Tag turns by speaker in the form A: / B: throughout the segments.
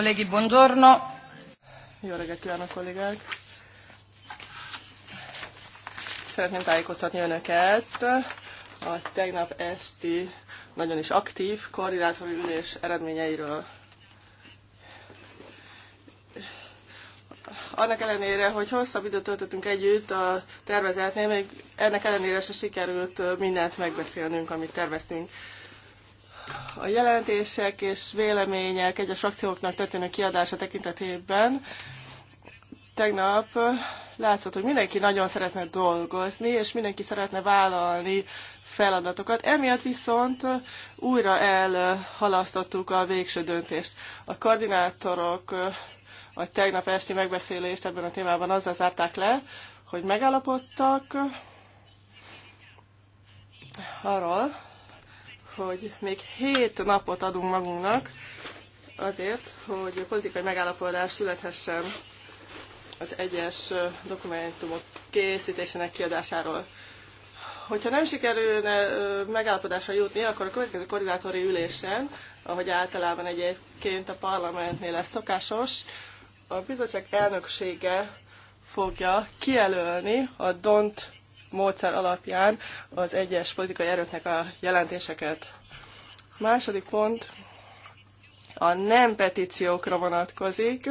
A: kollégi, buongiorno. Jó reggelt kívánok, kollégák! Szeretném tájékoztatni Önöket a tegnap esti nagyon is aktív koordinátori ülés eredményeiről. Annak ellenére, hogy hosszabb időt töltöttünk együtt a tervezetnél, még ennek ellenére se sikerült mindent megbeszélnünk, amit terveztünk a jelentések és vélemények egyes frakcióknak történő kiadása tekintetében tegnap látszott, hogy mindenki nagyon szeretne dolgozni, és mindenki szeretne vállalni feladatokat. Emiatt viszont újra elhalasztottuk a végső döntést. A koordinátorok a tegnap esti megbeszélést ebben a témában azzal zárták le, hogy megállapodtak arról, hogy még hét napot adunk magunknak azért, hogy a politikai megállapodás születhessen az egyes dokumentumok készítésének kiadásáról. Hogyha nem sikerülne megállapodásra jutni, akkor a következő koordinátori ülésen, ahogy általában egyébként a parlamentnél lesz szokásos, a bizottság elnöksége fogja kijelölni a DONT módszer alapján az egyes politikai erőknek a jelentéseket. Második pont a nem petíciókra vonatkozik,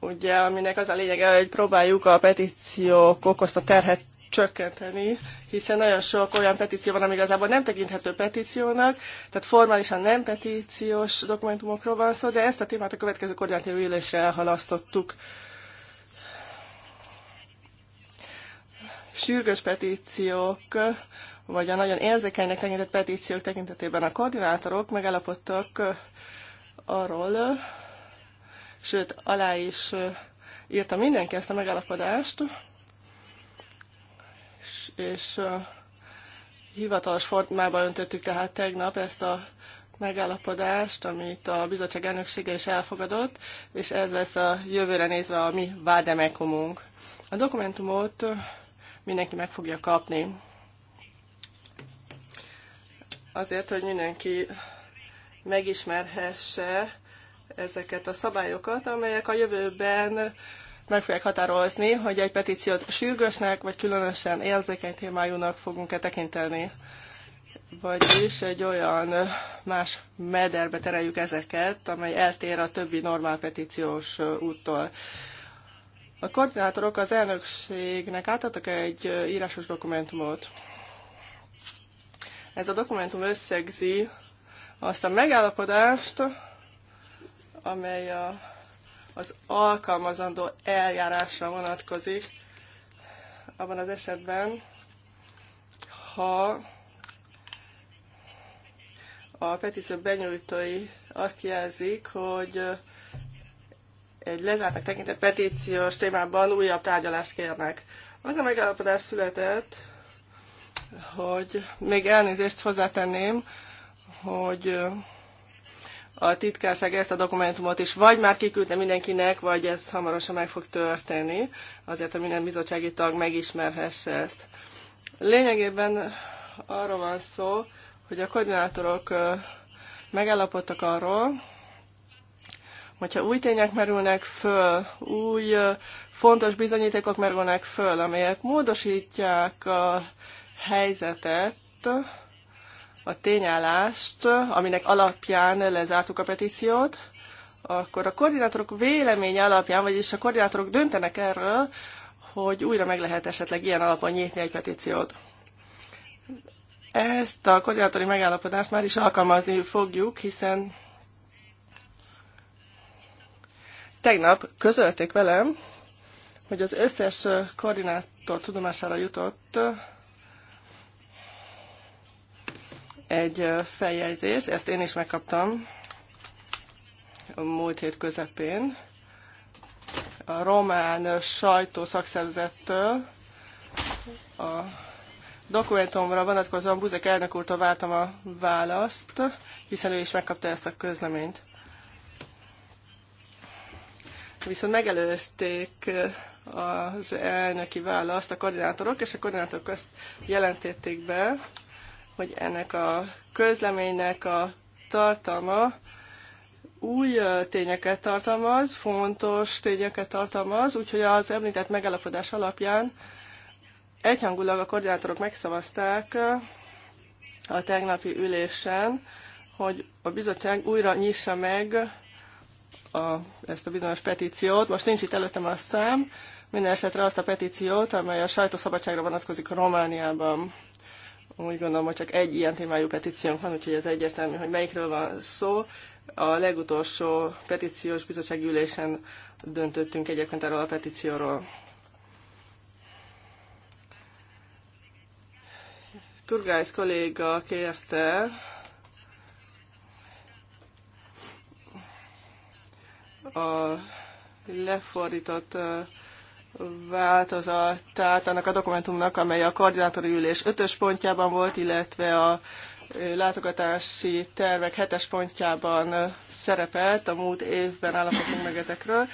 A: ugye, aminek az a lényege, hogy próbáljuk a petíciók okozta terhet csökkenteni, hiszen nagyon sok olyan petíció van, ami igazából nem tekinthető petíciónak, tehát formálisan nem petíciós dokumentumokról van szó, de ezt a témát a következő koordinátív ülésre elhalasztottuk. sürgős petíciók, vagy a nagyon érzékenynek tekintett petíciók tekintetében a koordinátorok megállapodtak arról, sőt, alá is írta mindenki ezt a megállapodást, és hivatalos formába öntöttük tehát tegnap ezt a megállapodást, amit a bizottság elnöksége is elfogadott, és ez lesz a jövőre nézve a mi vádemekumunk. A dokumentumot mindenki meg fogja kapni. Azért, hogy mindenki megismerhesse ezeket a szabályokat, amelyek a jövőben meg fogják határozni, hogy egy petíciót sürgősnek vagy különösen érzékeny témájúnak fogunk-e tekinteni. Vagyis egy olyan más mederbe tereljük ezeket, amely eltér a többi normál petíciós úttól. A koordinátorok az elnökségnek átadtak egy írásos dokumentumot. Ez a dokumentum összegzi azt a megállapodást, amely a, az alkalmazandó eljárásra vonatkozik, abban az esetben, ha a petíció benyújtói azt jelzik, hogy egy lezártnak tekintett petíciós témában újabb tárgyalást kérnek. Az a megállapodás született, hogy még elnézést hozzátenném, hogy a titkárság ezt a dokumentumot is vagy már kiküldte mindenkinek, vagy ez hamarosan meg fog történni, azért, hogy minden bizottsági tag megismerhesse ezt. Lényegében arról van szó, hogy a koordinátorok megállapodtak arról, Hogyha új tények merülnek föl, új fontos bizonyítékok merülnek föl, amelyek módosítják a helyzetet, a tényállást, aminek alapján lezártuk a petíciót, akkor a koordinátorok véleménye alapján, vagyis a koordinátorok döntenek erről, hogy újra meg lehet esetleg ilyen alapon nyitni egy petíciót. Ezt a koordinátori megállapodást már is alkalmazni fogjuk, hiszen Tegnap közölték velem, hogy az összes koordinátor tudomására jutott egy feljegyzés, ezt én is megkaptam a múlt hét közepén, a román sajtó szakszervezettől a dokumentumra vonatkozóan Buzek elnök úrtól vártam a választ, hiszen ő is megkapta ezt a közleményt viszont megelőzték eh, az elnöki választ a koordinátorok, és a koordinátorok azt jelentették be, hogy ennek a közleménynek a tartalma új eh, tényeket tartalmaz, fontos tényeket tartalmaz, úgyhogy az említett megállapodás alapján egyhangulag a koordinátorok megszavazták eh, a tegnapi ülésen, hogy a bizottság újra nyissa meg a, ezt a bizonyos petíciót. Most nincs itt előttem a szám, minden esetre azt a petíciót, amely a sajtószabadságra vonatkozik a Romániában. Úgy gondolom, hogy csak egy ilyen témájú petíciónk van, úgyhogy ez egyértelmű, hogy melyikről van szó. A legutolsó petíciós bizottsági ülésen döntöttünk egyébként erről a petícióról. Turgász kolléga kérte, a lefordított változatát annak a dokumentumnak, amely a koordinátori ülés ötös pontjában volt, illetve a látogatási tervek hetes pontjában szerepelt, a múlt évben állapotunk meg ezekről.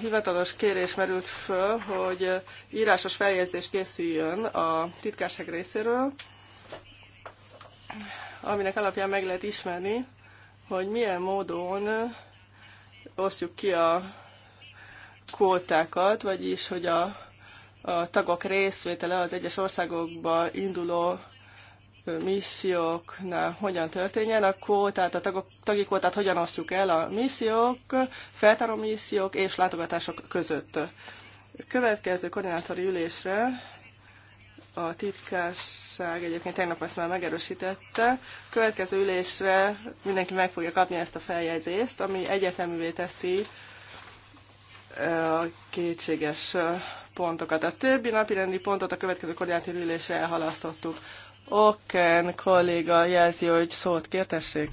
A: Hivatalos kérés merült föl, hogy írásos feljegyzés készüljön a titkárság részéről, aminek alapján meg lehet ismerni, hogy milyen módon osztjuk ki a kvótákat, vagyis hogy a, a tagok részvétele az egyes országokba induló misszióknál hogyan történjen, a kvótát, a tagok, tagi kvótát hogyan osztjuk el a missziók, feltáró missziók és látogatások között. Következő koordinátori ülésre a titkárság egyébként tegnap ezt már megerősítette. Következő ülésre mindenki meg fogja kapni ezt a feljegyzést, ami egyeteművé teszi a kétséges pontokat. A többi napi rendi pontot a következő koordinátív ülésre elhalasztottuk. Oken kolléga jelzi, hogy szót kértessék.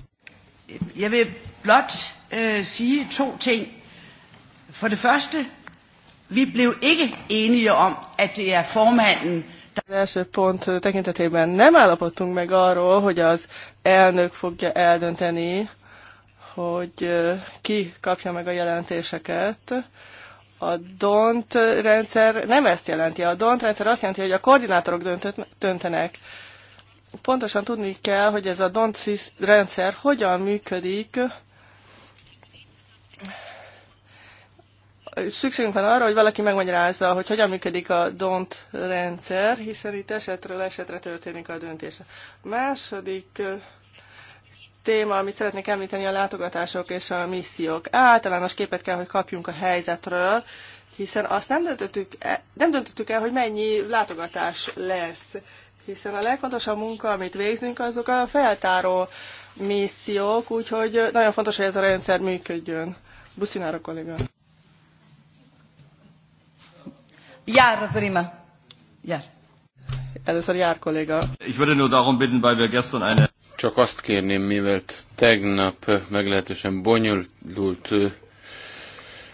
A: Jeg vil blot uh, sige to ting. For det første, vi blev ikke enige om, at det er formanden, az első pont tekintetében nem állapodtunk meg arról, hogy az elnök fogja eldönteni, hogy ki kapja meg a jelentéseket. A DONT rendszer nem ezt jelenti. A DONT rendszer azt jelenti, hogy a koordinátorok döntenek. Pontosan tudni kell, hogy ez a DONT rendszer hogyan működik, szükségünk van arra, hogy valaki megmagyarázza, hogy hogyan működik a DONT rendszer, hiszen itt esetről esetre történik a döntés. A második téma, amit szeretnék említeni, a látogatások és a missziók. Általános képet kell, hogy kapjunk a helyzetről, hiszen azt nem döntöttük el, nem döntöttük el hogy mennyi látogatás lesz, hiszen a legfontosabb munka, amit végzünk, azok a feltáró missziók, úgyhogy nagyon fontos, hogy ez a rendszer működjön. Buszinára kolléga. Jár, prima. Jár. Először jár, kolléga.
B: Ich würde nur darum bitten, weil wir
C: gestern eine... Csak azt kérném, mivel tegnap meglehetősen bonyolult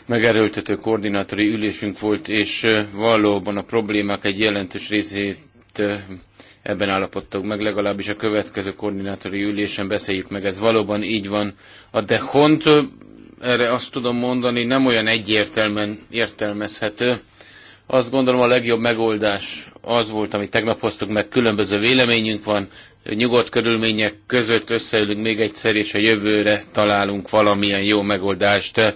C: megerőltető koordinátori ülésünk volt, és valóban a problémák egy jelentős részét ebben állapodtak meg, legalábbis a következő koordinátori ülésen beszéljük meg, ez valóban így van. A de hont erre azt tudom mondani, nem olyan egyértelműen értelmezhető, azt gondolom a legjobb megoldás az volt, amit tegnap hoztuk meg, különböző véleményünk van, nyugodt körülmények között összeülünk még egyszer, és a jövőre találunk valamilyen jó megoldást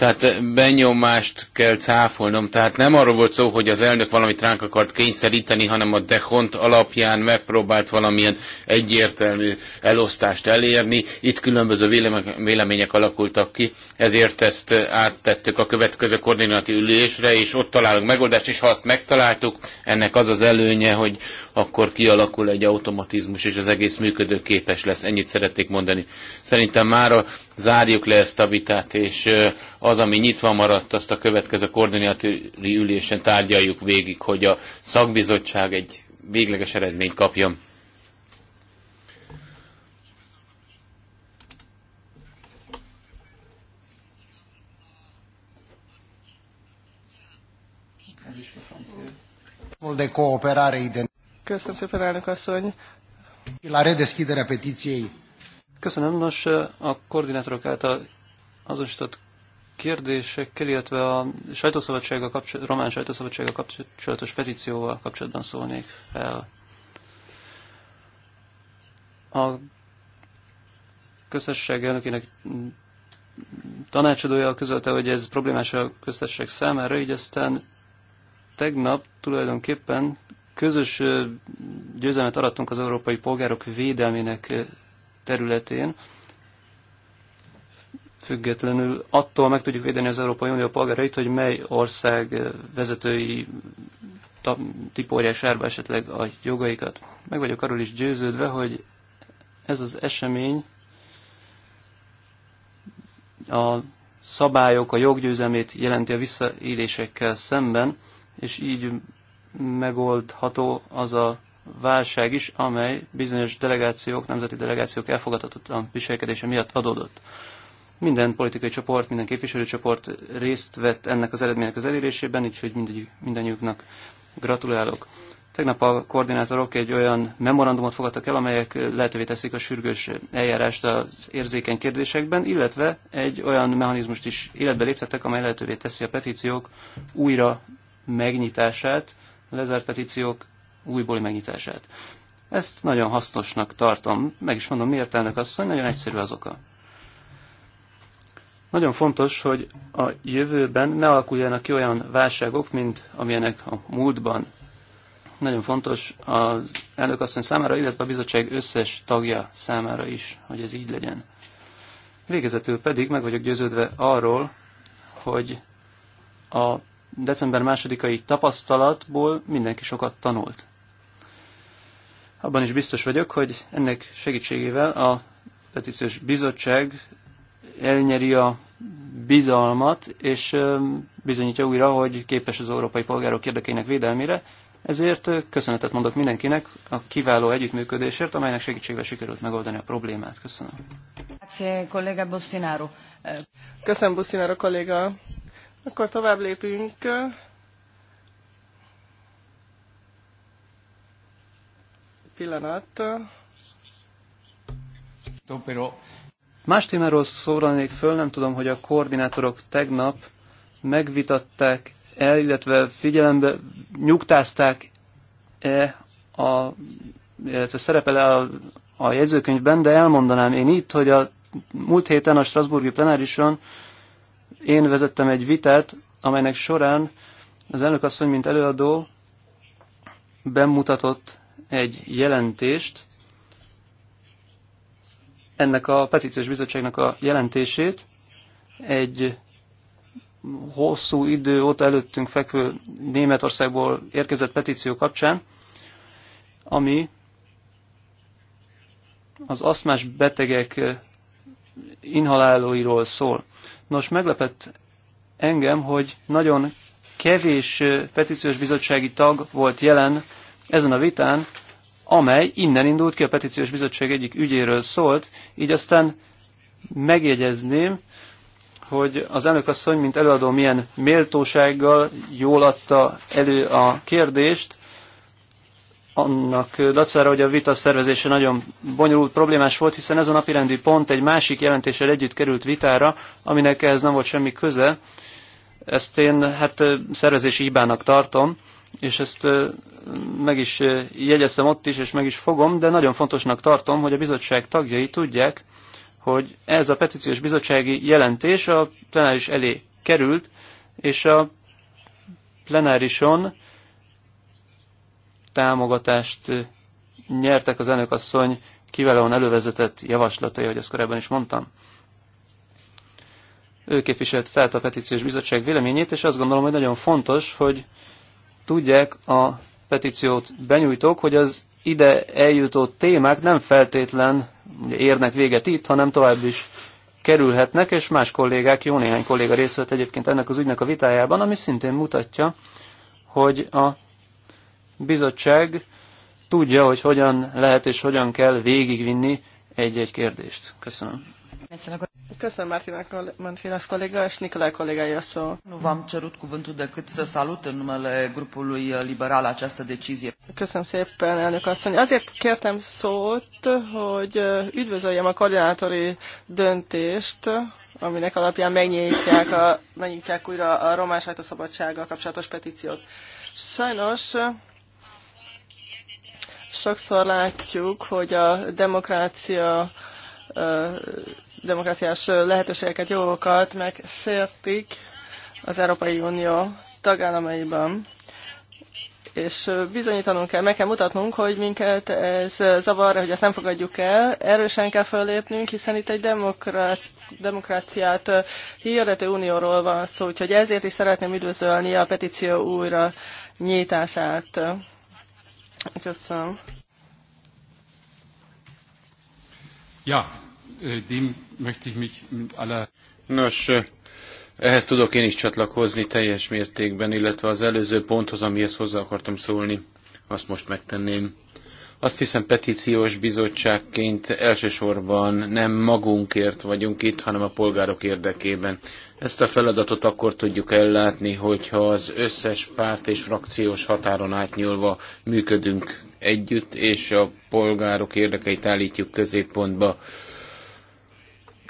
C: tehát benyomást kell cáfolnom. Tehát nem arról volt szó, hogy az elnök valamit ránk akart kényszeríteni, hanem a dehont alapján megpróbált valamilyen egyértelmű elosztást elérni. Itt különböző vélemények alakultak ki, ezért ezt áttettük a következő koordinati ülésre, és ott találunk megoldást, és ha azt megtaláltuk, ennek az az előnye, hogy akkor kialakul egy automatizmus, és az egész működőképes lesz. Ennyit szeretnék mondani. Szerintem már zárjuk le ezt a vitát, és az, ami nyitva maradt, azt a következő koordinátori ülésen tárgyaljuk végig, hogy a szakbizottság egy végleges eredményt kapjon.
A: de cooperare Köszönöm szépen, elnök asszony. La
C: redeschidere petíciei.
B: Köszönöm. Nos, a koordinátorok által azonosított kérdésekkel, illetve a sajtószabadsággal kapcsolatos, román sajtószabadsággal kapcsolatos petícióval kapcsolatban szólnék fel. A köztesség elnökének tanácsadója közölte, hogy ez problémás a köztesség számára, így aztán tegnap tulajdonképpen közös győzelmet arattunk az európai polgárok védelmének területén, függetlenül attól meg tudjuk védeni az Európai Unió polgárait, hogy mely ország vezetői tiporjás árba esetleg a jogaikat. Meg vagyok arról is győződve, hogy ez az esemény a szabályok, a joggyőzelmét jelenti a visszaélésekkel szemben, és így megoldható az a válság is, amely bizonyos delegációk, nemzeti delegációk elfogadhatatlan viselkedése miatt adódott. Minden politikai csoport, minden képviselőcsoport részt vett ennek az eredménynek az elérésében, így hogy mindannyiuknak gratulálok. Tegnap a koordinátorok egy olyan memorandumot fogadtak el, amelyek lehetővé teszik a sürgős eljárást az érzékeny kérdésekben, illetve egy olyan mechanizmust is életbe léptettek, amely lehetővé teszi a petíciók újra megnyitását, lezárt petíciók újbóli megnyitását. Ezt nagyon hasznosnak tartom. Meg is mondom, miért elnök asszony, nagyon egyszerű az oka. Nagyon fontos, hogy a jövőben ne alakuljanak ki olyan válságok, mint amilyenek a múltban. Nagyon fontos az elnök asszony számára, illetve a bizottság összes tagja számára is, hogy ez így legyen. Végezetül pedig meg vagyok győződve arról, hogy a december másodikai tapasztalatból mindenki sokat tanult. Abban is biztos vagyok, hogy ennek segítségével a petíciós bizottság elnyeri a bizalmat, és bizonyítja újra, hogy képes az európai polgárok érdekeinek védelmére, ezért köszönetet mondok mindenkinek a kiváló együttműködésért, amelynek segítségével sikerült megoldani a problémát. Köszönöm.
A: Köszönöm, Bustinaro kolléga. Akkor tovább lépünk. Pillanat.
B: Más témáról szólalnék föl, nem tudom, hogy a koordinátorok tegnap megvitatták el, illetve figyelembe nyugtázták-e a, illetve szerepel -e a, a jegyzőkönyvben, de elmondanám én itt, hogy a múlt héten a Strasburgi plenárison én vezettem egy vitát, amelynek során az asszony, mint előadó, bemutatott egy jelentést, ennek a petíciós bizottságnak a jelentését, egy hosszú idő óta előttünk fekvő Németországból érkezett petíció kapcsán, ami az aszmás betegek inhalálóiról szól. Nos, meglepett engem, hogy nagyon kevés petíciós bizottsági tag volt jelen ezen a vitán, amely innen indult ki, a petíciós bizottság egyik ügyéről szólt, így aztán megjegyezném, hogy az elnökasszony, mint előadó milyen méltósággal jól adta elő a kérdést, annak dacára, hogy a vita szervezése nagyon bonyolult problémás volt, hiszen ez a napirendi pont egy másik jelentéssel együtt került vitára, aminek ehhez nem volt semmi köze. Ezt én hát szervezési hibának tartom, és ezt meg is jegyeztem ott is, és meg is fogom, de nagyon fontosnak tartom, hogy a bizottság tagjai tudják, hogy ez a petíciós bizottsági jelentés a plenáris elé került, és a plenárison támogatást nyertek az asszony kiválóan elővezetett javaslatai, hogy ezt korábban is mondtam. Ő képviselt fel a petíciós bizottság véleményét, és azt gondolom, hogy nagyon fontos, hogy tudják a petíciót benyújtók, hogy az ide eljutó témák nem feltétlen érnek véget itt, hanem tovább is kerülhetnek, és más kollégák, jó néhány kolléga részt vett egyébként ennek az ügynek a vitájában, ami szintén mutatja, hogy a bizottság tudja, hogy hogyan lehet és hogyan kell végigvinni egy-egy kérdést. Köszönöm.
A: Köszönöm Martina Manfinas colegă és Nicolae colega Iaso. Nu v-am cerut cuvântul decât să salut în numele grupului liberal această decizie. Köszönöm szépen, elnök asszony. Azért kértem szót, hogy üdvözöljem a koordinátori döntést, aminek alapján megnyitják, a, megnyitják újra a a szabadsággal kapcsolatos petíciót. Sajnos Sokszor látjuk, hogy a demokrácia demokráciás lehetőségeket, jogokat megsértik az Európai Unió tagállamaiban. És bizonyítanunk kell, meg kell mutatnunk, hogy minket ez zavar, hogy ezt nem fogadjuk el. Erősen kell fölépnünk, hiszen itt egy demokrat, demokráciát hirdető unióról van szó, úgyhogy ezért is szeretném üdvözölni a petíció újra nyitását. Köszönöm.
C: Ja, äh, dem möchte mich mit aller... Nos, äh, ehhez tudok én is csatlakozni teljes mértékben, illetve az előző ponthoz, amihez hozzá akartam szólni, azt most megtenném. Azt hiszem petíciós bizottságként elsősorban nem magunkért vagyunk itt, hanem a polgárok érdekében. Ezt a feladatot akkor tudjuk ellátni, hogyha az összes párt és frakciós határon átnyúlva működünk együtt, és a polgárok érdekeit állítjuk középpontba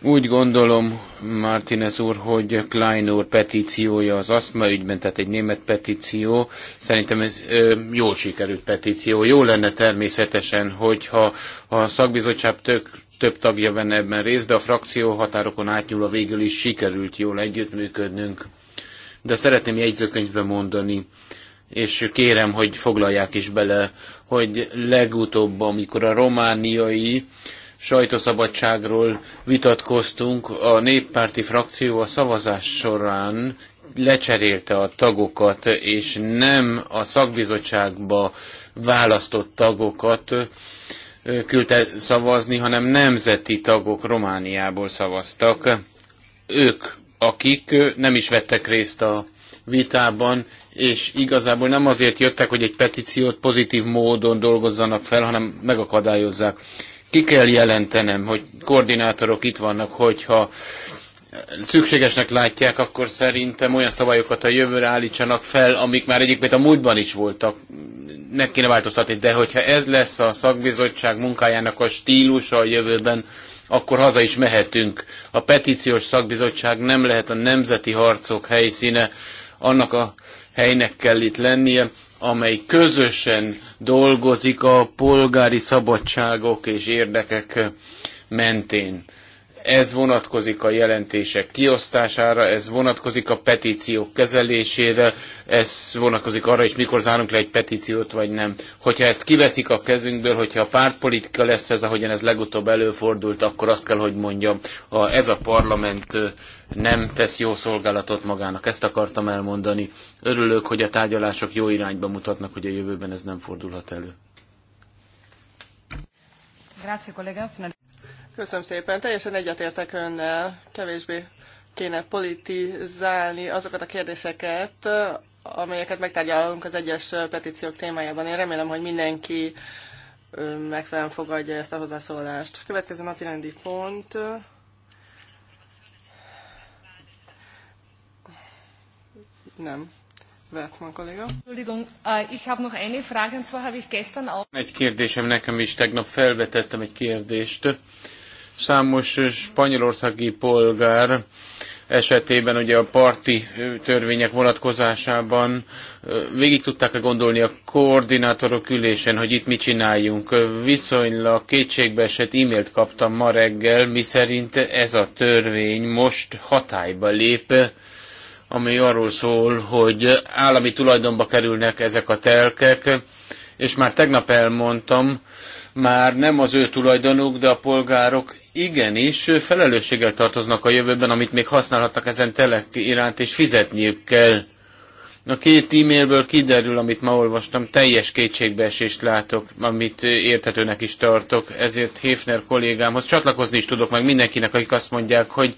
C: úgy gondolom, Martinez úr, hogy Klein úr petíciója az asztma ügyben, tehát egy német petíció. Szerintem ez ö, jól sikerült petíció. Jó lenne természetesen, hogyha a szakbizottság tök, több tagja venne ebben részt, de a frakció határokon átnyúlva végül is sikerült jól együttműködnünk. De szeretném jegyzőkönyvbe mondani, és kérem, hogy foglalják is bele, hogy legutóbb, amikor a romániai sajtószabadságról vitatkoztunk, a néppárti frakció a szavazás során lecserélte a tagokat, és nem a szakbizottságba választott tagokat küldte szavazni, hanem nemzeti tagok Romániából szavaztak. Ők, akik nem is vettek részt a vitában, és igazából nem azért jöttek, hogy egy petíciót pozitív módon dolgozzanak fel, hanem megakadályozzák ki kell jelentenem, hogy koordinátorok itt vannak, hogyha szükségesnek látják, akkor szerintem olyan szabályokat a jövőre állítsanak fel, amik már egyébként a múltban is voltak. Meg kéne változtatni, de hogyha ez lesz a szakbizottság munkájának a stílusa a jövőben, akkor haza is mehetünk. A petíciós szakbizottság nem lehet a nemzeti harcok helyszíne, annak a helynek kell itt lennie, amely közösen dolgozik a polgári szabadságok és érdekek mentén. Ez vonatkozik a jelentések kiosztására, ez vonatkozik a petíciók kezelésére, ez vonatkozik arra is, mikor zárunk le egy petíciót, vagy nem. Hogyha ezt kiveszik a kezünkből, hogyha a pártpolitika lesz ez, ahogyan ez legutóbb előfordult, akkor azt kell, hogy mondjam, ha ez a parlament nem tesz jó szolgálatot magának. Ezt akartam elmondani. Örülök, hogy a tárgyalások jó irányba mutatnak, hogy a jövőben ez nem fordulhat elő.
A: Grazie, kollega. Köszönöm szépen, teljesen egyetértek önnel, kevésbé kéne politizálni azokat a kérdéseket, amelyeket megtárgyalunk az egyes petíciók témájában. Én remélem, hogy mindenki megfelelően fogadja ezt a hozzászólást. Következő napi rendi pont. Nem. Wertmann kolléga. Äh, egy
C: kérdésem nekem is, tegnap felvetettem egy kérdést Számos spanyolországi polgár esetében ugye a parti törvények vonatkozásában végig tudták-e gondolni a koordinátorok ülésen, hogy itt mit csináljunk. Viszonylag kétségbeesett e-mailt kaptam ma reggel, miszerint ez a törvény most hatályba lép, ami arról szól, hogy állami tulajdonba kerülnek ezek a telkek, és már tegnap elmondtam, már nem az ő tulajdonuk, de a polgárok igenis felelősséggel tartoznak a jövőben, amit még használhatnak ezen telek iránt, és fizetniük kell. A két e-mailből kiderül, amit ma olvastam, teljes kétségbeesést látok, amit értetőnek is tartok, ezért Hefner kollégámhoz csatlakozni is tudok meg mindenkinek, akik azt mondják, hogy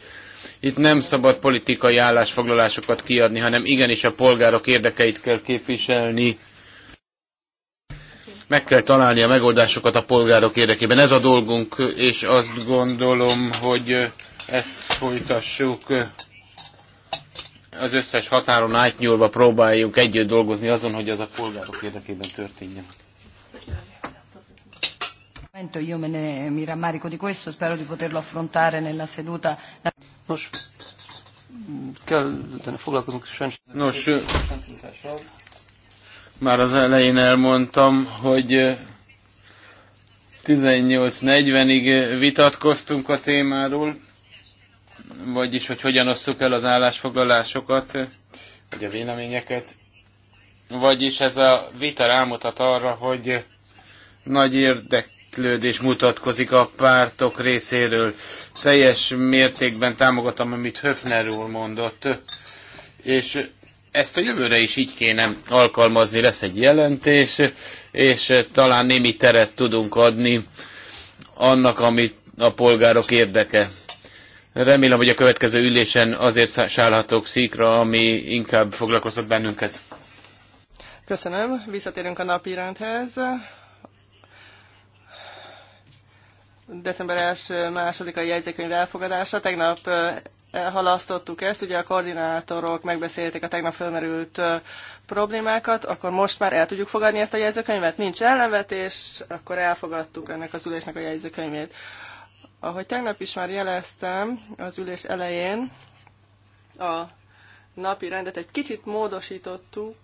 C: itt nem szabad politikai állásfoglalásokat kiadni, hanem igenis a polgárok érdekeit kell képviselni meg kell találni a megoldásokat a polgárok érdekében. Ez a dolgunk, és azt gondolom, hogy ezt folytassuk. Az összes határon átnyúlva próbáljuk együtt dolgozni azon, hogy az a polgárok érdekében történjen.
A: Io me ne, mi rammarico di questo, spero di poterlo affrontare nella seduta. Nos,
B: mm, kell, foglalkozunk Nos,
C: már az elején elmondtam, hogy 18.40-ig vitatkoztunk a témáról, vagyis hogy hogyan osszuk el az állásfoglalásokat, vagy a véleményeket. Vagyis ez a vita rámutat arra, hogy nagy érdeklődés mutatkozik a pártok részéről. Teljes mértékben támogatom, amit Höfner úr mondott, és ezt a jövőre is így kéne alkalmazni, lesz egy jelentés, és eh, talán némi teret tudunk adni annak, amit a polgárok érdeke. Remélem, hogy a következő ülésen azért szállhatok szikra, ami inkább foglalkoztat bennünket.
A: Köszönöm. Visszatérünk a napi rendhez. December 1 második a jegyzőkönyv elfogadása. Tegnap eh, halasztottuk ezt, ugye a koordinátorok megbeszélték a tegnap fölmerült problémákat, akkor most már el tudjuk fogadni ezt a jegyzőkönyvet, nincs ellenvetés, akkor elfogadtuk ennek az ülésnek a jegyzőkönyvét. Ahogy tegnap is már jeleztem az ülés elején, a napi rendet egy kicsit módosítottuk,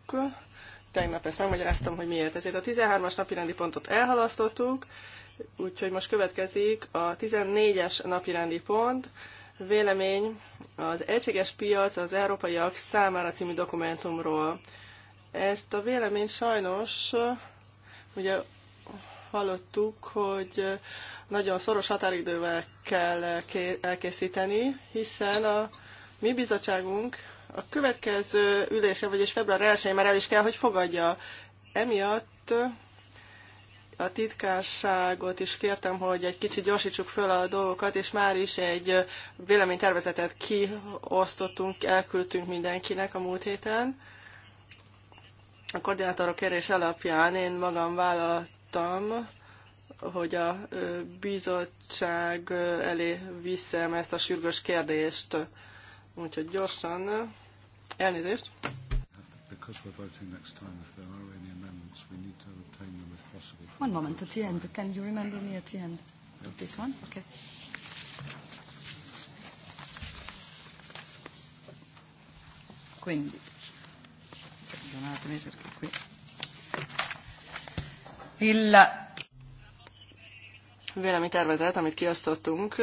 A: tegnap ezt megmagyaráztam, hogy miért. Ezért a 13-as napi rendi pontot elhalasztottuk, úgyhogy most következik a 14-es napi rendi pont, vélemény az Egységes Piac az Európaiak számára című dokumentumról. Ezt a vélemény sajnos, ugye hallottuk, hogy nagyon szoros határidővel kell elkészíteni, hiszen a mi bizottságunk a következő ülése, vagyis február 1-én már el is kell, hogy fogadja. Emiatt a titkárságot is kértem, hogy egy kicsit gyorsítsuk föl a dolgokat, és már is egy véleménytervezetet kiosztottunk, elküldtünk mindenkinek a múlt héten. A koordinátorok kérés alapján én magam vállaltam, hogy a bizottság elé viszem ezt a sürgős kérdést. Úgyhogy gyorsan, elnézést. Because we're voting next time, if there are any amendments, we need One moment, at the end. Can you remember me at the end this one? Okay. Quindi, perdonatemi perché qui... Il véleménytervezet, amit kiosztottunk,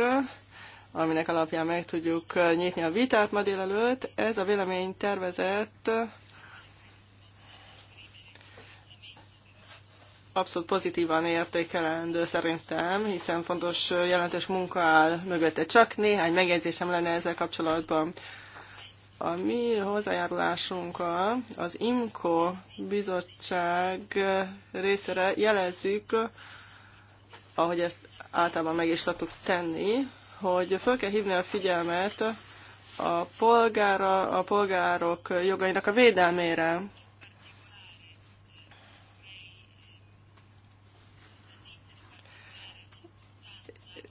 A: aminek alapján meg tudjuk nyitni a vitát ma délelőtt. Ez a véleménytervezet abszolút pozitívan értékelendő szerintem, hiszen fontos, jelentős munka áll mögötte. Csak néhány megjegyzésem lenne ezzel kapcsolatban. A mi hozzájárulásunk az IMCO bizottság részére jelezzük, ahogy ezt általában meg is szoktuk tenni, hogy föl kell hívni a figyelmet a polgára, a polgárok jogainak a védelmére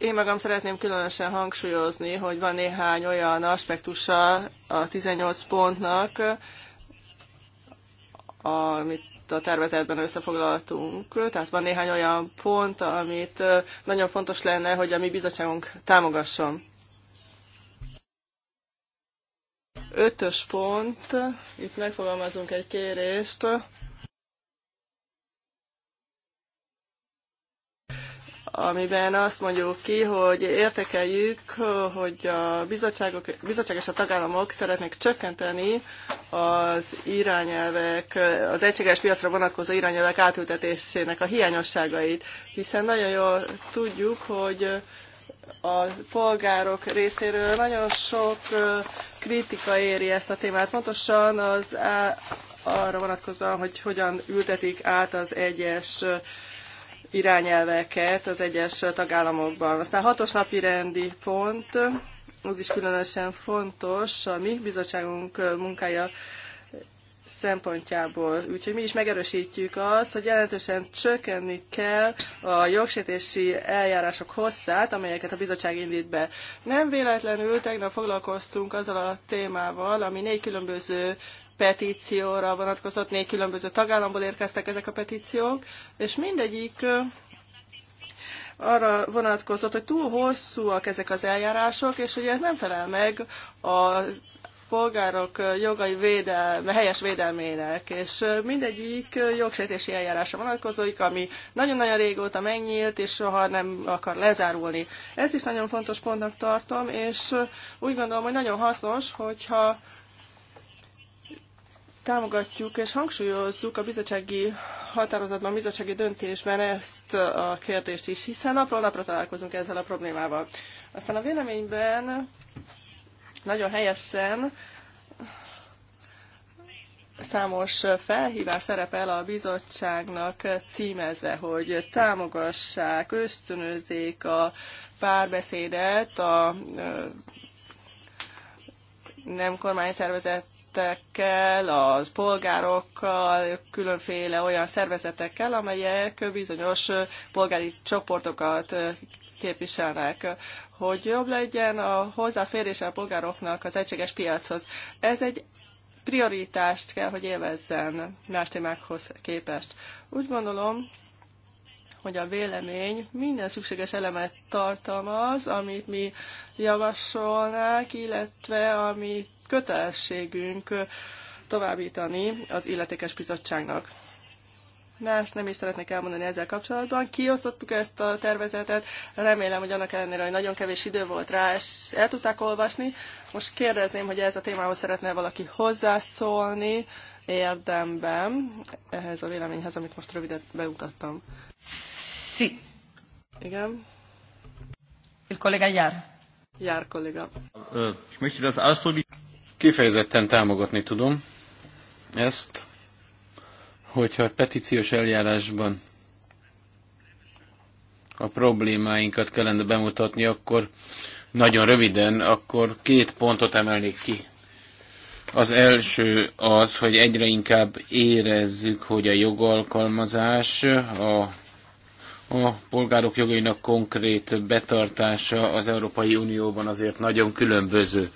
A: Én magam szeretném különösen hangsúlyozni, hogy van néhány olyan aspektusa a 18 pontnak, amit a tervezetben összefoglaltunk. Tehát van néhány olyan pont, amit nagyon fontos lenne, hogy a mi bizottságunk támogasson. Ötös pont, itt megfogalmazunk egy kérést amiben azt mondjuk ki, hogy értekeljük, hogy a bizottságok, bizottság és a tagállamok szeretnék csökkenteni az irányelvek, az egységes piacra vonatkozó irányelvek átültetésének a hiányosságait, hiszen nagyon jól tudjuk, hogy a polgárok részéről nagyon sok kritika éri ezt a témát, pontosan az arra vonatkozóan, hogy hogyan ültetik át az egyes irányelveket az egyes tagállamokban. Aztán hatos napi rendi pont, az is különösen fontos a mi bizottságunk munkája szempontjából. Úgyhogy mi is megerősítjük azt, hogy jelentősen csökkenni kell a jogsértési eljárások hosszát, amelyeket a bizottság indít be. Nem véletlenül tegnap foglalkoztunk azzal a témával, ami négy különböző petícióra vonatkozott, négy különböző tagállamból érkeztek ezek a petíciók, és mindegyik arra vonatkozott, hogy túl hosszúak ezek az eljárások, és hogy ez nem felel meg a polgárok jogai védelme, helyes védelmének, és mindegyik jogsértési eljárása vonatkozóik, ami nagyon-nagyon régóta megnyílt, és soha nem akar lezárulni. Ezt is nagyon fontos pontnak tartom, és úgy gondolom, hogy nagyon hasznos, hogyha támogatjuk és hangsúlyozzuk a bizottsági határozatban, a bizottsági döntésben ezt a kérdést is, hiszen napról napra találkozunk ezzel a problémával. Aztán a véleményben nagyon helyesen számos felhívás szerepel a bizottságnak címezve, hogy támogassák, ösztönözzék a párbeszédet a nem kormányszervezet szervezetekkel, az polgárokkal, különféle olyan szervezetekkel, amelyek bizonyos polgári csoportokat képviselnek, hogy jobb legyen a hozzáférése a polgároknak az egységes piachoz. Ez egy prioritást kell, hogy élvezzen más témákhoz képest. Úgy gondolom, hogy a vélemény minden szükséges elemet tartalmaz, amit mi javasolnánk, illetve ami kötelességünk továbbítani az illetékes bizottságnak. Más nem is szeretnék elmondani ezzel kapcsolatban. Kiosztottuk ezt a tervezetet, remélem, hogy annak ellenére, hogy nagyon kevés idő volt rá, és el tudták olvasni. Most kérdezném, hogy ez a témához szeretne valaki hozzászólni érdemben ehhez a véleményhez, amit most rövidet beutattam. Sí. Igen. El kollega Jár. Jár kollega.
C: Kifejezetten támogatni tudom ezt, hogyha a petíciós eljárásban a problémáinkat kellene bemutatni, akkor nagyon röviden, akkor két pontot emelnék ki. Az első az, hogy egyre inkább érezzük, hogy a jogalkalmazás, a a polgárok jogainak konkrét betartása az Európai Unióban azért nagyon különböző.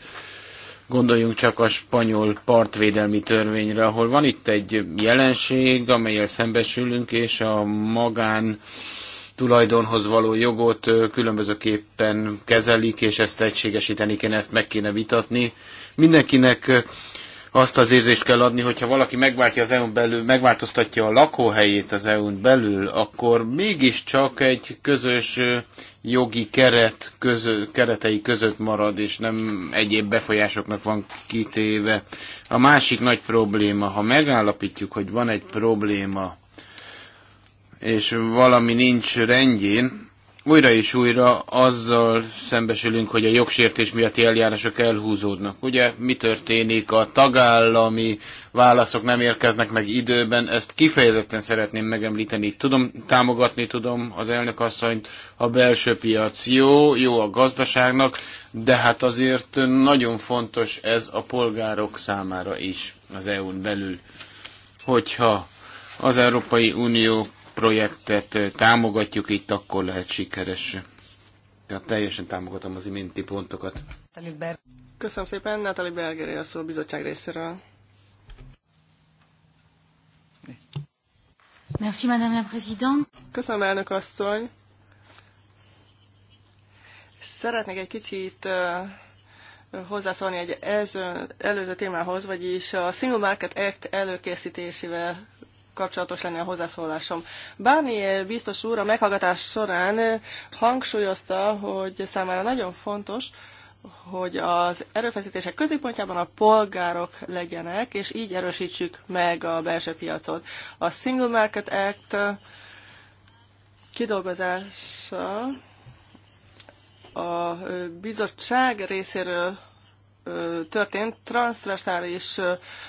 C: Gondoljunk csak a spanyol partvédelmi törvényre, ahol van itt egy jelenség, amelyel szembesülünk, és a magán tulajdonhoz való jogot különbözőképpen kezelik, és ezt egységesíteni kéne, ezt meg kéne vitatni. Mindenkinek azt az érzést kell adni, hogyha valaki megváltja az EU-n belül, megváltoztatja a lakóhelyét az EU-n belül, akkor mégiscsak egy közös jogi keret közö, keretei között marad, és nem egyéb befolyásoknak van kitéve. A másik nagy probléma, ha megállapítjuk, hogy van egy probléma, és valami nincs rendjén, újra és újra azzal szembesülünk, hogy a jogsértés miatti eljárások elhúzódnak. Ugye mi történik, a tagállami válaszok nem érkeznek meg időben, ezt kifejezetten szeretném megemlíteni. Tudom, támogatni tudom az elnök asszonyt, a belső piac jó, jó a gazdaságnak, de hát azért nagyon fontos ez a polgárok számára is az EU-n belül, hogyha az Európai Unió projektet támogatjuk, itt akkor lehet sikeres. Tehát teljesen támogatom az iménti pontokat.
A: Köszönöm szépen, Natali Bergeré a szó bizottság részéről.
B: Merci, Madame la
A: Présidente. Köszönöm, elnök asszony. Szeretnék egy kicsit hozzászólni egy előző témához, vagyis a Single Market Act előkészítésével kapcsolatos lenne a hozzászólásom. Bárni biztos úr a meghallgatás során hangsúlyozta, hogy számára nagyon fontos, hogy az erőfeszítések középpontjában a polgárok legyenek, és így erősítsük meg a belső piacot. A Single Market Act kidolgozása a bizottság részéről történt transversális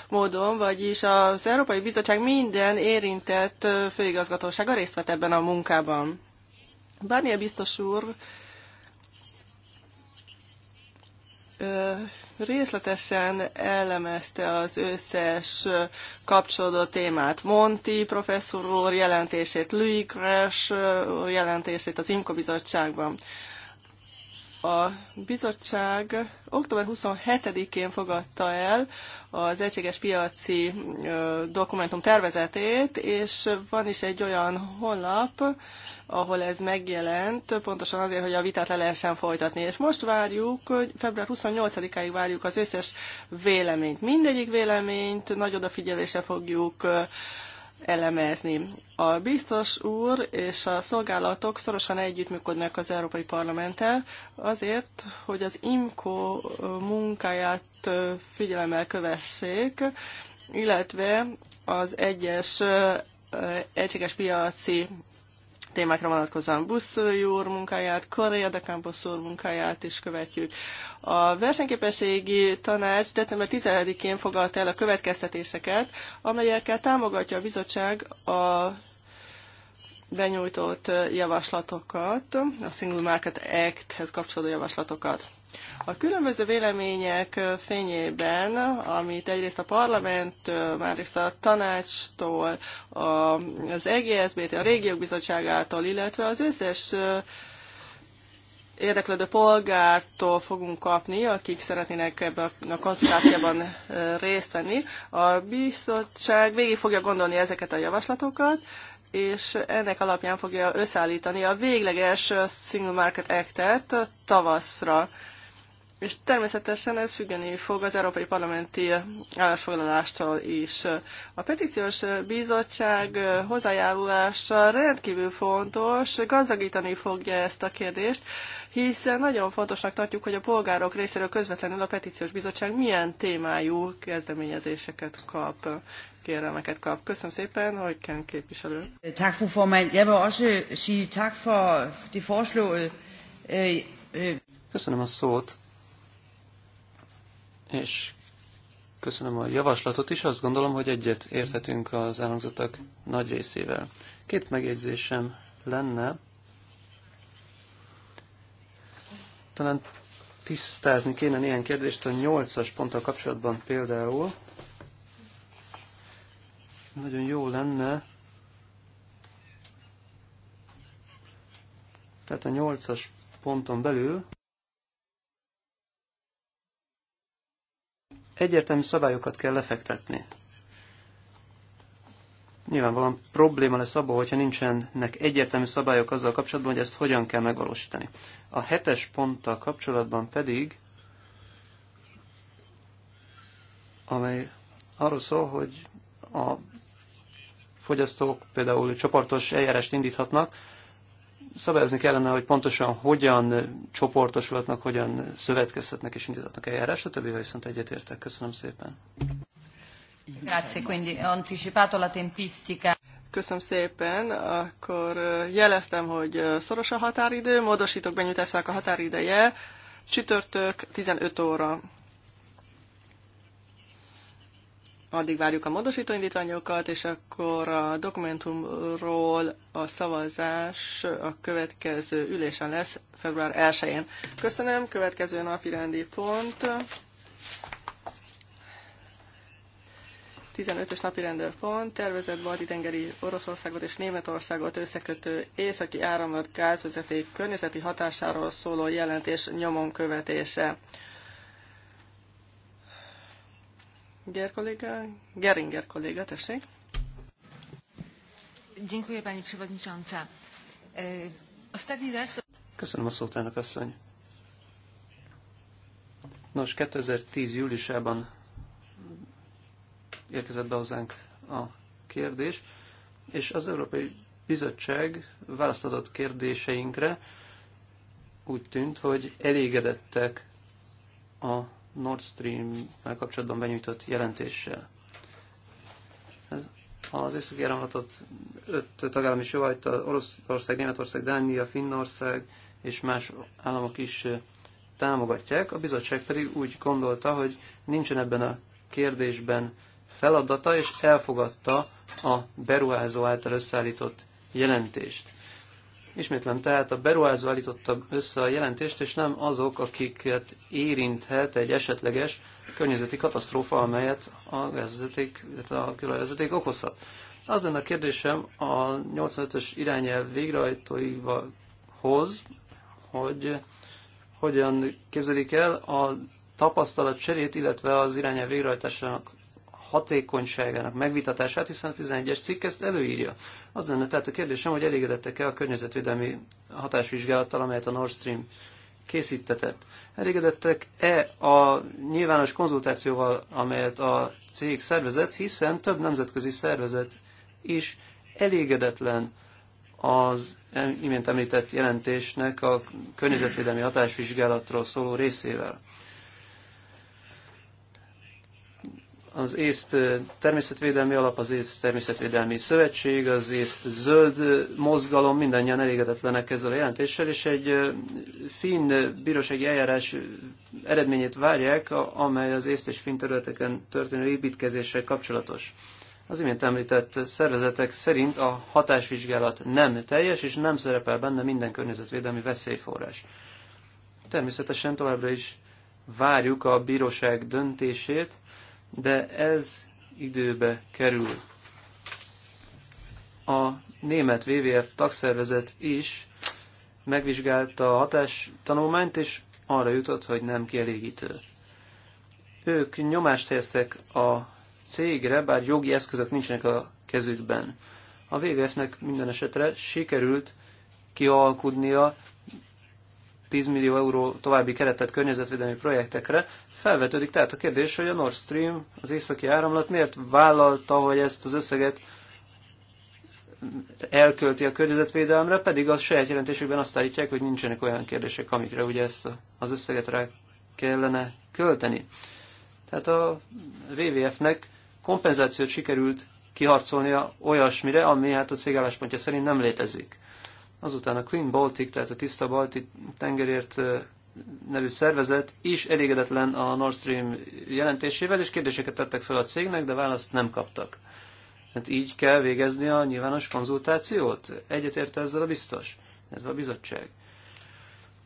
A: módon, vagyis az Európai Bizottság minden érintett főigazgatósága részt vett ebben a munkában. Barnier biztos úr részletesen elemezte az összes kapcsolódó témát. Monti professzor úr jelentését, Louis úr jelentését az Inko bizottságban. A bizottság október 27-én fogadta el az egységes piaci dokumentum tervezetét, és van is egy olyan honlap, ahol ez megjelent, pontosan azért, hogy a vitát le lehessen folytatni. És most várjuk, hogy február 28-áig várjuk az összes véleményt. Mindegyik véleményt nagy odafigyelése fogjuk elemezni. A biztos úr és a szolgálatok szorosan együttműködnek az Európai Parlamenttel azért, hogy az IMCO munkáját figyelemmel kövessék, illetve az egyes egységes piaci témákra vonatkozóan Buszói úr munkáját, Korea de Campos úr munkáját is követjük. A versenyképességi tanács december 10-én fogadta el a következtetéseket, amelyekkel támogatja a bizottság a benyújtott javaslatokat, a Single Market Act-hez kapcsolódó javaslatokat. A különböző vélemények fényében, amit egyrészt a Parlament, másrészt a tanácstól, az EGSZB-t, a régiók bizottságától, illetve az összes érdeklődő polgártól fogunk kapni, akik szeretnének ebben a konzultációban részt venni. A bizottság végig fogja gondolni ezeket a javaslatokat, és ennek alapján fogja összeállítani a végleges Single Market Act-et tavaszra. És természetesen ez függeni fog az Európai Parlamenti állásfoglalástól is. A petíciós bizottság hozzájárulása rendkívül fontos, gazdagítani fogja ezt a kérdést, hiszen nagyon fontosnak tartjuk, hogy a polgárok részéről közvetlenül a petíciós bizottság milyen témájú kezdeményezéseket kap kérelmeket kap. Köszönöm szépen, hogy Ken képviselő. Tak, fru formand. Jeg vil også sige tak for det foreslåede.
B: Øh, øh. Köszönöm a szót és köszönöm a javaslatot is. Azt gondolom, hogy egyet érthetünk az elhangzottak nagy részével. Két megjegyzésem lenne. Talán tisztázni kéne néhány kérdést a nyolcas ponttal kapcsolatban például. Nagyon jó lenne. Tehát a nyolcas ponton belül egyértelmű szabályokat kell lefektetni. Nyilvánvalóan probléma lesz abból, hogyha nincsenek egyértelmű szabályok azzal kapcsolatban, hogy ezt hogyan kell megvalósítani. A hetes ponttal kapcsolatban pedig, amely arról szól, hogy a fogyasztók például csoportos eljárást indíthatnak, szabályozni kellene, hogy pontosan hogyan csoportosulatnak, hogyan szövetkezhetnek és indítatnak eljárás, a többivel viszont egyetértek. Köszönöm
A: szépen. Grazie, quindi anticipato la tempistica. Köszönöm szépen. Akkor jeleztem, hogy szoros a határidő, módosítok benyújtásának a határideje. Csütörtök 15 óra. addig várjuk a módosító indítványokat, és akkor a dokumentumról a szavazás a következő ülésen lesz, február 1-én. Köszönöm, következő napi rendi pont. 15-ös napi pont, tervezett balti tengeri Oroszországot és Németországot összekötő északi áramlat gázvezeték környezeti hatásáról szóló jelentés nyomon követése. Ger kolléga, Geringer kolléga, tessék. Dziękuję Pani Przewodnicząca. E, ostatni
B: Köszönöm a szót, elnök asszony. Nos, 2010. júliusában érkezett be hozzánk a kérdés, és az Európai Bizottság választ adott kérdéseinkre úgy tűnt, hogy elégedettek a Nord stream kapcsolatban benyújtott jelentéssel. Ez az északi áramlatot öt tagállam is jóhagyta, Oroszország, Németország, Dánia, Finnország és más államok is támogatják. A bizottság pedig úgy gondolta, hogy nincsen ebben a kérdésben feladata, és elfogadta a beruházó által összeállított jelentést. Ismétlem, tehát a beruházó állította össze a jelentést, és nem azok, akiket érinthet egy esetleges környezeti katasztrófa, amelyet a gázvezeték, a különvezeték okozhat. Az lenne a kérdésem a 85-ös irányelv végrehajtóihoz, hogy hogyan képzelik el a tapasztalat cserét, illetve az irányelv végrehajtásának hatékonyságának megvitatását, hiszen a 11-es cikk ezt előírja. Az lenne tehát a kérdésem, hogy elégedettek-e a környezetvédelmi hatásvizsgálattal, amelyet a Nord Stream készítetett. Elégedettek-e a nyilvános konzultációval, amelyet a cég szervezett, hiszen több nemzetközi szervezet is elégedetlen az imént említett jelentésnek a környezetvédelmi hatásvizsgálatról szóló részével. az észt természetvédelmi alap, az észt természetvédelmi szövetség, az észt zöld mozgalom, mindannyian elégedetlenek ezzel a jelentéssel, és egy finn bírósági eljárás eredményét várják, amely az észt és finn területeken történő építkezéssel kapcsolatos. Az imént említett szervezetek szerint a hatásvizsgálat nem teljes, és nem szerepel benne minden környezetvédelmi veszélyforrás. Természetesen továbbra is várjuk a bíróság döntését, de ez időbe kerül. A német WWF tagszervezet is megvizsgálta a hatástanulmányt, és arra jutott, hogy nem kielégítő. Ők nyomást helyeztek a cégre, bár jogi eszközök nincsenek a kezükben. A WWF-nek minden esetre sikerült kialkudnia 10 millió euró további keretet környezetvédelmi projektekre, felvetődik tehát a kérdés, hogy a Nord Stream, az északi áramlat miért vállalta, hogy ezt az összeget elkölti a környezetvédelemre, pedig a saját jelentésükben azt állítják, hogy nincsenek olyan kérdések, amikre ugye ezt az összeget rá kellene költeni. Tehát a WWF-nek kompenzációt sikerült kiharcolnia olyasmire, ami hát a cég álláspontja szerint nem létezik. Azután a Clean Baltic, tehát a Tiszta Balti tengerért nevű szervezet is elégedetlen a Nord Stream jelentésével, és kérdéseket tettek fel a cégnek, de választ nem kaptak. Hát így kell végezni a nyilvános konzultációt? Egyetért ezzel a biztos, ez a bizottság.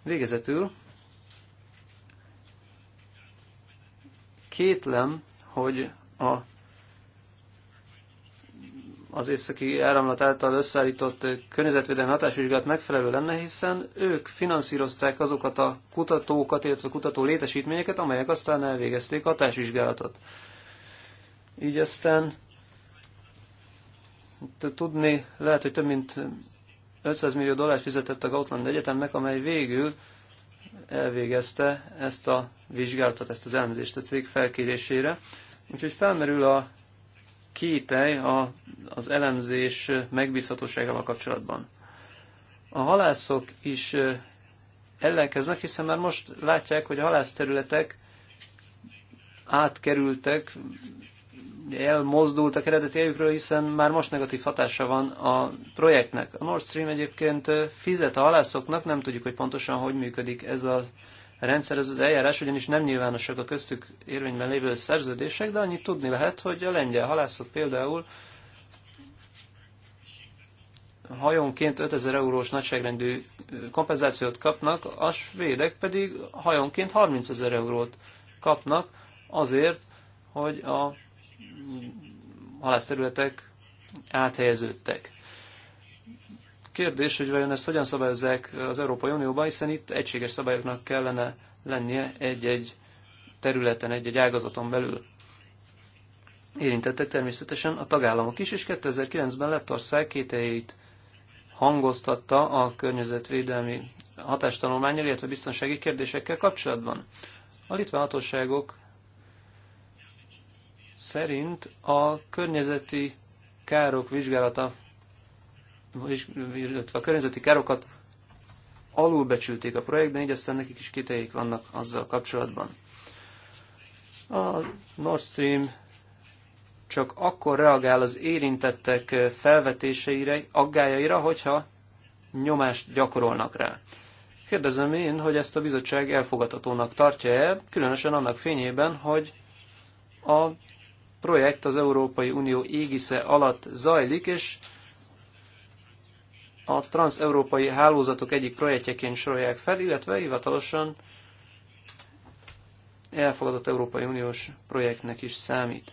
B: Végezetül kétlem, hogy a az északi áramlat által összeállított környezetvédelmi hatásvizsgálat megfelelő lenne, hiszen ők finanszírozták azokat a kutatókat, illetve kutató létesítményeket, amelyek aztán elvégezték hatásvizsgálatot. Így aztán tudni lehet, hogy több mint 500 millió dollárt fizetett a Gautland Egyetemnek, amely végül elvégezte ezt a vizsgálatot, ezt az elmezést a cég felkérésére. Úgyhogy felmerül a kételj a, az elemzés megbízhatóságával kapcsolatban. A halászok is ellenkeznek, hiszen már most látják, hogy a halászterületek átkerültek, elmozdultak eredeti helyükről, hiszen már most negatív hatása van a projektnek. A Nord Stream egyébként fizet a halászoknak, nem tudjuk, hogy pontosan hogy működik ez a rendszer, ez az eljárás, ugyanis nem nyilvánosak a köztük érvényben lévő szerződések, de annyit tudni lehet, hogy a lengyel halászok például hajonként 5000 eurós nagyságrendű kompenzációt kapnak, a svédek pedig hajonként 30 ezer eurót kapnak azért, hogy a mm, halászterületek áthelyeződtek. Kérdés, hogy vajon ezt hogyan szabályozzák az Európai Unióban, hiszen itt egységes szabályoknak kellene lennie egy-egy területen, egy-egy ágazaton belül. Érintettek természetesen a tagállamok is, és 2009-ben Lettország kételjeit hangoztatta a környezetvédelmi hatástanulmányjal, illetve biztonsági kérdésekkel kapcsolatban. A litván hatóságok szerint a környezeti károk vizsgálata illetve a környezeti károkat alulbecsülték a projektben, így aztán nekik is kiteik vannak azzal kapcsolatban. A Nord Stream csak akkor reagál az érintettek felvetéseire, aggájaira, hogyha nyomást gyakorolnak rá. Kérdezem én, hogy ezt a bizottság elfogadhatónak tartja-e, különösen annak fényében, hogy a projekt az Európai Unió égisze alatt zajlik, és a transeurópai hálózatok egyik projektjeként sorolják fel, illetve hivatalosan elfogadott Európai Uniós projektnek is számít.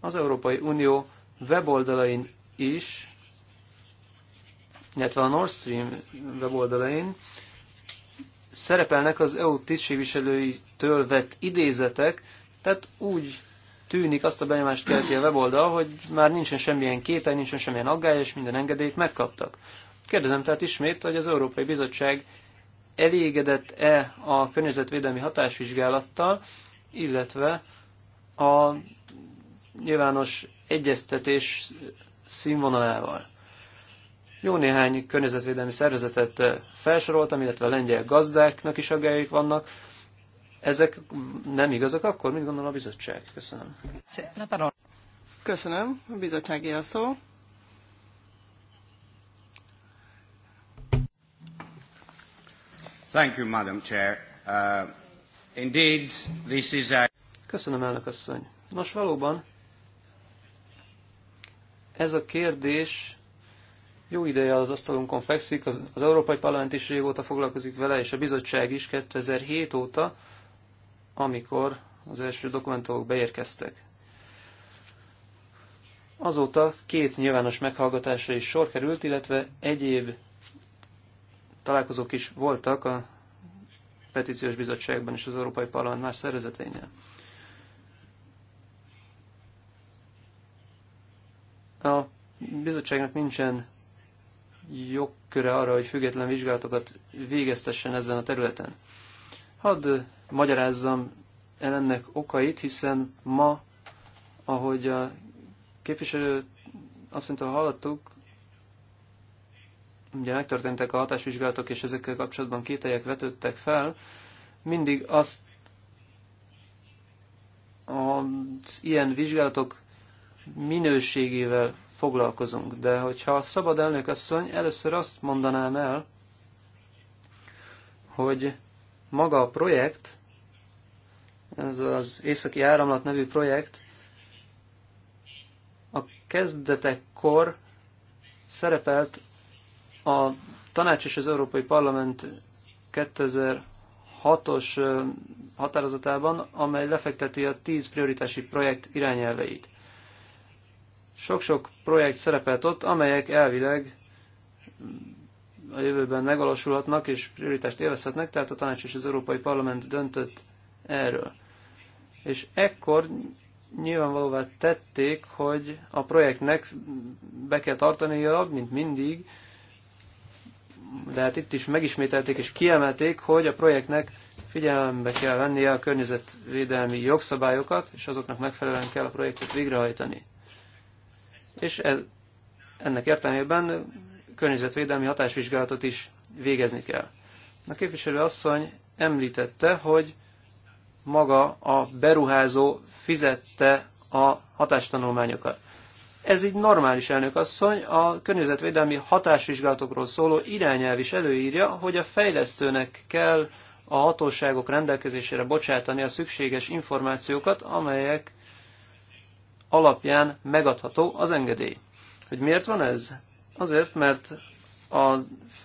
B: Az Európai Unió weboldalain is, illetve a Nord Stream weboldalain szerepelnek az EU tisztségviselőitől vett idézetek, tehát úgy tűnik, azt a benyomást kelti a weboldal, hogy már nincsen semmilyen kétel, nincsen semmilyen aggály, és minden engedélyt megkaptak. Kérdezem tehát ismét, hogy az Európai Bizottság elégedett-e a környezetvédelmi hatásvizsgálattal, illetve a nyilvános egyeztetés színvonalával. Jó néhány környezetvédelmi szervezetet felsoroltam, illetve a lengyel gazdáknak is aggályok vannak, ezek nem igazak, akkor mit gondol a bizottság? Köszönöm.
A: Köszönöm. A bizottsági a szó.
B: Thank you, Madam Chair. Uh, indeed, this is a... Köszönöm, elnök asszony. Nos, valóban ez a kérdés jó ideje az asztalunkon fekszik, az, az Európai Parlament is régóta foglalkozik vele, és a bizottság is 2007 óta amikor az első dokumentumok beérkeztek. Azóta két nyilvános meghallgatásra is sor került, illetve egyéb találkozók is voltak a petíciós bizottságban és az Európai Parlament más szervezeténél. A bizottságnak nincsen jogköre arra, hogy független vizsgálatokat végeztessen ezen a területen. Hadd magyarázzam el ennek okait, hiszen ma, ahogy a képviselő azt mondta, hallottuk, ugye megtörténtek a hatásvizsgálatok, és ezekkel kapcsolatban kételyek vetődtek fel, mindig azt az ilyen vizsgálatok minőségével foglalkozunk. De hogyha szabad elnök asszony, először azt mondanám el, hogy maga a projekt, ez az Északi Áramlat nevű projekt, a kezdetekkor szerepelt a Tanács és az Európai Parlament 2006-os határozatában, amely lefekteti a 10 prioritási projekt irányelveit. Sok-sok projekt szerepelt ott, amelyek elvileg a jövőben megvalósulhatnak és prioritást élvezhetnek, tehát a tanács és az Európai Parlament döntött erről. És ekkor nyilvánvalóvá tették, hogy a projektnek be kell tartania, mint mindig, de hát itt is megismételték és kiemelték, hogy a projektnek figyelembe kell vennie a környezetvédelmi jogszabályokat, és azoknak megfelelően kell a projektet végrehajtani. És ez, ennek értelmében környezetvédelmi hatásvizsgálatot is végezni kell. A képviselő asszony említette, hogy maga a beruházó fizette a hatástanulmányokat. Ez így normális, elnök asszony. A környezetvédelmi hatásvizsgálatokról szóló irányelv is előírja, hogy a fejlesztőnek kell a hatóságok rendelkezésére bocsátani a szükséges információkat, amelyek alapján megadható az engedély. Hogy miért van ez? Azért, mert a,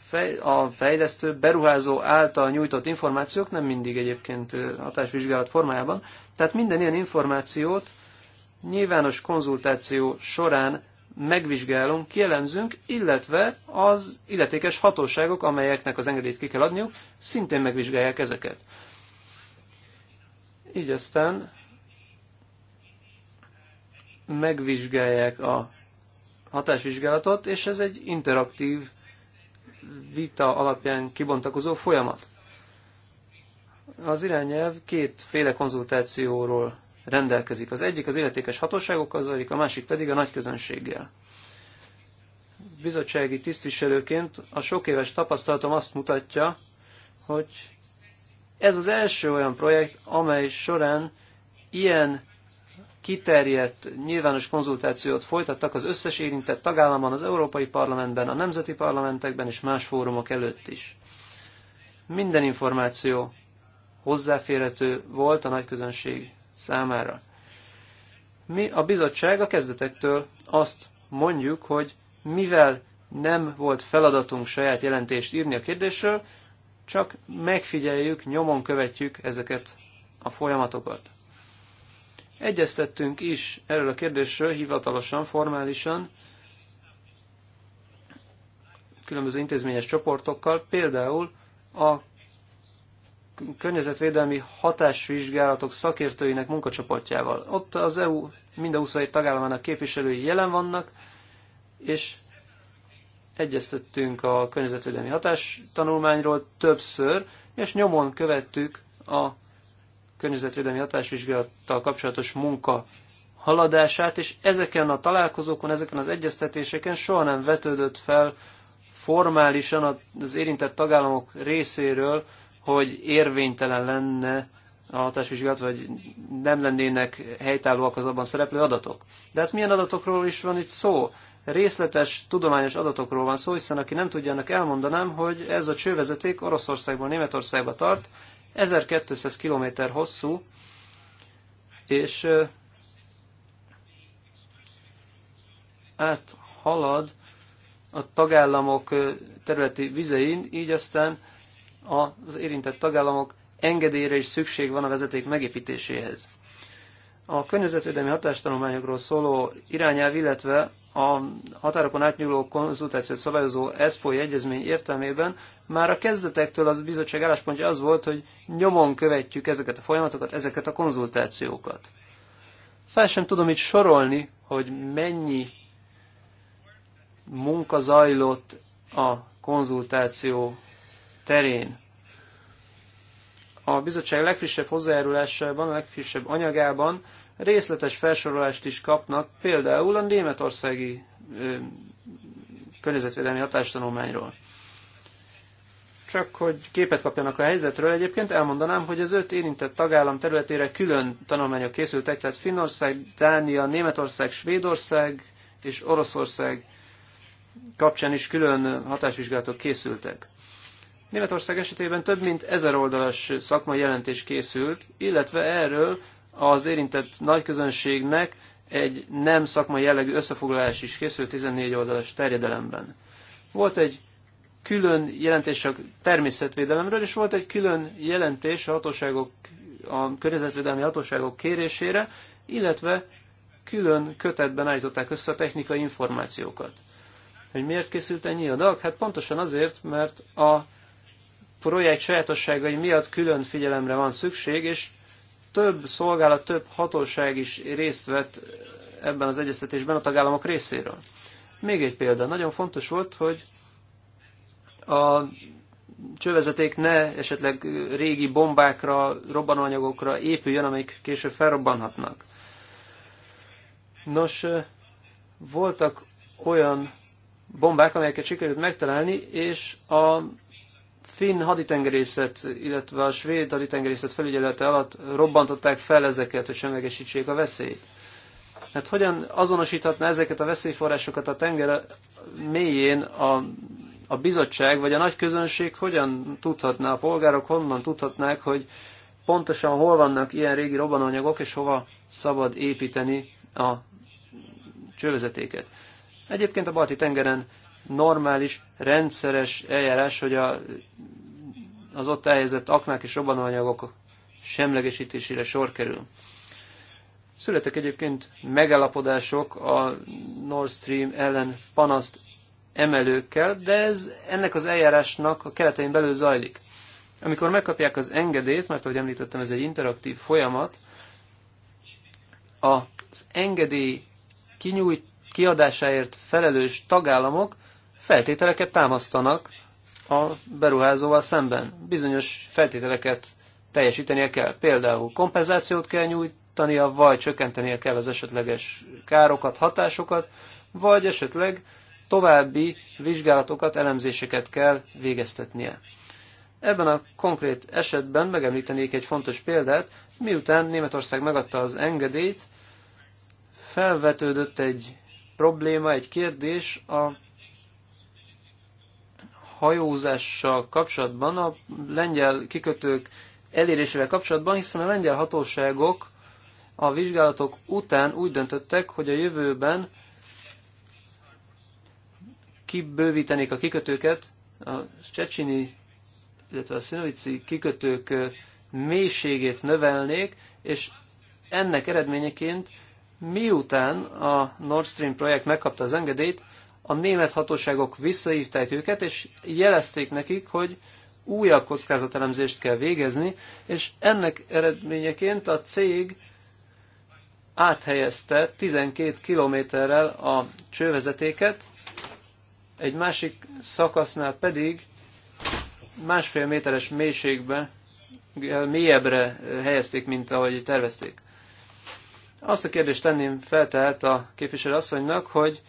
B: fej, a fejlesztő beruházó által nyújtott információk nem mindig egyébként hatásvizsgálat formájában, tehát minden ilyen információt nyilvános konzultáció során megvizsgálunk, kielemzünk, illetve az illetékes hatóságok, amelyeknek az engedélyt ki kell adniuk, szintén megvizsgálják ezeket. Így aztán megvizsgálják a hatásvizsgálatot, és ez egy interaktív vita alapján kibontakozó folyamat. Az irányelv kétféle konzultációról rendelkezik. Az egyik az illetékes hatóságokkal zajlik, a másik pedig a nagyközönséggel. Bizottsági tisztviselőként a sok éves tapasztalatom azt mutatja, hogy ez az első olyan projekt, amely során ilyen kiterjedt nyilvános konzultációt folytattak az összes érintett tagállamban, az Európai Parlamentben, a nemzeti parlamentekben és más fórumok előtt is. Minden információ hozzáférhető volt a nagyközönség számára. Mi a bizottság a kezdetektől azt mondjuk, hogy mivel nem volt feladatunk saját jelentést írni a kérdésről, csak megfigyeljük, nyomon követjük ezeket a folyamatokat. Egyeztettünk is erről a kérdésről hivatalosan, formálisan, különböző intézményes csoportokkal, például a környezetvédelmi hatásvizsgálatok szakértőinek munkacsoportjával. Ott az EU minden 27 tagállamának képviselői jelen vannak, és egyeztettünk a környezetvédelmi hatástanulmányról többször, és nyomon követtük a környezetvédelmi hatásvizsgálattal kapcsolatos munka haladását, és ezeken a találkozókon, ezeken az egyeztetéseken soha nem vetődött fel formálisan az érintett tagállamok részéről, hogy érvénytelen lenne a hatásvizsgálat, vagy nem lennének helytállóak az abban szereplő adatok. De hát milyen adatokról is van itt szó? Részletes, tudományos adatokról van szó, hiszen aki nem tudja, annak elmondanám, hogy ez a csővezeték Oroszországból Németországba tart, 1200 km hosszú, és áthalad a tagállamok területi vizein, így aztán az érintett tagállamok engedélyre is szükség van a vezeték megépítéséhez. A környezetvédelmi hatástanulmányokról szóló irányelv, illetve a határokon átnyúló konzultációt szabályozó ESPO-i egyezmény értelmében már a kezdetektől az bizottság álláspontja az volt, hogy nyomon követjük ezeket a folyamatokat, ezeket a konzultációkat. Fel sem tudom itt sorolni, hogy mennyi munka zajlott a konzultáció terén. A bizottság legfrissebb hozzájárulásában, a legfrissebb anyagában részletes felsorolást is kapnak, például a németországi környezetvédelmi hatástanulmányról. Csak hogy képet kapjanak a helyzetről, egyébként elmondanám, hogy az öt érintett tagállam területére külön tanulmányok készültek, tehát Finnország, Dánia, Németország, Svédország és Oroszország kapcsán is külön hatásvizsgálatok készültek. Németország esetében több mint ezer oldalas szakmai jelentés készült, illetve erről az érintett nagyközönségnek egy nem szakmai jellegű összefoglalás is készült 14 oldalas terjedelemben. Volt egy külön jelentés a természetvédelemről, és volt egy külön jelentés a hatóságok, a környezetvédelmi hatóságok kérésére, illetve külön kötetben állították össze a technikai információkat. Hogy miért készült ennyi adag? Hát pontosan azért, mert a projekt sajátosságai miatt külön figyelemre van szükség, és több szolgálat, több hatóság is részt vett ebben az egyeztetésben a tagállamok részéről. Még egy példa. Nagyon fontos volt, hogy a csővezeték ne esetleg régi bombákra, robbanóanyagokra épüljön, amik később felrobbanhatnak. Nos, voltak olyan bombák, amelyeket sikerült megtalálni, és a finn haditengerészet, illetve a svéd haditengerészet felügyelete alatt robbantották fel ezeket, hogy semlegesítsék a veszélyt. Hát hogyan azonosíthatná ezeket a veszélyforrásokat a tenger mélyén a a bizottság vagy a nagy közönség hogyan tudhatná, a polgárok honnan tudhatnák, hogy pontosan hol vannak ilyen régi robbanóanyagok, és hova szabad építeni a csővezetéket. Egyébként a balti tengeren normális, rendszeres eljárás, hogy a, az ott elhelyezett aknák és robbanóanyagok semlegesítésére sor kerül. Születek egyébként megalapodások a Nord Stream ellen panaszt emelőkkel, de ez ennek az eljárásnak a keretein belül zajlik. Amikor megkapják az engedélyt, mert ahogy említettem, ez egy interaktív folyamat, az engedély kinyújt, kiadásáért felelős tagállamok feltételeket támasztanak a beruházóval szemben. Bizonyos feltételeket teljesítenie kell. Például kompenzációt kell nyújtania, vagy csökkentenie kell az esetleges károkat, hatásokat, vagy esetleg további vizsgálatokat, elemzéseket kell végeztetnie. Ebben a konkrét esetben megemlítenék egy fontos példát, miután Németország megadta az engedélyt, felvetődött egy probléma, egy kérdés a hajózással kapcsolatban, a lengyel kikötők elérésével kapcsolatban, hiszen a lengyel hatóságok a vizsgálatok után úgy döntöttek, hogy a jövőben kibővítenék a kikötőket, a Csecsini, illetve a Szinovici kikötők mélységét növelnék, és ennek eredményeként miután a Nord Stream projekt megkapta az engedélyt, a német hatóságok visszaívták őket, és jelezték nekik, hogy újabb kockázatelemzést kell végezni, és ennek eredményeként a cég áthelyezte 12 kilométerrel a csővezetéket, egy másik szakasznál pedig másfél méteres mélységbe, eh, mélyebbre eh, helyezték, mint ahogy tervezték. Azt a kérdést tenném fel tehát a képviselő asszonynak, hogy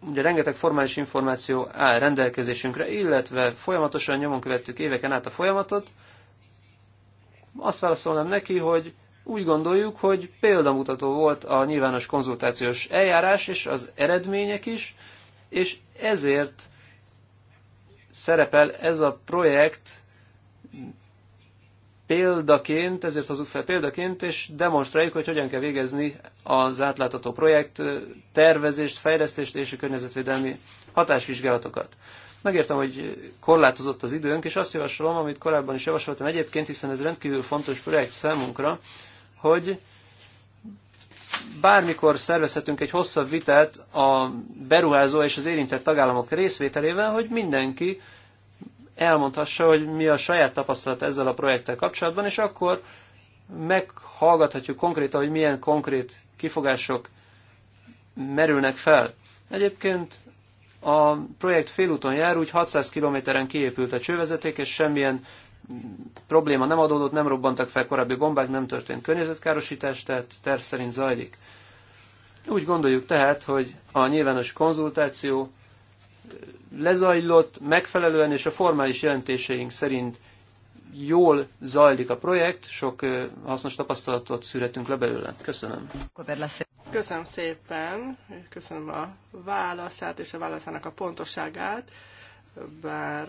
B: ugye rengeteg formális információ áll rendelkezésünkre, illetve folyamatosan nyomon követtük éveken át a folyamatot, azt válaszolnám neki, hogy úgy gondoljuk, hogy példamutató volt a nyilvános konzultációs eljárás és az eredmények is, és ezért szerepel ez a projekt példaként, ezért hozzuk fel példaként, és demonstráljuk, hogy hogyan kell végezni az átlátható projekt tervezést, fejlesztést és a környezetvédelmi hatásvizsgálatokat. Megértem, hogy korlátozott az időnk, és azt javasolom, amit korábban is javasoltam egyébként, hiszen ez rendkívül fontos projekt számunkra, hogy bármikor szervezhetünk egy hosszabb vitát a beruházó és az érintett tagállamok részvételével, hogy mindenki elmondhassa, hogy mi a saját tapasztalat ezzel a projekttel kapcsolatban, és akkor meghallgathatjuk konkrétan, hogy milyen konkrét kifogások merülnek fel. Egyébként a projekt félúton jár, úgy 600 kilométeren kiépült a csővezeték, és semmilyen probléma nem adódott, nem robbantak fel korábbi bombák, nem történt környezetkárosítás, tehát terv szerint zajlik. Úgy gondoljuk tehát, hogy a nyilvános konzultáció lezajlott megfelelően, és a formális jelentéseink szerint jól zajlik a projekt, sok hasznos tapasztalatot születünk le belőle. Köszönöm.
A: Köszönöm szépen, köszönöm a válaszát és a válaszának a pontosságát, bár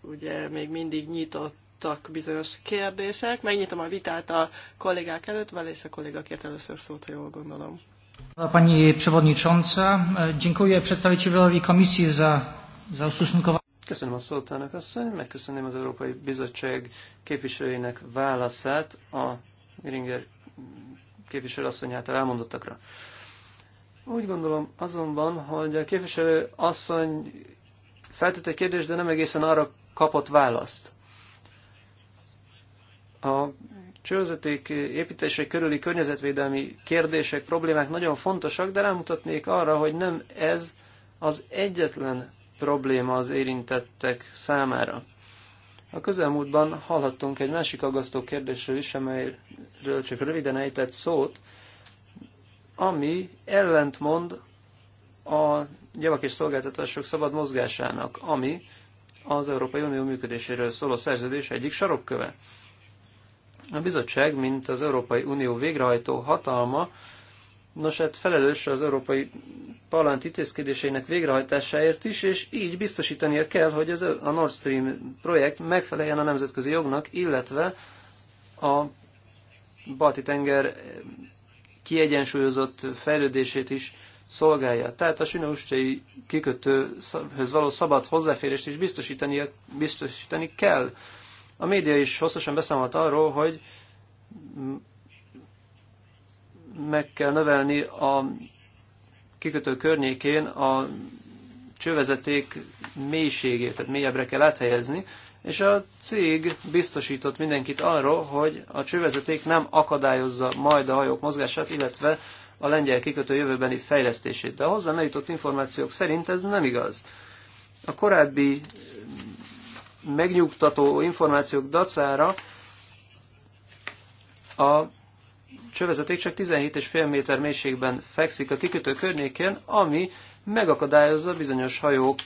A: ugye még mindig nyitottak bizonyos kérdések. Megnyitom a vitát a kollégák előtt, és a kolléga kért először szót, ha jól gondolom.
B: Pani Przewodnicząca, dziękuję przedstawicielowi Komisji za, za ustosunkowanie. Köszönöm a szót, elnök asszony, megköszönöm az Európai Bizottság képviselőinek válaszát a Iringer képviselő asszony által elmondottakra. Úgy gondolom azonban, hogy a képviselő asszony feltette kérdést, de nem egészen arra kapott választ. A csőzeték építése körüli környezetvédelmi kérdések, problémák nagyon fontosak, de rámutatnék arra, hogy nem ez az egyetlen probléma az érintettek számára. A közelmúltban hallhattunk egy másik aggasztó kérdésről is, amelyről csak röviden ejtett szót, ami ellentmond a gyavak és szolgáltatások szabad mozgásának, ami az Európai Unió működéséről szóló szerződés egyik sarokköve. A bizottság, mint az Európai Unió végrehajtó hatalma, nos hát felelős az Európai Parlament intézkedéseinek végrehajtásáért is, és így biztosítania kell, hogy ez a Nord Stream projekt megfeleljen a nemzetközi jognak, illetve a Balti-tenger kiegyensúlyozott fejlődését is szolgálja. Tehát a Sinauscsai kikötőhöz való szabad hozzáférést is biztosítani, biztosítani kell. A média is hosszasan beszámolt arról, hogy meg kell növelni a kikötő környékén a csővezeték mélységét, tehát mélyebbre kell áthelyezni, és a cég biztosított mindenkit arról, hogy a csővezeték nem akadályozza majd a hajók mozgását, illetve a lengyel kikötő jövőbeni fejlesztését. De hozzá eljutott információk szerint ez nem igaz. A korábbi mm, megnyugtató információk dacára a csövezeték csak 17,5 méter mélységben fekszik a kikötő környékén, ami megakadályozza bizonyos hajók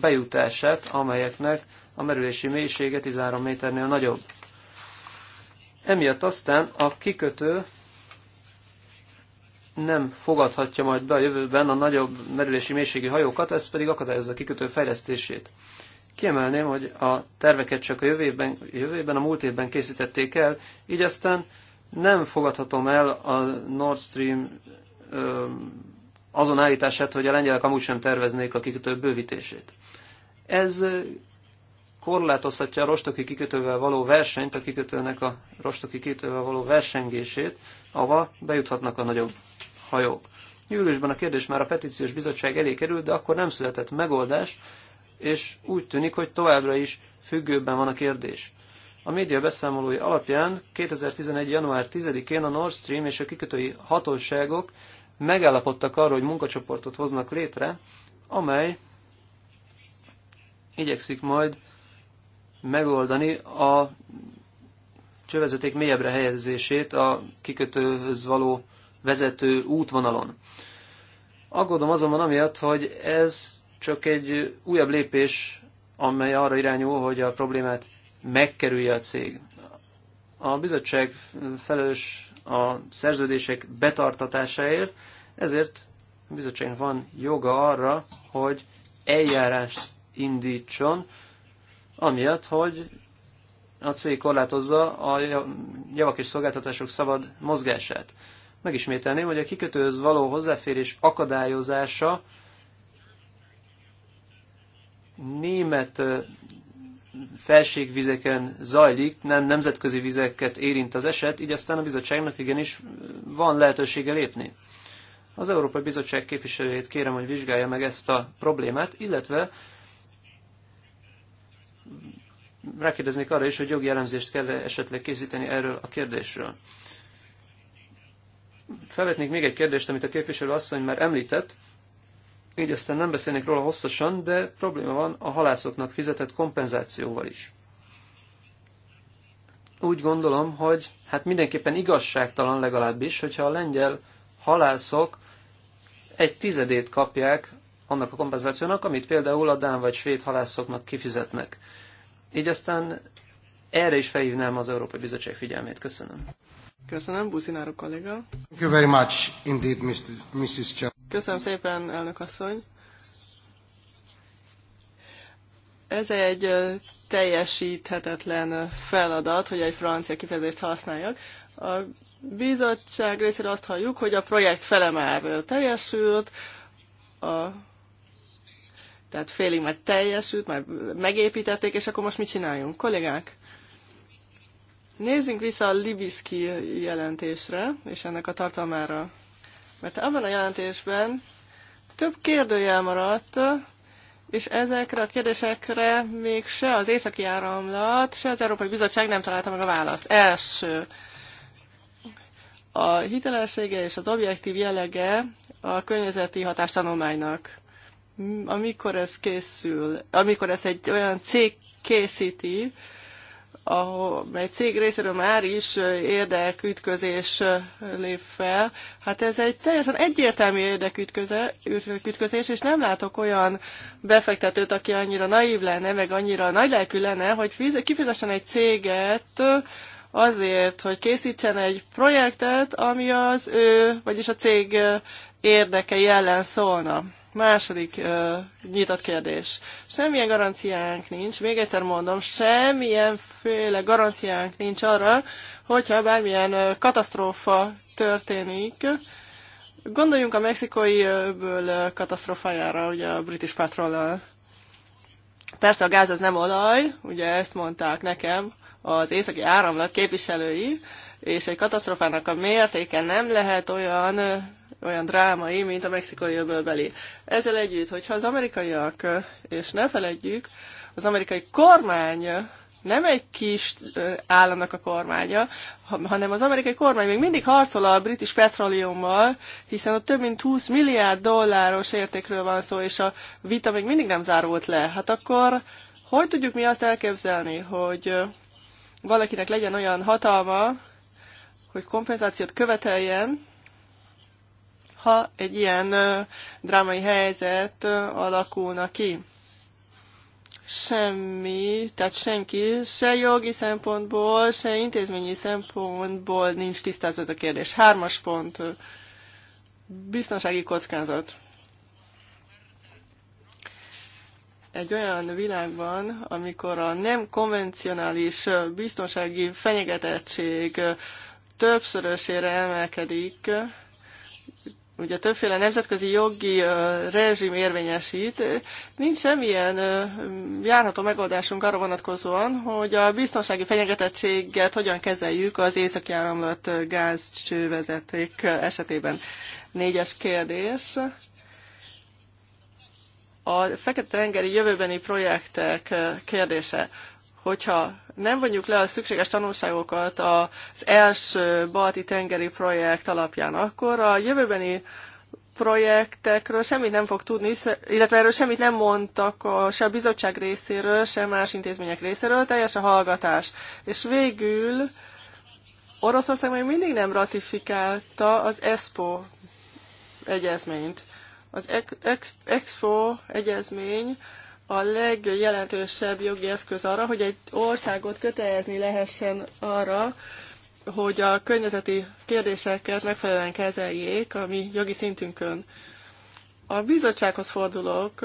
B: bejutását, amelyeknek a merülési mélysége 13 méternél nagyobb. Emiatt aztán a kikötő nem fogadhatja majd be a jövőben a nagyobb merülési mélységű hajókat, ez pedig akadályozza a kikötő fejlesztését. Kiemelném, hogy a terveket csak a jövőben, jövőben a múlt évben készítették el, így aztán nem fogadhatom el a Nord Stream ö, azon állítását, hogy a lengyelek amúgy sem terveznék a kikötő bővítését. Ez korlátozhatja a rostoki kikötővel való versenyt, a kikötőnek a rostoki kikötővel való versengését, ahova bejuthatnak a nagyobb hajók. Júliusban a kérdés már a petíciós bizottság elé került, de akkor nem született megoldás, és úgy tűnik, hogy továbbra is függőben van a kérdés. A média beszámolói alapján 2011. január 10-én a Nord Stream és a kikötői hatóságok megállapodtak arról, hogy munkacsoportot hoznak létre, amely igyekszik majd megoldani a csövezeték mélyebbre helyezését a kikötőhöz való vezető útvonalon. Aggódom azonban amiatt, hogy ez csak egy újabb lépés, amely arra irányul, hogy a problémát megkerülje a cég. A bizottság felelős a szerződések betartatásáért, ezért a bizottságnak van joga arra, hogy eljárást indítson, amiatt, hogy a cég korlátozza a javak és szolgáltatások szabad mozgását megismételném, hogy a kikötőhöz való hozzáférés akadályozása német felségvizeken zajlik, nem nemzetközi vizeket érint az eset, így aztán a bizottságnak igenis van lehetősége lépni. Az Európai Bizottság képviselőjét kérem, hogy vizsgálja meg ezt a problémát, illetve rákérdeznék arra is, hogy jogi elemzést kell esetleg készíteni erről a kérdésről felvetnék még egy kérdést, amit a képviselő asszony már említett, így aztán nem beszélnék róla hosszasan, de probléma van a halászoknak fizetett kompenzációval is. Úgy gondolom, hogy hát mindenképpen igazságtalan legalábbis, hogyha a lengyel halászok egy tizedét kapják annak a kompenzációnak, amit például a dán vagy svéd halászoknak kifizetnek. Így aztán erre is felhívnám az Európai Bizottság figyelmét. Köszönöm.
A: Köszönöm, Buzináro kolléga. Thank
C: you very much indeed, Mrs. Chair.
B: Köszönöm
A: szépen, elnök asszony. Ez egy teljesíthetetlen feladat, hogy egy francia kifejezést használjak. A bizottság részéről azt halljuk, hogy a projekt fele már teljesült, a, tehát félig már teljesült, már megépítették, és akkor most mit csináljunk? Kollégák, Nézzünk vissza a Libiszki jelentésre és ennek a tartalmára. Mert abban a jelentésben több kérdőjel maradt, és ezekre a kérdésekre még se az északi áramlat, se az Európai Bizottság nem találta meg a választ. Első, a hitelessége és az objektív jellege a környezeti hatástanulmánynak. Amikor ez készül, amikor ezt egy olyan cég készíti, ahol egy cég részéről már is érdekütközés lép fel. Hát ez egy teljesen egyértelmű érdekütközés, és nem látok olyan befektetőt, aki annyira naív lenne, meg annyira nagylelkű lenne, hogy kifizessen egy céget azért, hogy készítsen egy projektet, ami az ő, vagyis a cég érdekei ellen szólna. Második uh, nyitott kérdés. Semmilyen garanciánk nincs, még egyszer mondom, semmilyen féle garanciánk nincs arra, hogyha bármilyen uh, katasztrófa történik. Gondoljunk a mexikai öböl uh, katasztrófájára, ugye a British patrol Persze a gáz az nem olaj, ugye ezt mondták nekem az északi áramlat képviselői, és egy katasztrófának a mértéke nem lehet olyan olyan drámai, mint a mexikai öbölbeli. Ezzel együtt, hogyha az amerikaiak, és ne felejtjük, az amerikai kormány nem egy kis államnak a kormánya, hanem az amerikai kormány még mindig harcol a British Petroleummal, hiszen ott több mint 20 milliárd dolláros értékről van szó, és a vita még mindig nem zárult le. Hát akkor hogy tudjuk mi azt elképzelni, hogy valakinek legyen olyan hatalma, hogy kompenzációt követeljen, ha egy ilyen drámai helyzet alakulna ki. Semmi, tehát senki se jogi szempontból, se intézményi szempontból nincs tisztázva ez a kérdés. Hármas pont, biztonsági kockázat. egy olyan világban, amikor a nem konvencionális biztonsági fenyegetettség többszörösére emelkedik, ugye többféle nemzetközi jogi uh, rezsim érvényesít, nincs semmilyen uh, járható megoldásunk arra vonatkozóan, hogy a biztonsági fenyegetettséget hogyan kezeljük az északi áramlat gázcsővezeték esetében. Négyes kérdés. A Fekete-tengeri jövőbeni projektek kérdése. Hogyha nem vonjuk le a szükséges tanulságokat az első balti tengeri projekt alapján, akkor a jövőbeni projektekről semmit nem fog tudni, illetve erről semmit nem mondtak a, se a bizottság részéről, se más intézmények részéről, teljes a hallgatás. És végül Oroszország még mindig nem ratifikálta az ESPO egyezményt. Az Expo egyezmény a legjelentősebb jogi eszköz arra, hogy egy országot kötelezni lehessen arra, hogy a környezeti kérdéseket megfelelően kezeljék a mi jogi szintünkön. A bizottsághoz fordulok.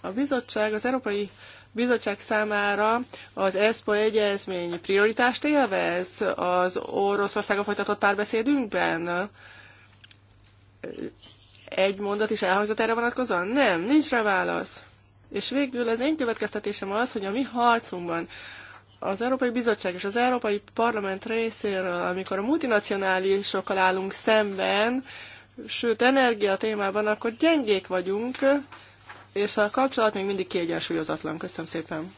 A: A bizottság, az Európai Bizottság számára az ESPO egyezmény prioritást élvez az Oroszországa folytatott párbeszédünkben? Egy mondat is elhangzott erre vonatkozóan? Nem, nincs rá válasz. És végül az én következtetésem az, hogy a mi harcunkban az Európai Bizottság és az Európai Parlament részéről, amikor a multinacionálisokkal állunk szemben, sőt energia témában, akkor gyengék vagyunk, és a kapcsolat még mindig kiegyensúlyozatlan. Köszönöm szépen.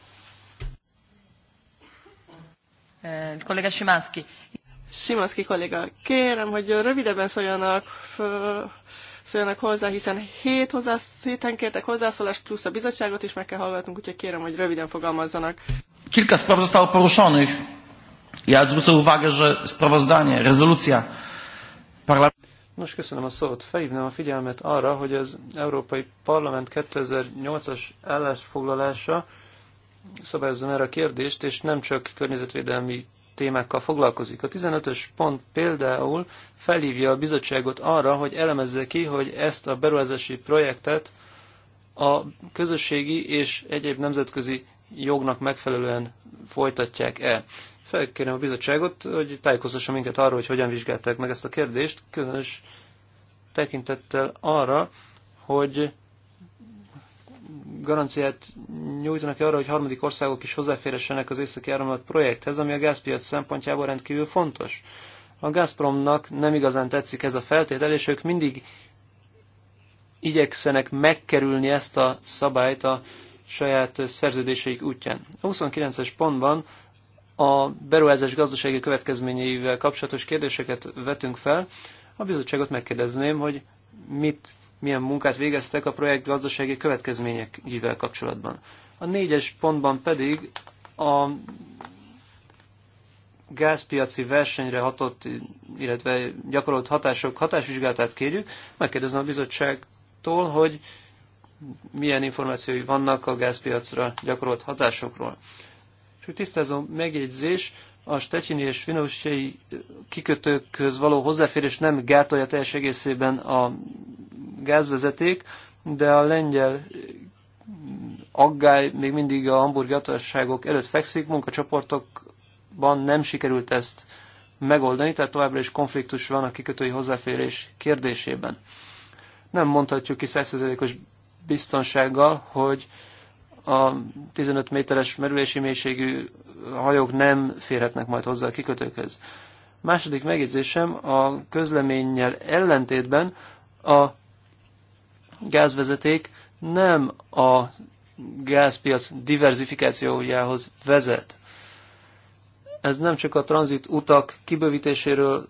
A: Eh, kollega Simanski. Simanski kolléga, kérem, hogy rövidebben szóljanak szóljanak hozzá, hiszen hét hozzász, héten kértek hozzászólást, plusz a bizottságot is meg kell hallgatnunk, úgyhogy kérem, hogy röviden fogalmazzanak.
B: Kilka spraw zostało poruszonych. Ja zwrócę uwagę, że sprawozdanie, rezolucja parlamentu... Nos, köszönöm a szót. Felhívnám a figyelmet arra, hogy az Európai Parlament 2008-as állásfoglalása szabályozza erre a kérdést, és nem csak környezetvédelmi témákkal foglalkozik. A 15-ös pont például felhívja a bizottságot arra, hogy elemezze ki, hogy ezt a beruházási projektet a közösségi és egyéb nemzetközi jognak megfelelően folytatják-e. Felkérem a bizottságot, hogy tájékoztassa minket arról, hogy hogyan vizsgálták meg ezt a kérdést, különös tekintettel arra, hogy garanciát nyújtanak arra, hogy harmadik országok is hozzáférhessenek az északi áramlat projekthez, ami a gázpiac szempontjából rendkívül fontos. A Gazpromnak nem igazán tetszik ez a feltétel, és ők mindig igyekszenek megkerülni ezt a szabályt a saját szerződéseik útján. A 29-es pontban a beruházás gazdasági következményeivel kapcsolatos kérdéseket vetünk fel. A bizottságot megkérdezném, hogy mit milyen munkát végeztek a projekt gazdasági következményeivel kapcsolatban. A négyes pontban pedig a gázpiaci versenyre hatott, illetve gyakorolt hatások hatásvizsgálatát kérjük. Megkérdezem a bizottságtól, hogy milyen információi vannak a gázpiacra gyakorolt hatásokról. És hogy tisztázom, megjegyzés, a stecsini és vinósei kikötőkhöz való hozzáférés nem gátolja teljes egészében a gázvezeték, de a lengyel aggály még mindig a hamburgi hatóságok előtt fekszik, munkacsoportokban nem sikerült ezt megoldani, tehát továbbra is konfliktus van a kikötői hozzáférés kérdésében. Nem mondhatjuk ki 100%-os biztonsággal, hogy a 15 méteres merülési mélységű hajók nem férhetnek majd hozzá a kikötőkhöz. Második megjegyzésem a közleménnyel ellentétben a gázvezeték nem a gázpiac diverzifikációjához vezet. Ez nem csak a tranzit utak kibővítéséről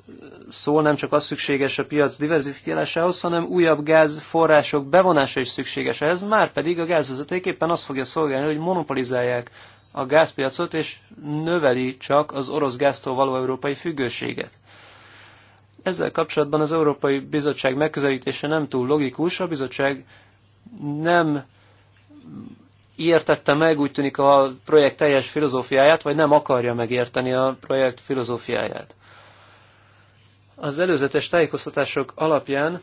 B: szól, nem csak az szükséges a piac diverzifikálásához, hanem újabb gázforrások bevonása is szükséges. Ez már pedig a gázvezeték éppen azt fogja szolgálni, hogy monopolizálják a gázpiacot, és növeli csak az orosz gáztól való európai függőséget. Ezzel kapcsolatban az Európai Bizottság megközelítése nem túl logikus. A bizottság nem értette meg, úgy tűnik a projekt teljes filozófiáját, vagy nem akarja megérteni a projekt filozófiáját. Az előzetes tájékoztatások alapján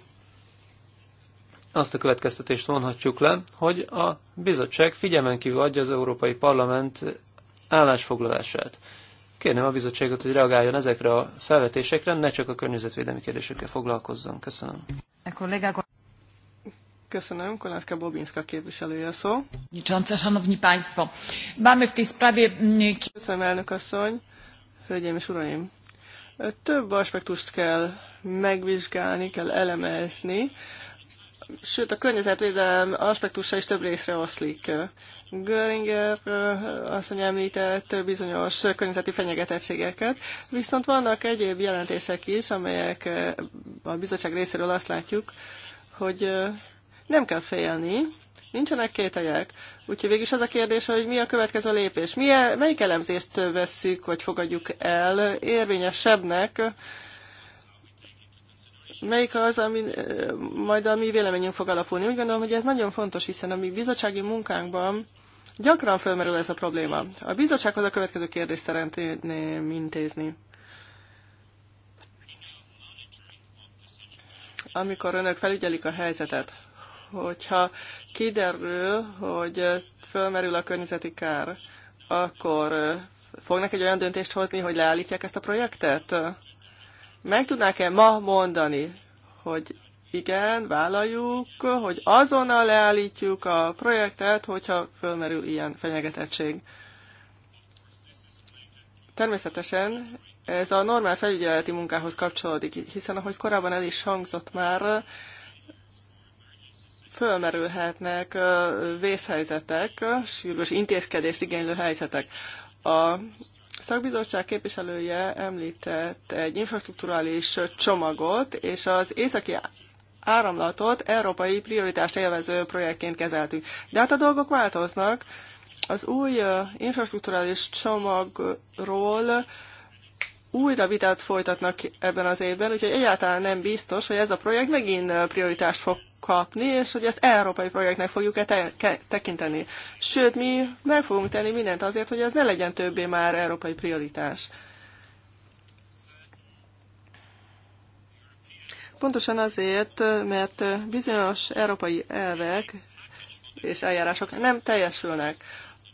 B: azt a következtetést vonhatjuk le, hogy a bizottság figyelmen kívül adja az Európai Parlament állásfoglalását kérném a bizottságot, hogy reagáljon ezekre a felvetésekre, ne csak a környezetvédelmi kérdésekkel foglalkozzon. Köszönöm.
A: Köszönöm, Kolátka Bobinska képviselője szó. Köszönöm, elnök asszony, hölgyeim és uraim. Több aspektust kell megvizsgálni, kell elemezni, sőt a környezetvédelem aspektusa is több részre oszlik. Göringer mondja, említett bizonyos környezeti fenyegetettségeket, viszont vannak egyéb jelentések is, amelyek a bizottság részéről azt látjuk, hogy nem kell félni, nincsenek kételyek. Úgyhogy végülis az a kérdés, hogy mi a következő lépés. Milyen, melyik elemzést vesszük, vagy fogadjuk el érvényesebbnek, melyik az, ami majd a mi véleményünk fog alapulni. Úgy gondolom, hogy ez nagyon fontos, hiszen a mi bizottsági munkánkban Gyakran felmerül ez a probléma. A bizottsághoz a következő kérdést szeretném intézni. Amikor önök felügyelik a helyzetet, hogyha kiderül, hogy felmerül a környezeti kár, akkor fognak egy olyan döntést hozni, hogy leállítják ezt a projektet? Meg tudnák-e ma mondani, hogy igen, vállaljuk, hogy azonnal leállítjuk a projektet, hogyha fölmerül ilyen fenyegetettség. Természetesen ez a normál felügyeleti munkához kapcsolódik, hiszen ahogy korábban el is hangzott már, fölmerülhetnek vészhelyzetek, sürgős intézkedést igénylő helyzetek. A szakbizottság képviselője említett egy infrastruktúrális csomagot, és az északi áramlatot európai prioritást élvező projektként kezeltük. De hát a dolgok változnak. Az új infrastruktúrális csomagról újra vitát folytatnak ebben az évben, úgyhogy egyáltalán nem biztos, hogy ez a projekt megint prioritást fog kapni, és hogy ezt európai projektnek fogjuk-e te- tekinteni. Sőt, mi meg fogunk tenni mindent azért, hogy ez ne legyen többé már európai prioritás. Pontosan azért, mert bizonyos európai elvek és eljárások nem teljesülnek.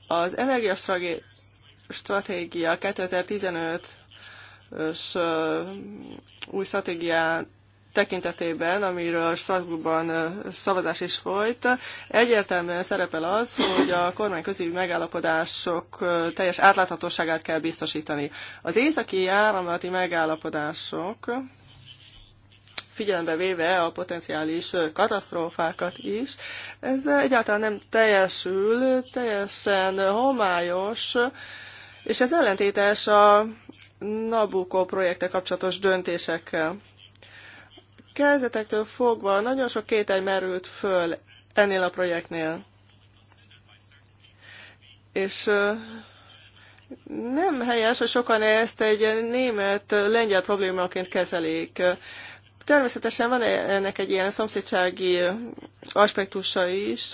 A: Az energiastratégia 2015-ös új stratégia tekintetében, amiről Strasbourgban szavazás is folyt, egyértelműen szerepel az, hogy a kormányközi megállapodások teljes átláthatóságát kell biztosítani. Az északi áramlati megállapodások figyelembe véve a potenciális katasztrófákat is. Ez egyáltalán nem teljesül, teljesen homályos, és ez ellentétes a Nabucco projekte kapcsolatos döntésekkel. Kezdetektől fogva nagyon sok kételj merült föl ennél a projektnél. És nem helyes, hogy sokan ezt egy német-lengyel problémaként kezelik. Természetesen van ennek egy ilyen szomszédsági aspektusa is,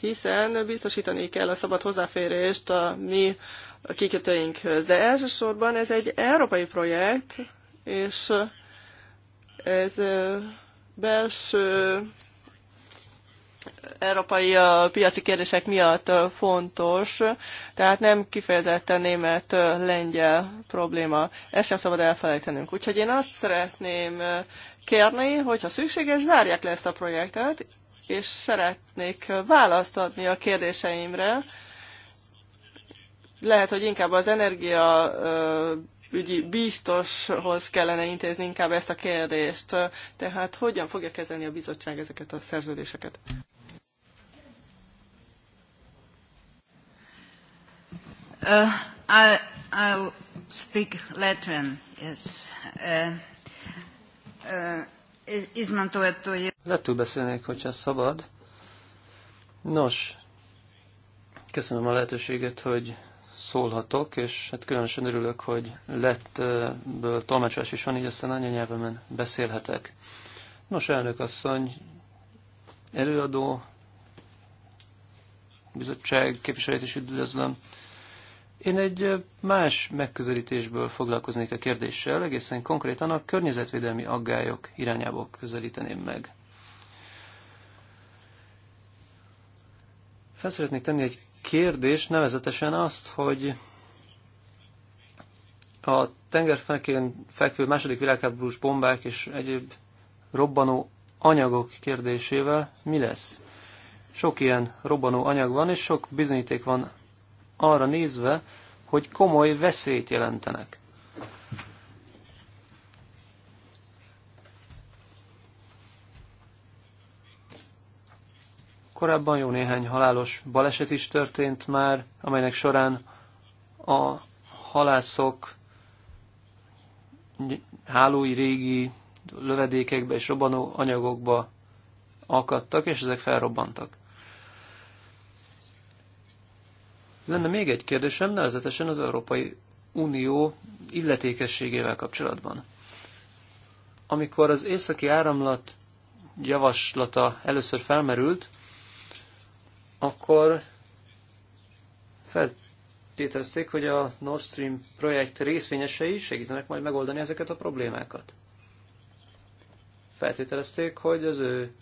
A: hiszen biztosítani kell a szabad hozzáférést a mi kikötőinkhöz. De elsősorban ez egy európai projekt, és ez belső európai piaci kérdések miatt fontos, tehát nem kifejezetten német-lengyel probléma. Ezt sem szabad elfelejtenünk. Úgyhogy én azt szeretném kérni, hogyha szükséges, zárják le ezt a projektet, és szeretnék választ adni a kérdéseimre. Lehet, hogy inkább az energia ügyi biztoshoz kellene intézni inkább ezt a kérdést. Tehát hogyan fogja kezelni a bizottság ezeket a szerződéseket? Uh,
C: I'll, I'll speak Latin, yes. Uh,
B: Lettől beszélnék, hogyha szabad. Nos, köszönöm a lehetőséget, hogy szólhatok, és hát különösen örülök, hogy lettből tolmácsolás is van, így aztán anyanyelvemen beszélhetek. Nos, elnök asszony, előadó, bizottság képviselőt is üdvözlöm, én egy más megközelítésből foglalkoznék a kérdéssel, egészen konkrétan a környezetvédelmi aggályok irányából közelíteném meg. Felszeretnék tenni egy kérdést, nevezetesen azt, hogy a tengerfenekén fekvő második világháborús bombák és egyéb robbanó anyagok kérdésével mi lesz? Sok ilyen robbanó anyag van, és sok bizonyíték van arra nézve, hogy komoly veszélyt jelentenek. Korábban jó néhány halálos baleset is történt már, amelynek során a halászok hálói régi lövedékekbe és robbanó anyagokba akadtak, és ezek felrobbantak. Lenne még egy kérdésem, nevezetesen az Európai Unió illetékességével kapcsolatban. Amikor az északi áramlat javaslata először felmerült, akkor feltételezték, hogy a Nord Stream projekt részvényesei segítenek majd megoldani ezeket a problémákat. Feltételezték, hogy az ő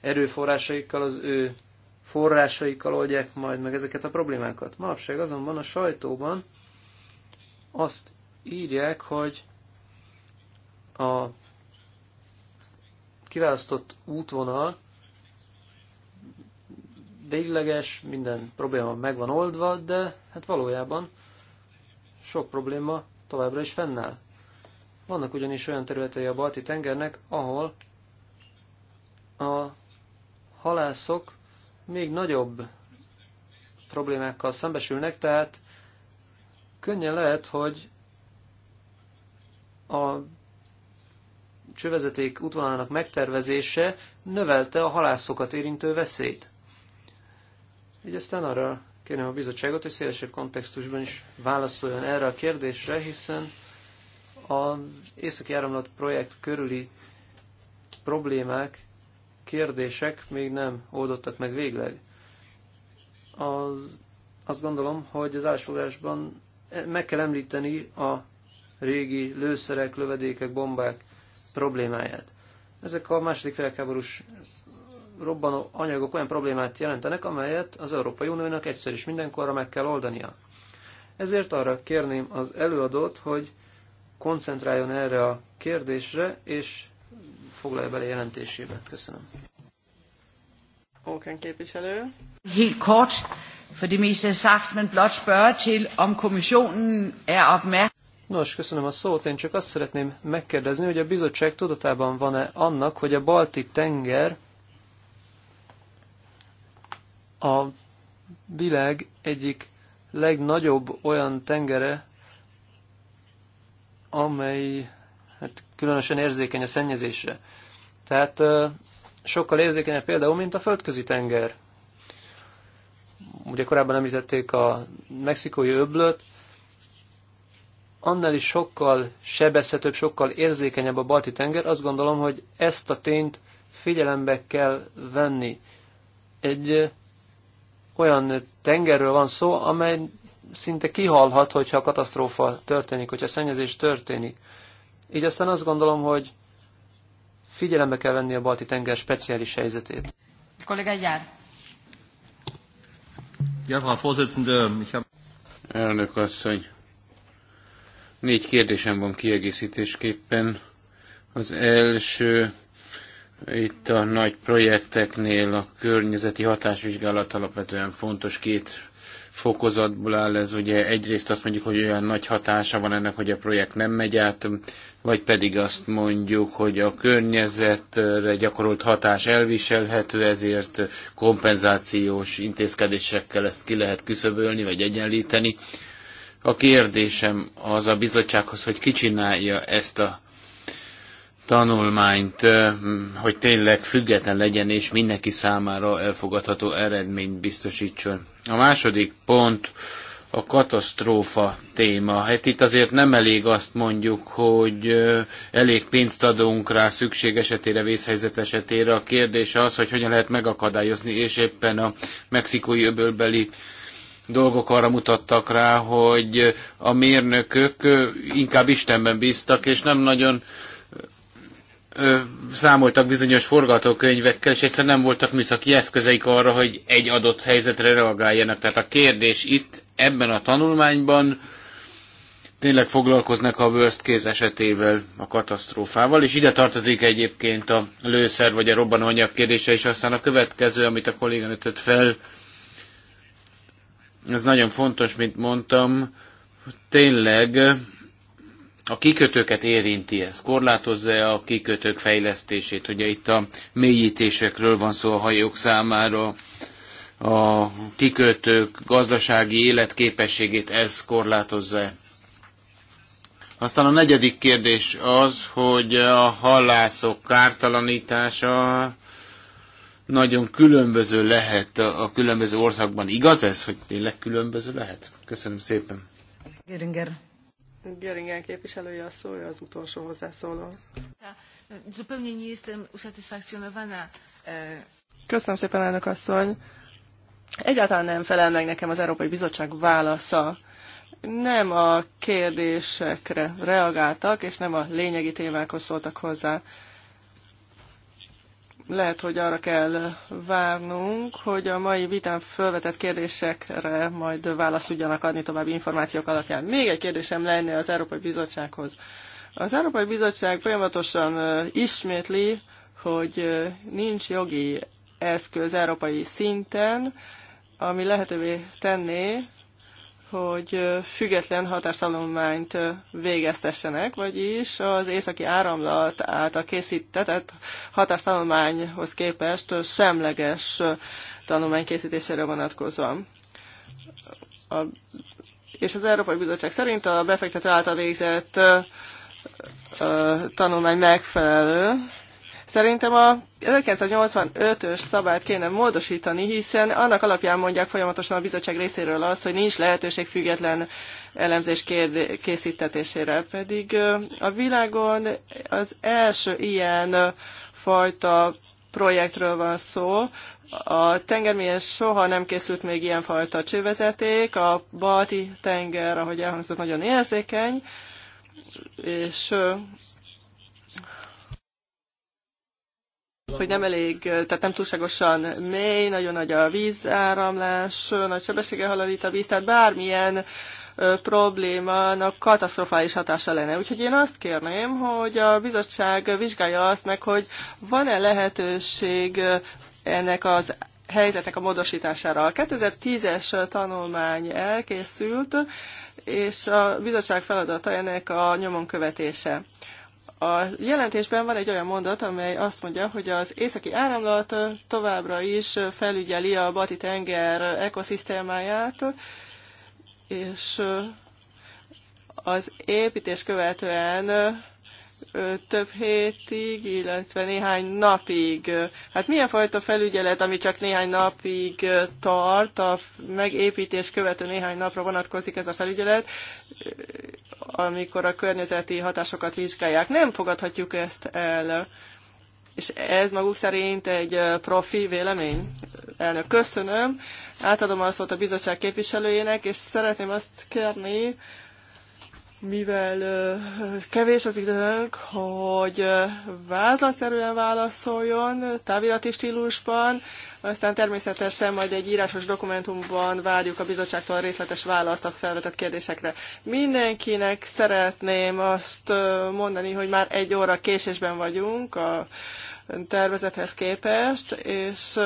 B: erőforrásaikkal, az ő forrásaikkal oldják majd meg ezeket a problémákat. Manapság azonban a sajtóban azt írják, hogy a kiválasztott útvonal végleges, minden probléma meg van oldva, de hát valójában sok probléma továbbra is fennáll. Vannak ugyanis olyan területei a balti tengernek, ahol a halászok még nagyobb problémákkal szembesülnek, tehát könnyen lehet, hogy a csövezeték útvonalának megtervezése növelte a halászokat érintő veszélyt. Így aztán arra kérném a bizottságot, hogy szélesebb kontextusban is válaszoljon erre a kérdésre, hiszen az északi áramlat projekt körüli problémák kérdések még nem oldottak meg végleg. Az, azt gondolom, hogy az ásfogásban meg kell említeni a régi lőszerek, lövedékek, bombák problémáját. Ezek a második világháborús robbanó anyagok olyan problémát jelentenek, amelyet az Európai Uniónak egyszer is mindenkorra meg kell oldania. Ezért arra kérném az előadót, hogy koncentráljon erre a kérdésre, és foglalja bele jelentésébe. Köszönöm.
A: Oken képviselő.
B: Helt kort, for det meste er sagt, men blot spørge til, om kommissionen er opmærksom. Nos, köszönöm a szót. Én csak azt szeretném megkérdezni, hogy a bizottság tudatában van-e annak, hogy a balti tenger a világ egyik legnagyobb olyan tengere, amely különösen érzékeny a szennyezésre. Tehát sokkal érzékenyebb például, mint a földközi tenger. Ugye korábban említették a mexikói öblöt, annál is sokkal sebezhetőbb, sokkal érzékenyebb a balti tenger. Azt gondolom, hogy ezt a tényt figyelembe kell venni. Egy olyan tengerről van szó, amely szinte kihalhat, hogyha katasztrófa történik, hogyha szennyezés történik. Így aztán azt gondolom, hogy figyelembe kell venni a balti tenger speciális helyzetét. Ja, Frau Vorsitzende, Elnök asszony,
C: négy kérdésem van kiegészítésképpen. Az első, itt a nagy projekteknél a környezeti hatásvizsgálat alapvetően fontos két fokozatból áll ez, ugye egyrészt azt mondjuk, hogy olyan nagy hatása van ennek, hogy a projekt nem megy át, vagy pedig azt mondjuk, hogy a környezetre gyakorolt hatás elviselhető, ezért kompenzációs intézkedésekkel ezt ki lehet küszöbölni, vagy egyenlíteni. A kérdésem az a bizottsághoz, hogy ki csinálja ezt a tanulmányt, hogy tényleg független legyen, és mindenki számára elfogadható eredményt biztosítson. A második pont a katasztrófa téma. Hát itt azért nem elég azt mondjuk, hogy elég pénzt adunk rá szükség esetére, vészhelyzet esetére. A kérdés az, hogy hogyan lehet megakadályozni, és éppen a mexikói öbölbeli dolgok arra mutattak rá, hogy a mérnökök inkább Istenben bíztak, és nem nagyon számoltak bizonyos forgatókönyvekkel, és egyszerűen nem voltak műszaki eszközeik arra, hogy egy adott helyzetre reagáljanak. Tehát a kérdés itt ebben a tanulmányban tényleg foglalkoznak a worst case esetével, a katasztrófával, és ide tartozik egyébként a lőszer vagy a robbanóanyag kérdése, és aztán a következő, amit a kolléganő ötött fel, ez nagyon fontos, mint mondtam, tényleg a kikötőket érinti ez? Korlátozza-e a kikötők fejlesztését? Ugye itt a mélyítésekről van szó a hajók számára, a kikötők gazdasági életképességét ez korlátozza-e? Aztán a negyedik kérdés az, hogy a hallászok kártalanítása nagyon különböző lehet a különböző országban. Igaz ez, hogy tényleg különböző lehet? Köszönöm szépen.
A: Geringer Geringen képviselője a szó, az utolsó hozzászóló.
C: Zupełnie nie e,
A: Köszönöm szépen, elnök asszony. Egyáltalán nem felel meg nekem az Európai Bizottság válasza. Nem a kérdésekre reagáltak, és nem a lényegi témákhoz szóltak hozzá lehet, hogy arra kell várnunk, hogy a mai vitán felvetett kérdésekre majd választ tudjanak adni további információk alapján. Még egy kérdésem lenne az Európai Bizottsághoz. Az Európai Bizottság folyamatosan ismétli, hogy nincs jogi eszköz európai szinten, ami lehetővé tenné, hogy független hatástanulmányt végeztessenek, vagyis az északi áramlat által készített hatástanulmányhoz képest semleges tanulmánykészítésére készítésére vonatkozóan. A, és az Európai Bizottság szerint a befektető által végzett a, tanulmány megfelelő, Szerintem a 1985-ös szabályt kéne módosítani, hiszen annak alapján mondják folyamatosan a bizottság részéről azt, hogy nincs lehetőség független elemzés készítetésére. Pedig a világon az első ilyen fajta projektről van szó, a tengermélyen soha nem készült még ilyenfajta csővezeték, a balti tenger, ahogy elhangzott, nagyon érzékeny, és hogy nem elég, tehát nem túlságosan mély, nagyon nagy a vízáramlás, nagy sebessége haladít itt a víz, tehát bármilyen problémának katasztrofális hatása lenne. Úgyhogy én azt kérném, hogy a bizottság vizsgálja azt meg, hogy van-e lehetőség ennek az helyzetnek a módosítására. A 2010-es tanulmány elkészült, és a bizottság feladata ennek a nyomon követése. A jelentésben van egy olyan mondat, amely azt mondja, hogy az északi áramlat továbbra is felügyeli a Bati tenger ekoszisztémáját, és az építés követően több hétig, illetve néhány napig. Hát milyen fajta felügyelet, ami csak néhány napig tart, a megépítés követő néhány napra vonatkozik ez a felügyelet, amikor a környezeti hatásokat vizsgálják. Nem fogadhatjuk ezt el. És ez maguk szerint egy profi vélemény. Elnök, köszönöm. Átadom a szót a bizottság képviselőjének, és szeretném azt kérni, mivel kevés az időnk, hogy vázlatszerűen válaszoljon, távirati stílusban, aztán természetesen majd egy írásos dokumentumban várjuk a bizottságtól részletes választ a felvetett kérdésekre. Mindenkinek szeretném azt mondani, hogy már egy óra késésben vagyunk a tervezethez képest, és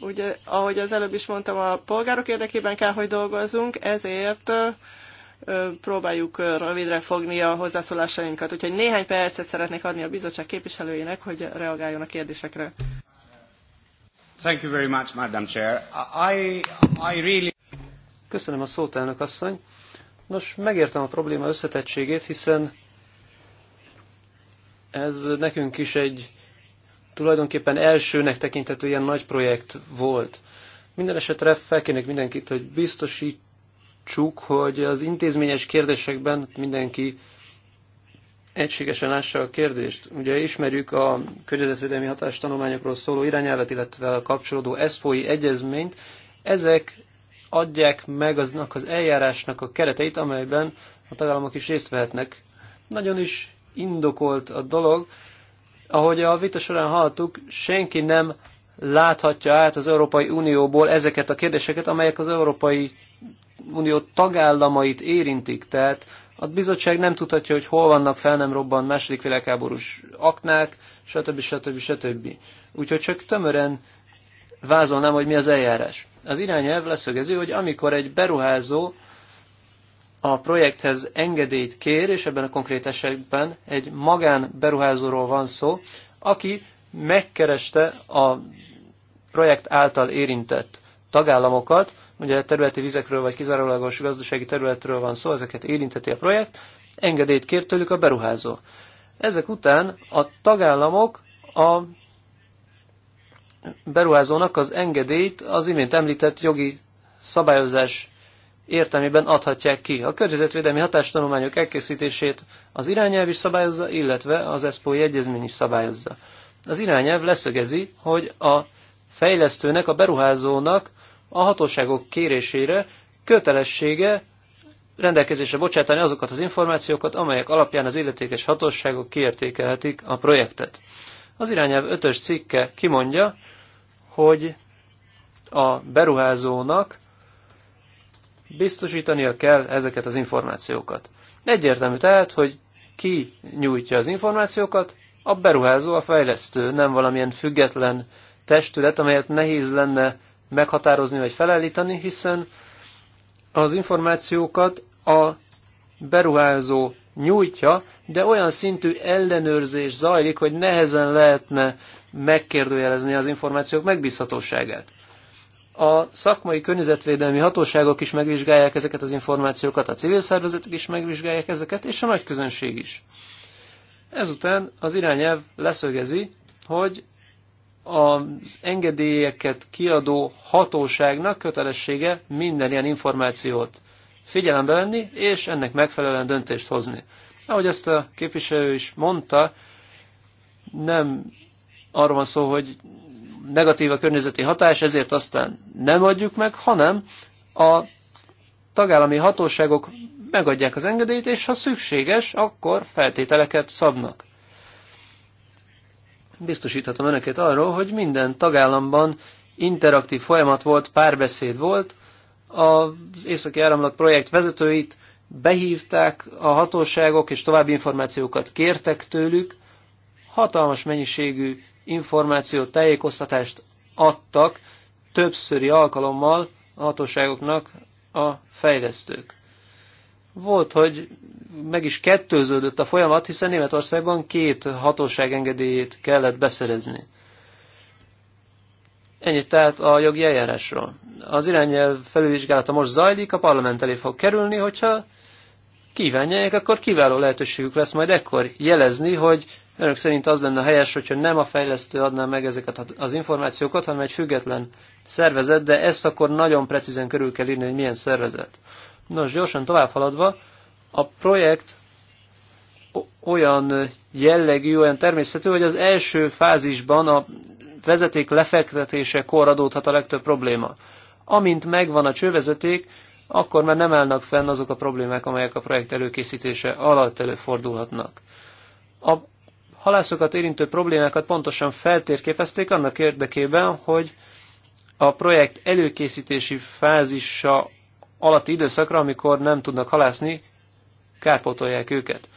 A: ugye, ahogy az előbb is mondtam, a polgárok érdekében kell, hogy dolgozzunk, ezért próbáljuk rövidre fogni a hozzászólásainkat. Úgyhogy néhány percet szeretnék adni a bizottság képviselőjének, hogy reagáljon a kérdésekre.
B: Thank you very much, Madam Chair. I, I really... Köszönöm a szót, elnök asszony. Nos, megértem a probléma összetettségét, hiszen ez nekünk is egy tulajdonképpen elsőnek tekintető ilyen nagy projekt volt. Minden esetre felkérnék mindenkit, hogy biztosítsuk, hogy az intézményes kérdésekben mindenki egységesen lássa a kérdést. Ugye ismerjük a környezetvédelmi hatástanulmányokról szóló irányelvet, illetve a kapcsolódó ESPOI egyezményt. Ezek adják meg aznak az eljárásnak a kereteit, amelyben a tagállamok is részt vehetnek. Nagyon is indokolt a dolog. Ahogy a vita során hallottuk, senki nem láthatja át az Európai Unióból ezeket a kérdéseket, amelyek az Európai Unió tagállamait érintik. Tehát a bizottság nem tudhatja, hogy hol vannak fel nem robbant második világháborús aknák, stb. stb. stb. Úgyhogy csak tömören vázolnám, hogy mi az eljárás. Az irányelv leszögezi, hogy amikor egy beruházó a projekthez engedélyt kér, és ebben a konkrét esetben egy magán beruházóról van szó, aki megkereste a projekt által érintett tagállamokat, ugye területi vizekről vagy kizárólagos gazdasági területről van szó, ezeket érinteti a projekt, engedélyt kér tőlük a beruházó. Ezek után a tagállamok a beruházónak az engedélyt az imént említett jogi szabályozás értelmében adhatják ki. A környezetvédelmi hatástanulmányok elkészítését az irányelv is szabályozza, illetve az ESPO jegyezmény is szabályozza. Az irányelv leszögezi, hogy a fejlesztőnek, a beruházónak a hatóságok kérésére kötelessége rendelkezésre bocsátani azokat az információkat, amelyek alapján az illetékes hatóságok kiértékelhetik a projektet. Az irányelv 5-ös cikke kimondja, hogy a beruházónak biztosítania kell ezeket az információkat. Egyértelmű tehát, hogy ki nyújtja az információkat, a beruházó, a fejlesztő, nem valamilyen független testület, amelyet nehéz lenne meghatározni vagy felállítani, hiszen az információkat a beruházó nyújtja, de olyan szintű ellenőrzés zajlik, hogy nehezen lehetne megkérdőjelezni az információk megbízhatóságát. A szakmai környezetvédelmi hatóságok is megvizsgálják ezeket az információkat, a civil szervezetek is megvizsgálják ezeket, és a nagy közönség is. Ezután az irányelv leszögezi, hogy az engedélyeket kiadó hatóságnak kötelessége minden ilyen információt figyelembe venni, és ennek megfelelően döntést hozni. Ahogy ezt a képviselő is mondta, nem arról van szó, hogy negatív a környezeti hatás, ezért aztán nem adjuk meg, hanem a tagállami hatóságok megadják az engedélyt, és ha szükséges, akkor feltételeket szabnak biztosíthatom önöket arról, hogy minden tagállamban interaktív folyamat volt, párbeszéd volt, az északi áramlat projekt vezetőit behívták a hatóságok, és további információkat kértek tőlük, hatalmas mennyiségű információt, tájékoztatást adtak többszöri alkalommal a hatóságoknak a fejlesztők volt, hogy meg is kettőződött a folyamat, hiszen Németországban két hatóság engedélyét kellett beszerezni. Ennyit tehát a jogi eljárásról. Az irányelv felülvizsgálata most zajlik, a parlament elé fog kerülni, hogyha kívánják, akkor kiváló lehetőségük lesz majd ekkor jelezni, hogy önök szerint az lenne helyes, hogyha nem a fejlesztő adná meg ezeket az információkat, hanem egy független szervezet, de ezt akkor nagyon precízen körül kell írni, hogy milyen szervezet. Nos, gyorsan tovább haladva, a projekt olyan jellegű, olyan természetű, hogy az első fázisban a vezeték kor adódhat a legtöbb probléma. Amint megvan a csővezeték, akkor már nem állnak fenn azok a problémák, amelyek a projekt előkészítése alatt előfordulhatnak. A halászokat érintő problémákat pontosan feltérképezték annak érdekében, hogy a projekt előkészítési fázisa alatti időszakra, amikor nem tudnak halászni, kárpótolják őket.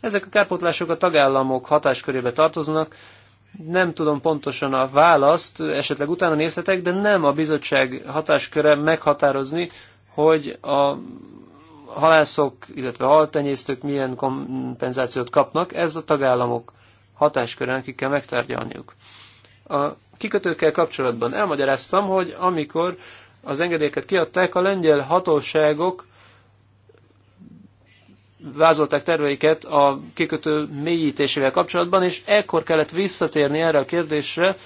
B: Ezek a kárpótlások a tagállamok hatáskörébe tartoznak, nem tudom pontosan a választ, esetleg utána nézhetek, de nem a bizottság hatásköre meghatározni, hogy a halászok, illetve haltenyésztők milyen kompenzációt kapnak, ez a tagállamok hatáskörén, akikkel megtárgyalniuk. A kikötőkkel kapcsolatban elmagyaráztam, hogy amikor az engedélyeket kiadták, a lengyel hatóságok vázolták terveiket a kikötő mélyítésével kapcsolatban, és ekkor kellett visszatérni erre a kérdésre,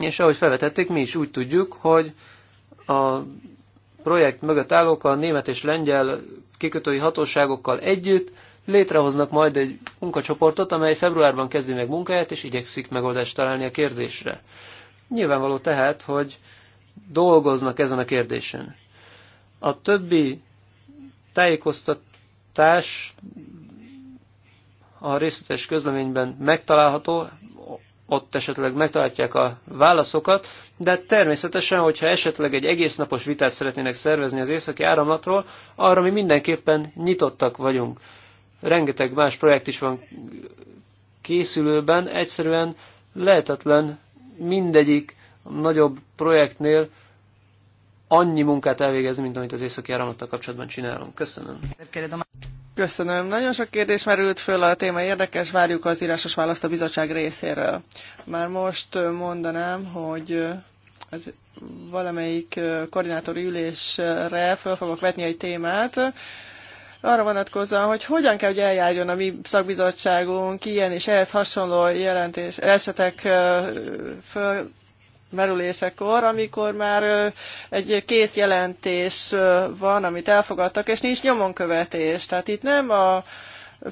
B: és ahogy felvetették, mi is úgy tudjuk, hogy a projekt mögött állók a német és lengyel kikötői hatóságokkal együtt létrehoznak majd egy munkacsoportot, amely februárban kezdi meg munkáját, és igyekszik megoldást találni a kérdésre. Nyilvánvaló tehát, hogy dolgoznak ezen a kérdésen. A többi tájékoztatás a részletes közleményben megtalálható, ott esetleg megtalálják a válaszokat, de természetesen, hogyha esetleg egy egész napos vitát szeretnének szervezni az északi áramlatról, arra mi mindenképpen nyitottak vagyunk. Rengeteg más projekt is van készülőben, egyszerűen lehetetlen mindegyik nagyobb projektnél annyi munkát elvégezni, mint amit az északi áramlattal kapcsolatban csinálunk. Köszönöm.
A: Köszönöm. Nagyon sok kérdés merült föl, a téma érdekes, várjuk az írásos választ a bizottság részéről. Már most mondanám, hogy az valamelyik koordinátori ülésre föl fogok vetni egy témát, arra vonatkozóan, hogy hogyan kell, hogy eljárjon a mi szakbizottságunk ilyen és ehhez hasonló jelentés esetek föl merülésekor, amikor már egy kész jelentés van, amit elfogadtak, és nincs nyomonkövetés. Tehát itt nem a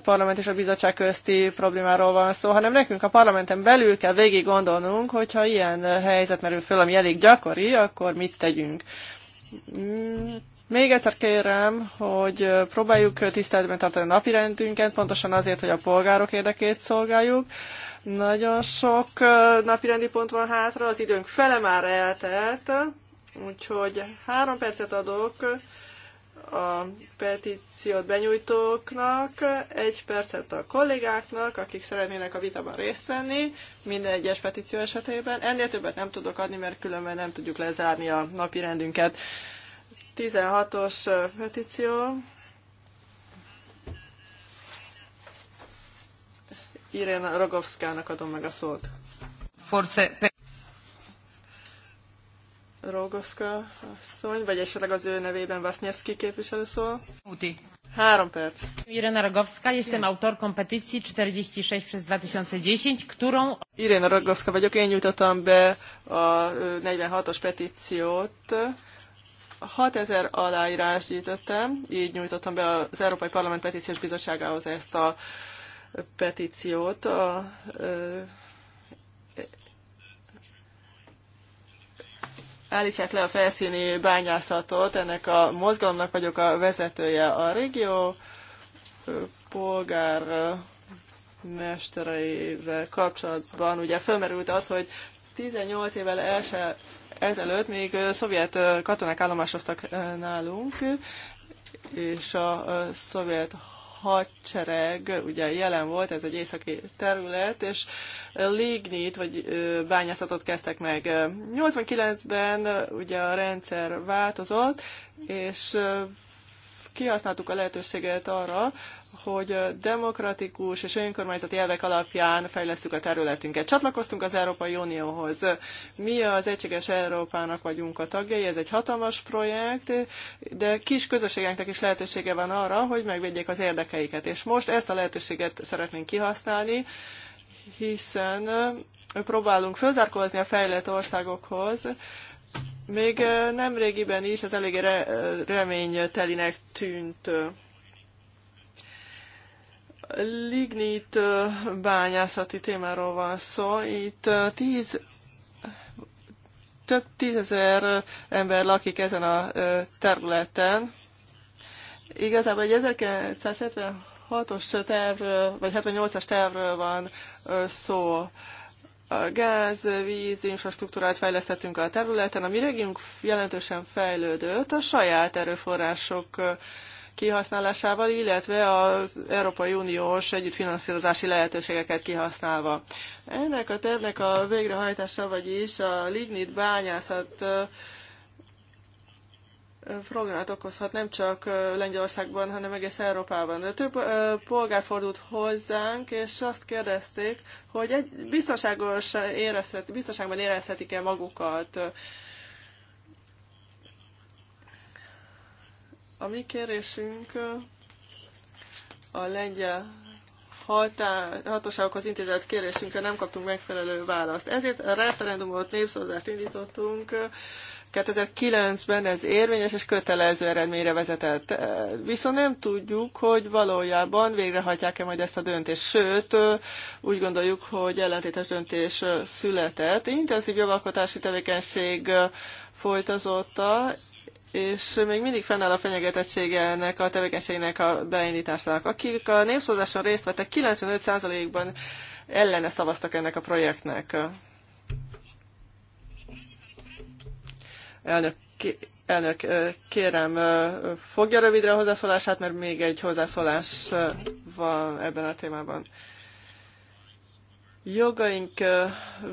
A: parlament és a bizottság közti problémáról van szó, hanem nekünk a parlamenten belül kell végig gondolnunk, hogyha ilyen helyzet merül föl, ami elég gyakori, akkor mit tegyünk. Mm, még egyszer kérem, hogy próbáljuk tiszteletben tartani a napirendünket, pontosan azért, hogy a polgárok érdekét szolgáljuk. Nagyon sok napirendi pont van hátra, az időnk fele már eltelt, úgyhogy három percet adok a petíciót benyújtóknak, egy percet a kollégáknak, akik szeretnének a vitában részt venni, minden egyes petíció esetében. Ennél többet nem tudok adni, mert különben nem tudjuk lezárni a napi rendünket. 16-os petíció, Irén Rogovszkának adom meg a szót.
B: Forse...
A: Rogovszka asszony, vagy esetleg az ő nevében Vasznyevszki képviselő szól. Uti. Három perc. Irena Rogowska, jestem autorką petycji 46 przez 2010, którą... Irena Rogowska vagyok, én nyújtottam be a 46-os petíciót. 6000 aláírás gyűjtöttem, így nyújtottam be az Európai Parlament Petíciós Bizottságához ezt a petíciót a állítsák le a felszíni bányászatot, ennek a mozgalomnak vagyok a vezetője. A régió polgár kapcsolatban ugye fölmerült az, hogy 18 évvel első, ezelőtt még szovjet katonák állomásoztak nálunk, és a szovjet hadsereg ugye jelen volt, ez egy északi terület, és lignit, vagy bányászatot kezdtek meg. 89-ben ugye a rendszer változott, és kihasználtuk a lehetőséget arra, hogy demokratikus és önkormányzati elvek alapján fejlesztük a területünket. Csatlakoztunk az Európai Unióhoz. Mi az Egységes Európának vagyunk a tagjai, ez egy hatalmas projekt, de kis közösségeknek is lehetősége van arra, hogy megvédjék az érdekeiket. És most ezt a lehetőséget szeretnénk kihasználni, hiszen próbálunk fölzárkózni a fejlett országokhoz, még nem régiben is ez eléggé re, reménytelinek tűnt lignit bányászati témáról van szó. Itt tíz, több tízezer ember lakik ezen a területen. Igazából egy 1976-os terv, vagy 78-as tervről van szó a gáz, víz, infrastruktúrát fejlesztettünk a területen. A mi régiunk jelentősen fejlődött a saját erőforrások kihasználásával, illetve az Európai Uniós együttfinanszírozási lehetőségeket kihasználva. Ennek a tervnek a végrehajtása, vagyis a lignit bányászat problémát okozhat nem csak Lengyelországban, hanem egész Európában. De több polgár fordult hozzánk, és azt kérdezték, hogy egy biztonságos érezhet, biztonságban érezhetik-e magukat. A mi kérésünk a lengyel hatóságokhoz intézett kérésünkre nem kaptunk megfelelő választ. Ezért a referendumot, népszavazást indítottunk 2009-ben ez érvényes és kötelező eredményre vezetett. Viszont nem tudjuk, hogy valójában végrehajtják-e majd ezt a döntést. Sőt, úgy gondoljuk, hogy ellentétes döntés született. Intenzív jogalkotási tevékenység folyt azóta, és még mindig fennáll a fenyegetettsége ennek a tevékenységnek a beindításának. Akik a népszózáson részt vettek, 95%-ban ellene szavaztak ennek a projektnek. Elnök, elnök kérem, fogja rövidre a hozzászólását, mert még egy hozzászólás van ebben a témában. Jogaink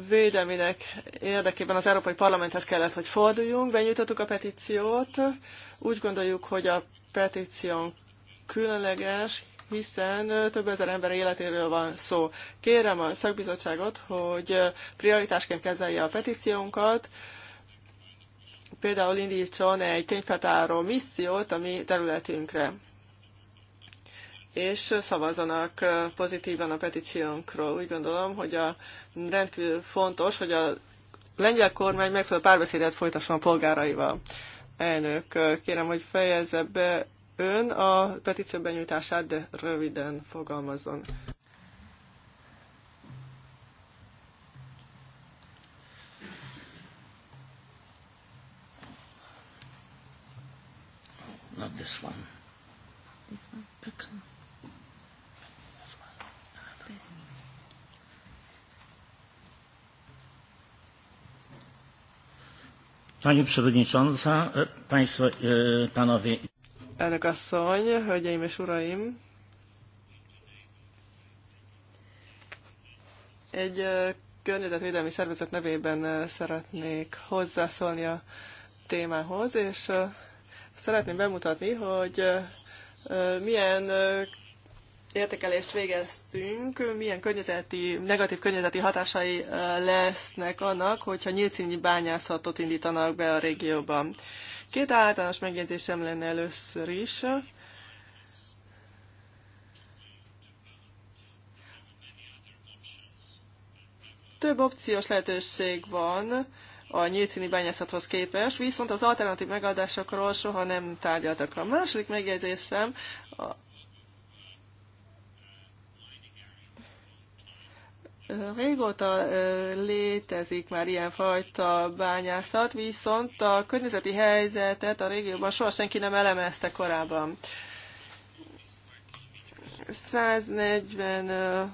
A: védelmének érdekében az Európai Parlamenthez kellett, hogy forduljunk, benyújtottuk a petíciót. Úgy gondoljuk, hogy a petíción különleges, hiszen több ezer ember életéről van szó. Kérem a szakbizottságot, hogy prioritásként kezelje a petíciónkat, például indítson egy tényfeltáró missziót a mi területünkre, és szavazanak pozitívan a petíciónkról. Úgy gondolom, hogy a rendkívül fontos, hogy a lengyel kormány megfelelő párbeszédet folytasson a polgáraival. Elnök, kérem, hogy fejezze be ön a petíció benyújtását, de röviden fogalmazzon.
B: Not this one.
C: This one? Beckham.
A: Pani Przewodnicząca, e, Państwo, e, Panowie. Elnök asszony, hölgyeim és uraim! Egy e, környezetvédelmi szervezet nevében szeretnék hozzászólni a témához, és Szeretném bemutatni, hogy milyen értékelést végeztünk, milyen környezeti, negatív környezeti hatásai lesznek annak, hogyha nyílcínyi bányászatot indítanak be a régióban. Két általános megjegyzésem lenne először is. Több opciós lehetőség van, a nyílcini bányászathoz képest, viszont az alternatív megadásokról soha nem tárgyaltak. A második megjegyzésem a Régóta létezik már ilyenfajta bányászat, viszont a környezeti helyzetet a régióban soha senki nem elemezte korábban. 140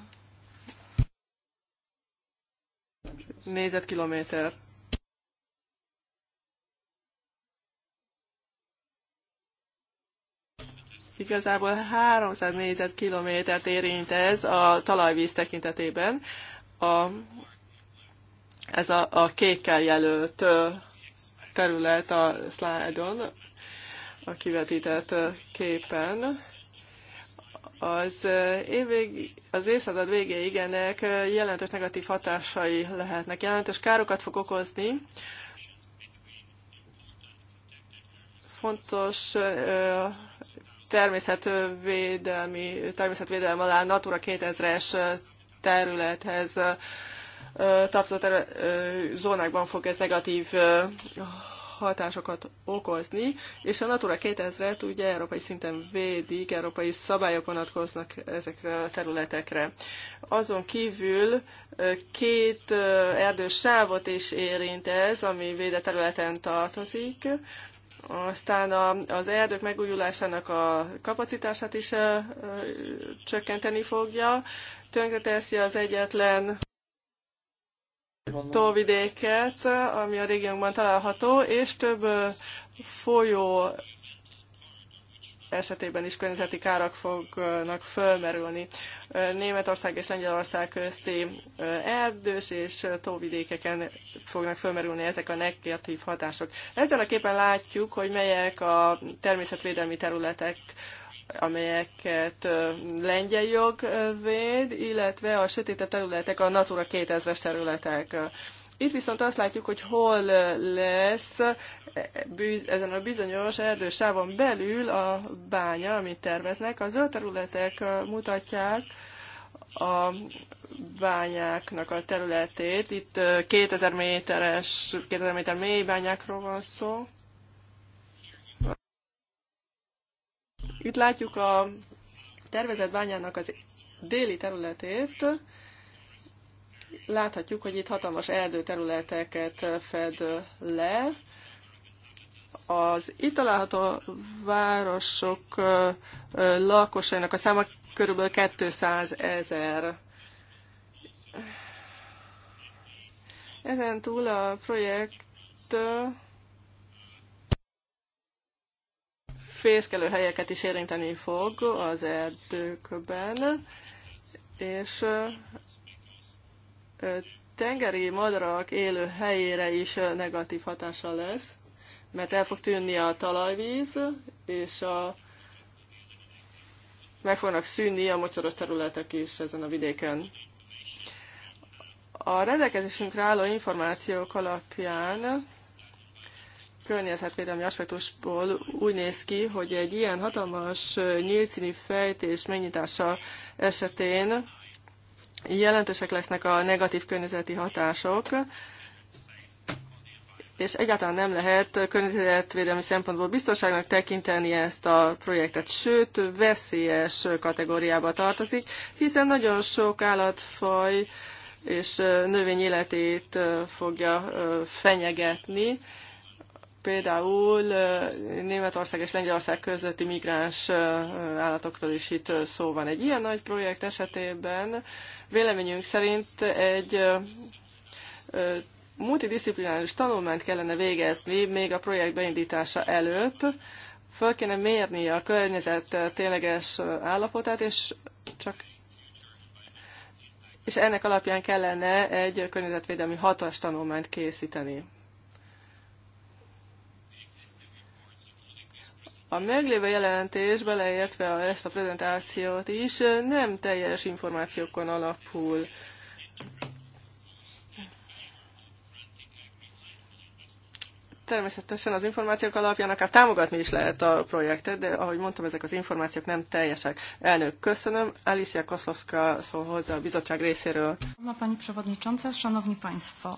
A: nézetkilométer. Igazából 300 négyzetkilométert érint ez a talajvíz tekintetében. A, ez a, a kékkel jelölt terület a szlájdon, a kivetített képen az, évvég, az évszázad végéig ennek jelentős negatív hatásai lehetnek. Jelentős károkat fog okozni. Fontos természetvédelmi, természetvédelem alá Natura 2000-es területhez tartozó terület, zónákban fog ez negatív hatásokat okozni, és a Natura 2000-et ugye európai szinten védik, európai szabályok vonatkoznak ezekre a területekre. Azon kívül két erdős sávot is érint ez, ami védett területen tartozik, aztán a, az erdők megújulásának a kapacitását is ö, csökkenteni fogja. Tönkreteszi az egyetlen tóvidéket, ami a régiónkban található, és több folyó esetében is környezeti kárak fognak fölmerülni. Németország és Lengyelország közti erdős és tóvidékeken fognak fölmerülni ezek a negatív hatások. Ezzel a képen látjuk, hogy melyek a természetvédelmi területek, amelyeket lengyel jog véd, illetve a sötétebb területek, a Natura 2000-es területek. Itt viszont azt látjuk, hogy hol lesz e, ezen a bizonyos erdősávon belül a bánya, amit terveznek. A zöld területek e, mutatják a bányáknak a területét. Itt 2000 e, méteres, 2000 méter mély bányákról van szó. Itt látjuk a tervezett bányának az déli területét, láthatjuk, hogy itt hatalmas erdőterületeket fed le. Az itt található városok lakosainak a száma körülbelül 200 ezer. Ezen túl a projekt fészkelő helyeket is érinteni fog az erdőkben, és tengeri madarak élő helyére is negatív hatása lesz, mert el fog tűnni a talajvíz, és a, meg fognak szűnni a mocsaros területek is ezen a vidéken. A rendelkezésünkre álló információk alapján környezetvédelmi aspektusból úgy néz ki, hogy egy ilyen hatalmas nyílcíni fejtés megnyitása esetén jelentősek lesznek a negatív környezeti hatások, és egyáltalán nem lehet környezetvédelmi szempontból biztonságnak tekinteni ezt a projektet, sőt veszélyes kategóriába tartozik, hiszen nagyon sok állatfaj és növény életét fogja fenyegetni, például Németország és Lengyelország közötti migráns állatokról is itt szó van. Egy ilyen nagy projekt esetében Véleményünk szerint egy multidisziplinális tanulmányt kellene végezni még a projekt beindítása előtt, föl kéne mérni a környezet tényleges állapotát, és csak és ennek alapján kellene egy környezetvédelmi hatástanulmányt készíteni. A meglévő jelentés, beleértve ezt a prezentációt is, nem teljes információkon alapul. természetesen az információk alapján akár támogatni is lehet a projektet, de ahogy mondtam, ezek az információk nem teljesek. Elnök, köszönöm. Alicia Koszlowska szól hozzá a bizottság részéről.
B: Pani Przewodnicząca, Szanowni Państwo,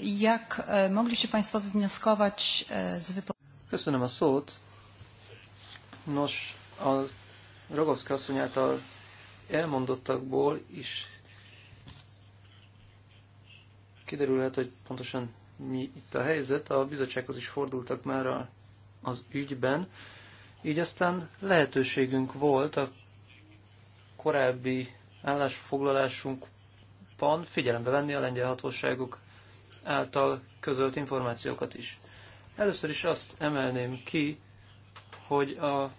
B: jak e, się Państwo wywnioskować e, z Köszönöm a szót. Nos, a Ragowska asszony által elmondottakból is kiderülhet, hogy pontosan mi itt a helyzet. A bizottsághoz is fordultak már a, az ügyben, így aztán lehetőségünk volt a korábbi állásfoglalásunkban figyelembe venni a lengyel hatóságok által közölt információkat is. Először is azt emelném ki, hogy a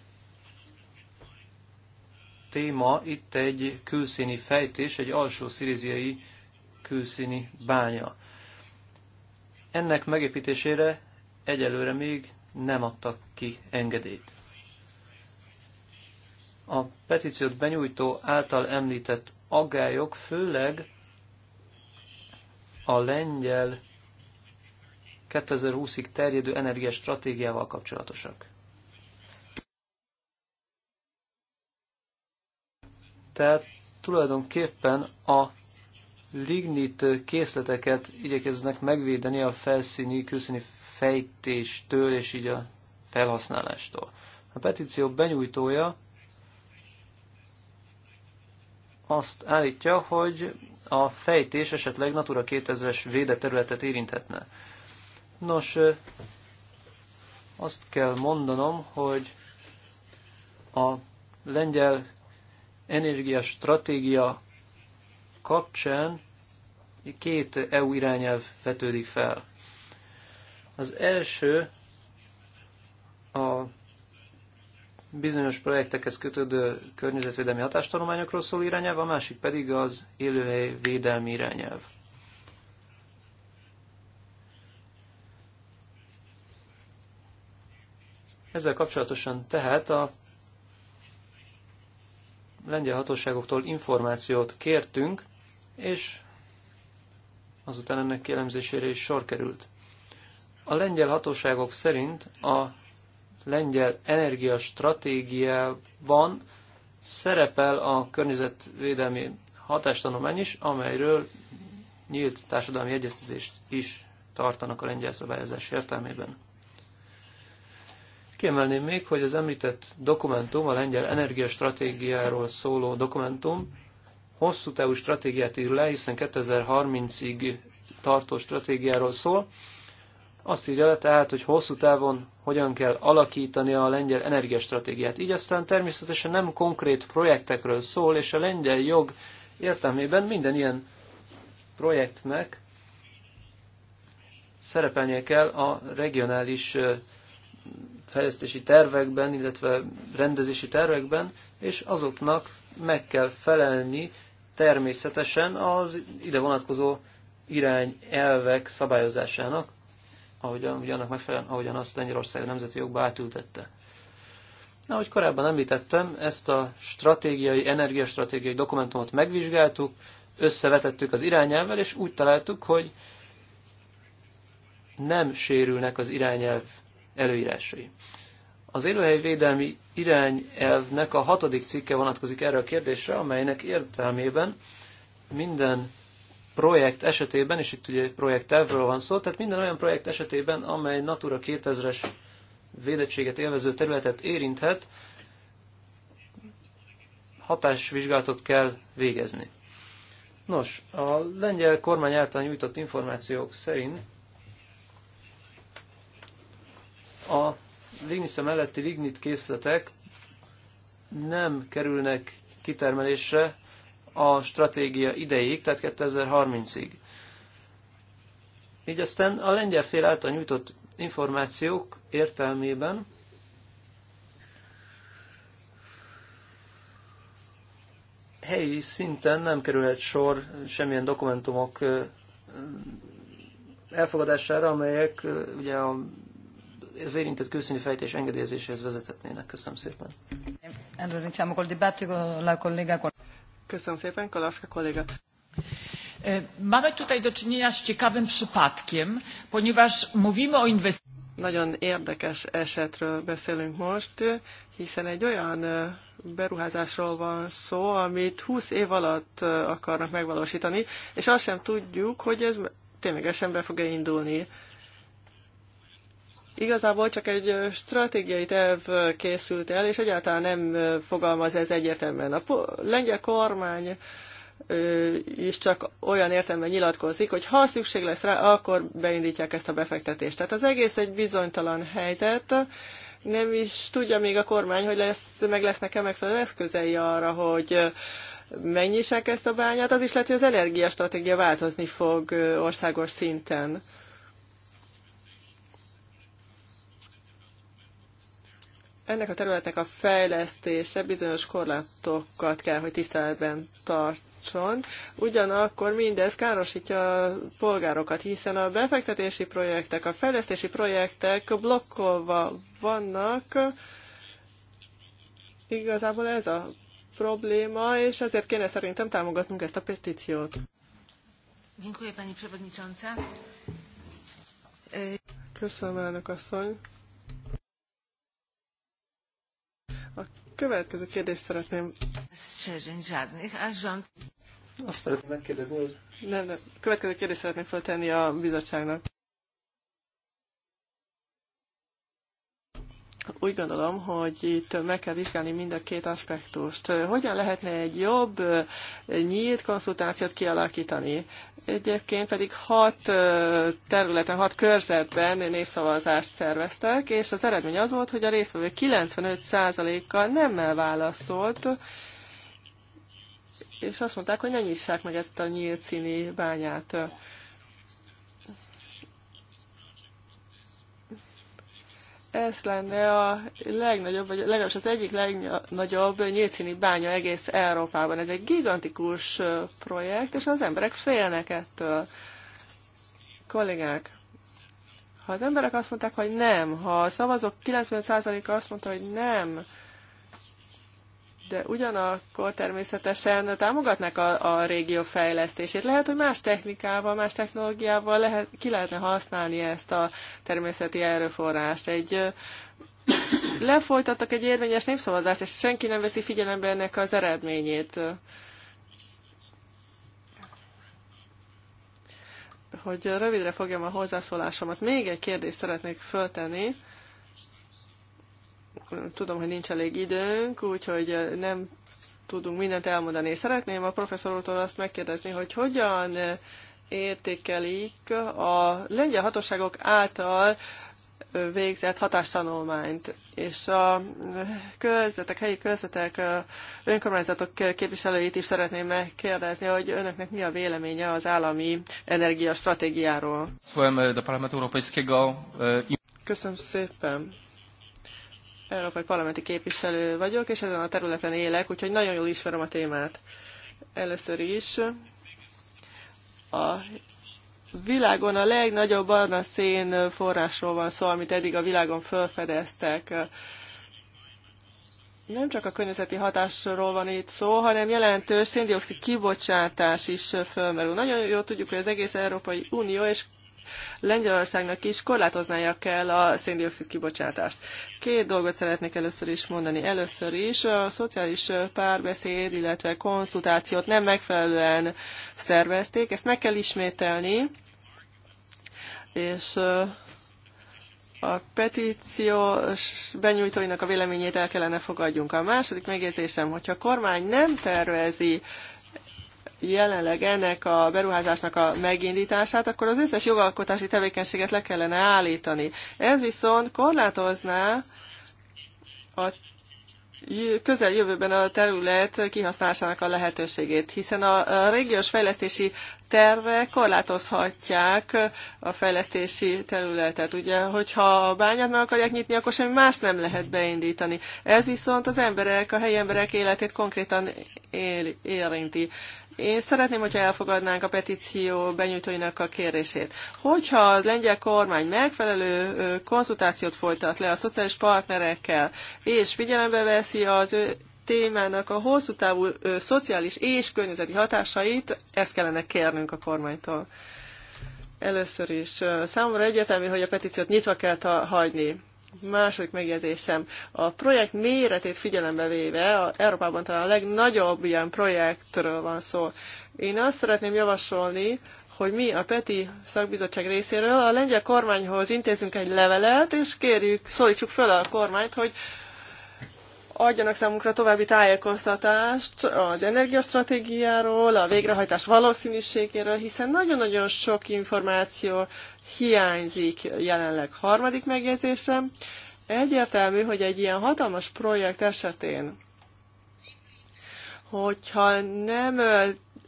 B: téma itt egy külszíni fejtés, egy alsó sziriziai külszíni bánya. Ennek megépítésére egyelőre még nem adtak ki engedélyt. A petíciót benyújtó által említett aggályok főleg a lengyel 2020-ig terjedő energiastratégiával kapcsolatosak. tehát tulajdonképpen a lignit készleteket igyekeznek megvédeni a felszíni, külszíni fejtéstől és így a felhasználástól. A petíció benyújtója azt állítja, hogy a fejtés esetleg Natura 2000-es védeterületet érinthetne. Nos, azt kell mondanom, hogy a lengyel energiastratégia kapcsán két EU irányelv vetődik fel. Az első a bizonyos projektekhez kötődő környezetvédelmi hatástanulmányokról szól irányelv, a másik pedig az élőhely védelmi irányelv. Ezzel kapcsolatosan tehát a lengyel hatóságoktól információt kértünk, és azután ennek kielemzésére is sor került. A lengyel hatóságok szerint a lengyel energiastratégiában szerepel a környezetvédelmi hatástanulmány is, amelyről nyílt társadalmi egyeztetést is tartanak a lengyel szabályozás értelmében. Kiemelném még, hogy az említett dokumentum, a lengyel energiastratégiáról szóló dokumentum hosszú távú stratégiát ír le, hiszen 2030-ig tartó stratégiáról szól. Azt írja le tehát, hogy hosszú távon hogyan kell alakítani a lengyel energiastratégiát. Így aztán természetesen nem konkrét projektekről szól, és a lengyel jog értelmében minden ilyen projektnek szerepelnie kell a regionális fejlesztési tervekben, illetve rendezési tervekben, és azoknak meg kell felelni természetesen az ide vonatkozó irány elvek szabályozásának, ahogyan, annak megfelelően, ahogyan azt Lengyelország nemzeti jogba átültette. Na, ahogy korábban említettem, ezt a stratégiai, energiastratégiai dokumentumot megvizsgáltuk, összevetettük az irányelvvel, és úgy találtuk, hogy nem sérülnek az irányelv előírásai. Az élőhelyvédelmi irányelvnek a hatodik cikke vonatkozik erre a kérdésre, amelynek értelmében minden projekt esetében, és itt ugye projektelvről van szó, tehát minden olyan projekt esetében, amely Natura 2000-es védettséget élvező területet érinthet, hatásvizsgálatot kell végezni. Nos, a lengyel kormány által nyújtott információk szerint A lignisza melletti lignit készletek nem kerülnek kitermelésre a stratégia ideig, tehát 2030-ig. Így aztán a lengyel fél által nyújtott információk értelmében helyi szinten nem kerülhet sor semmilyen dokumentumok elfogadására, amelyek ugye a az érintett külszíni fejtés engedélyezéséhez vezethetnének. Köszönöm szépen.
A: Köszönöm szépen, Kalaszka kolléga. E, mamy tutaj do czynienia z ciekawym przypadkiem, ponieważ mówimy o inwestycjach. Nagyon érdekes esetről beszélünk most, hiszen egy olyan e, beruházásról van szó, amit 20 év alatt e, akarnak megvalósítani, és azt sem tudjuk, hogy ez ténylegesen be fog-e indulni. Igazából csak egy stratégiai terv készült el, és egyáltalán nem fogalmaz ez egyértelműen. A lengyel kormány is csak olyan értelemben nyilatkozik, hogy ha szükség lesz rá, akkor beindítják ezt a befektetést. Tehát az egész egy bizonytalan helyzet, nem is tudja még a kormány, hogy lesz, meg lesznek-e megfelelő eszközei arra, hogy megnyissák ezt a bányát, az is lehet, hogy az energiastratégia változni fog országos szinten. ennek a területnek a fejlesztése bizonyos korlátokat kell, hogy tiszteletben tartson. Ugyanakkor mindez károsítja a polgárokat, hiszen a befektetési projektek, a fejlesztési projektek blokkolva vannak. Igazából ez a probléma, és ezért kéne szerintem támogatnunk ezt a petíciót. Pani Köszönöm, elnök asszony. A következő kérdést szeretném... Hát,
B: Azt szeretném megkérdezni,
A: hogy... Nem, nem. Következő kérdést szeretném feltenni a bizottságnak. úgy gondolom, hogy itt meg kell vizsgálni mind a két aspektust. Hogyan lehetne egy jobb, nyílt konszultációt kialakítani? Egyébként pedig hat területen, hat körzetben népszavazást szerveztek, és az eredmény az volt, hogy a résztvevő 95%-kal nemmel válaszolt, és azt mondták, hogy ne nyissák meg ezt a nyílt színi bányát. ez lenne a legnagyobb, vagy legalábbis az egyik legnagyobb nyílcini bánya egész Európában. Ez egy gigantikus projekt, és az emberek félnek ettől. Kollégák, ha az emberek azt mondták, hogy nem, ha a szavazók 95%-a azt mondta, hogy nem, de ugyanakkor természetesen támogatnák a, a régió fejlesztését. Lehet, hogy más technikával, más technológiával lehet, ki lehetne használni ezt a természeti erőforrást. Egy lefolytattak egy érvényes népszavazást, és senki nem veszi figyelembe ennek az eredményét. Hogy rövidre fogjam a hozzászólásomat, még egy kérdést szeretnék föltenni tudom, hogy nincs elég időnk, úgyhogy eh, nem tudunk mindent elmondani. Szeretném a professzor úrtól azt megkérdezni, hogy hogyan eh, értékelik a lengyel hatóságok által eh, végzett hatástanulmányt, és a körzetek, helyi körzetek, önkormányzatok képviselőit is szeretném megkérdezni, hogy önöknek mi a véleménye az állami energiastratégiáról. Szóval, Köszönöm szépen európai parlamenti képviselő vagyok, és ezen a területen élek, úgyhogy nagyon jól ismerem a témát. Először is a világon a legnagyobb barna szén forrásról van szó, amit eddig a világon felfedeztek. Nem csak a környezeti hatásról van itt szó, hanem jelentős széndiokszid kibocsátás is fölmerül. Nagyon jól tudjuk, hogy az egész Európai Unió és Lengyelországnak is korlátoznia kell a széndiokszid kibocsátást. Két dolgot szeretnék először is mondani. Először is a szociális párbeszéd, illetve konzultációt nem megfelelően szervezték, ezt meg kell ismételni, és a petíció benyújtóinak a véleményét el kellene fogadjunk. A második megjegyzésem, hogyha a kormány nem tervezi jelenleg ennek a beruházásnak a megindítását, akkor az összes jogalkotási tevékenységet le kellene állítani. Ez viszont korlátozná a közeljövőben a terület kihasználásának a lehetőségét, hiszen a, régiós fejlesztési terve korlátozhatják a fejlesztési területet. Ugye, hogyha a bányát meg akarják nyitni, akkor semmi más nem lehet beindítani. Ez viszont az emberek, a helyi emberek életét konkrétan ér, érinti. Én szeretném, hogyha elfogadnánk a petíció benyújtóinak a kérését. Hogyha a lengyel kormány megfelelő konzultációt folytat le a szociális partnerekkel, és figyelembe veszi az ő témának a hosszú távú ö, szociális és környezeti hatásait, ezt kellene kérnünk a kormánytól. Először is számomra egyértelmű, hogy a petíciót nyitva kell hagyni. Második megjegyzésem. A projekt méretét figyelembe véve, a Európában talán a legnagyobb ilyen projektről van szó. Én azt szeretném javasolni, hogy mi a PETI szakbizottság részéről a lengyel kormányhoz intézünk egy levelet, és kérjük, szólítsuk fel a kormányt, hogy adjanak számunkra további tájékoztatást az energiastratégiáról, a végrehajtás valószínűségéről, hiszen nagyon-nagyon sok információ hiányzik jelenleg harmadik megjegyzésem. Egyértelmű, hogy egy ilyen hatalmas projekt esetén, hogyha nem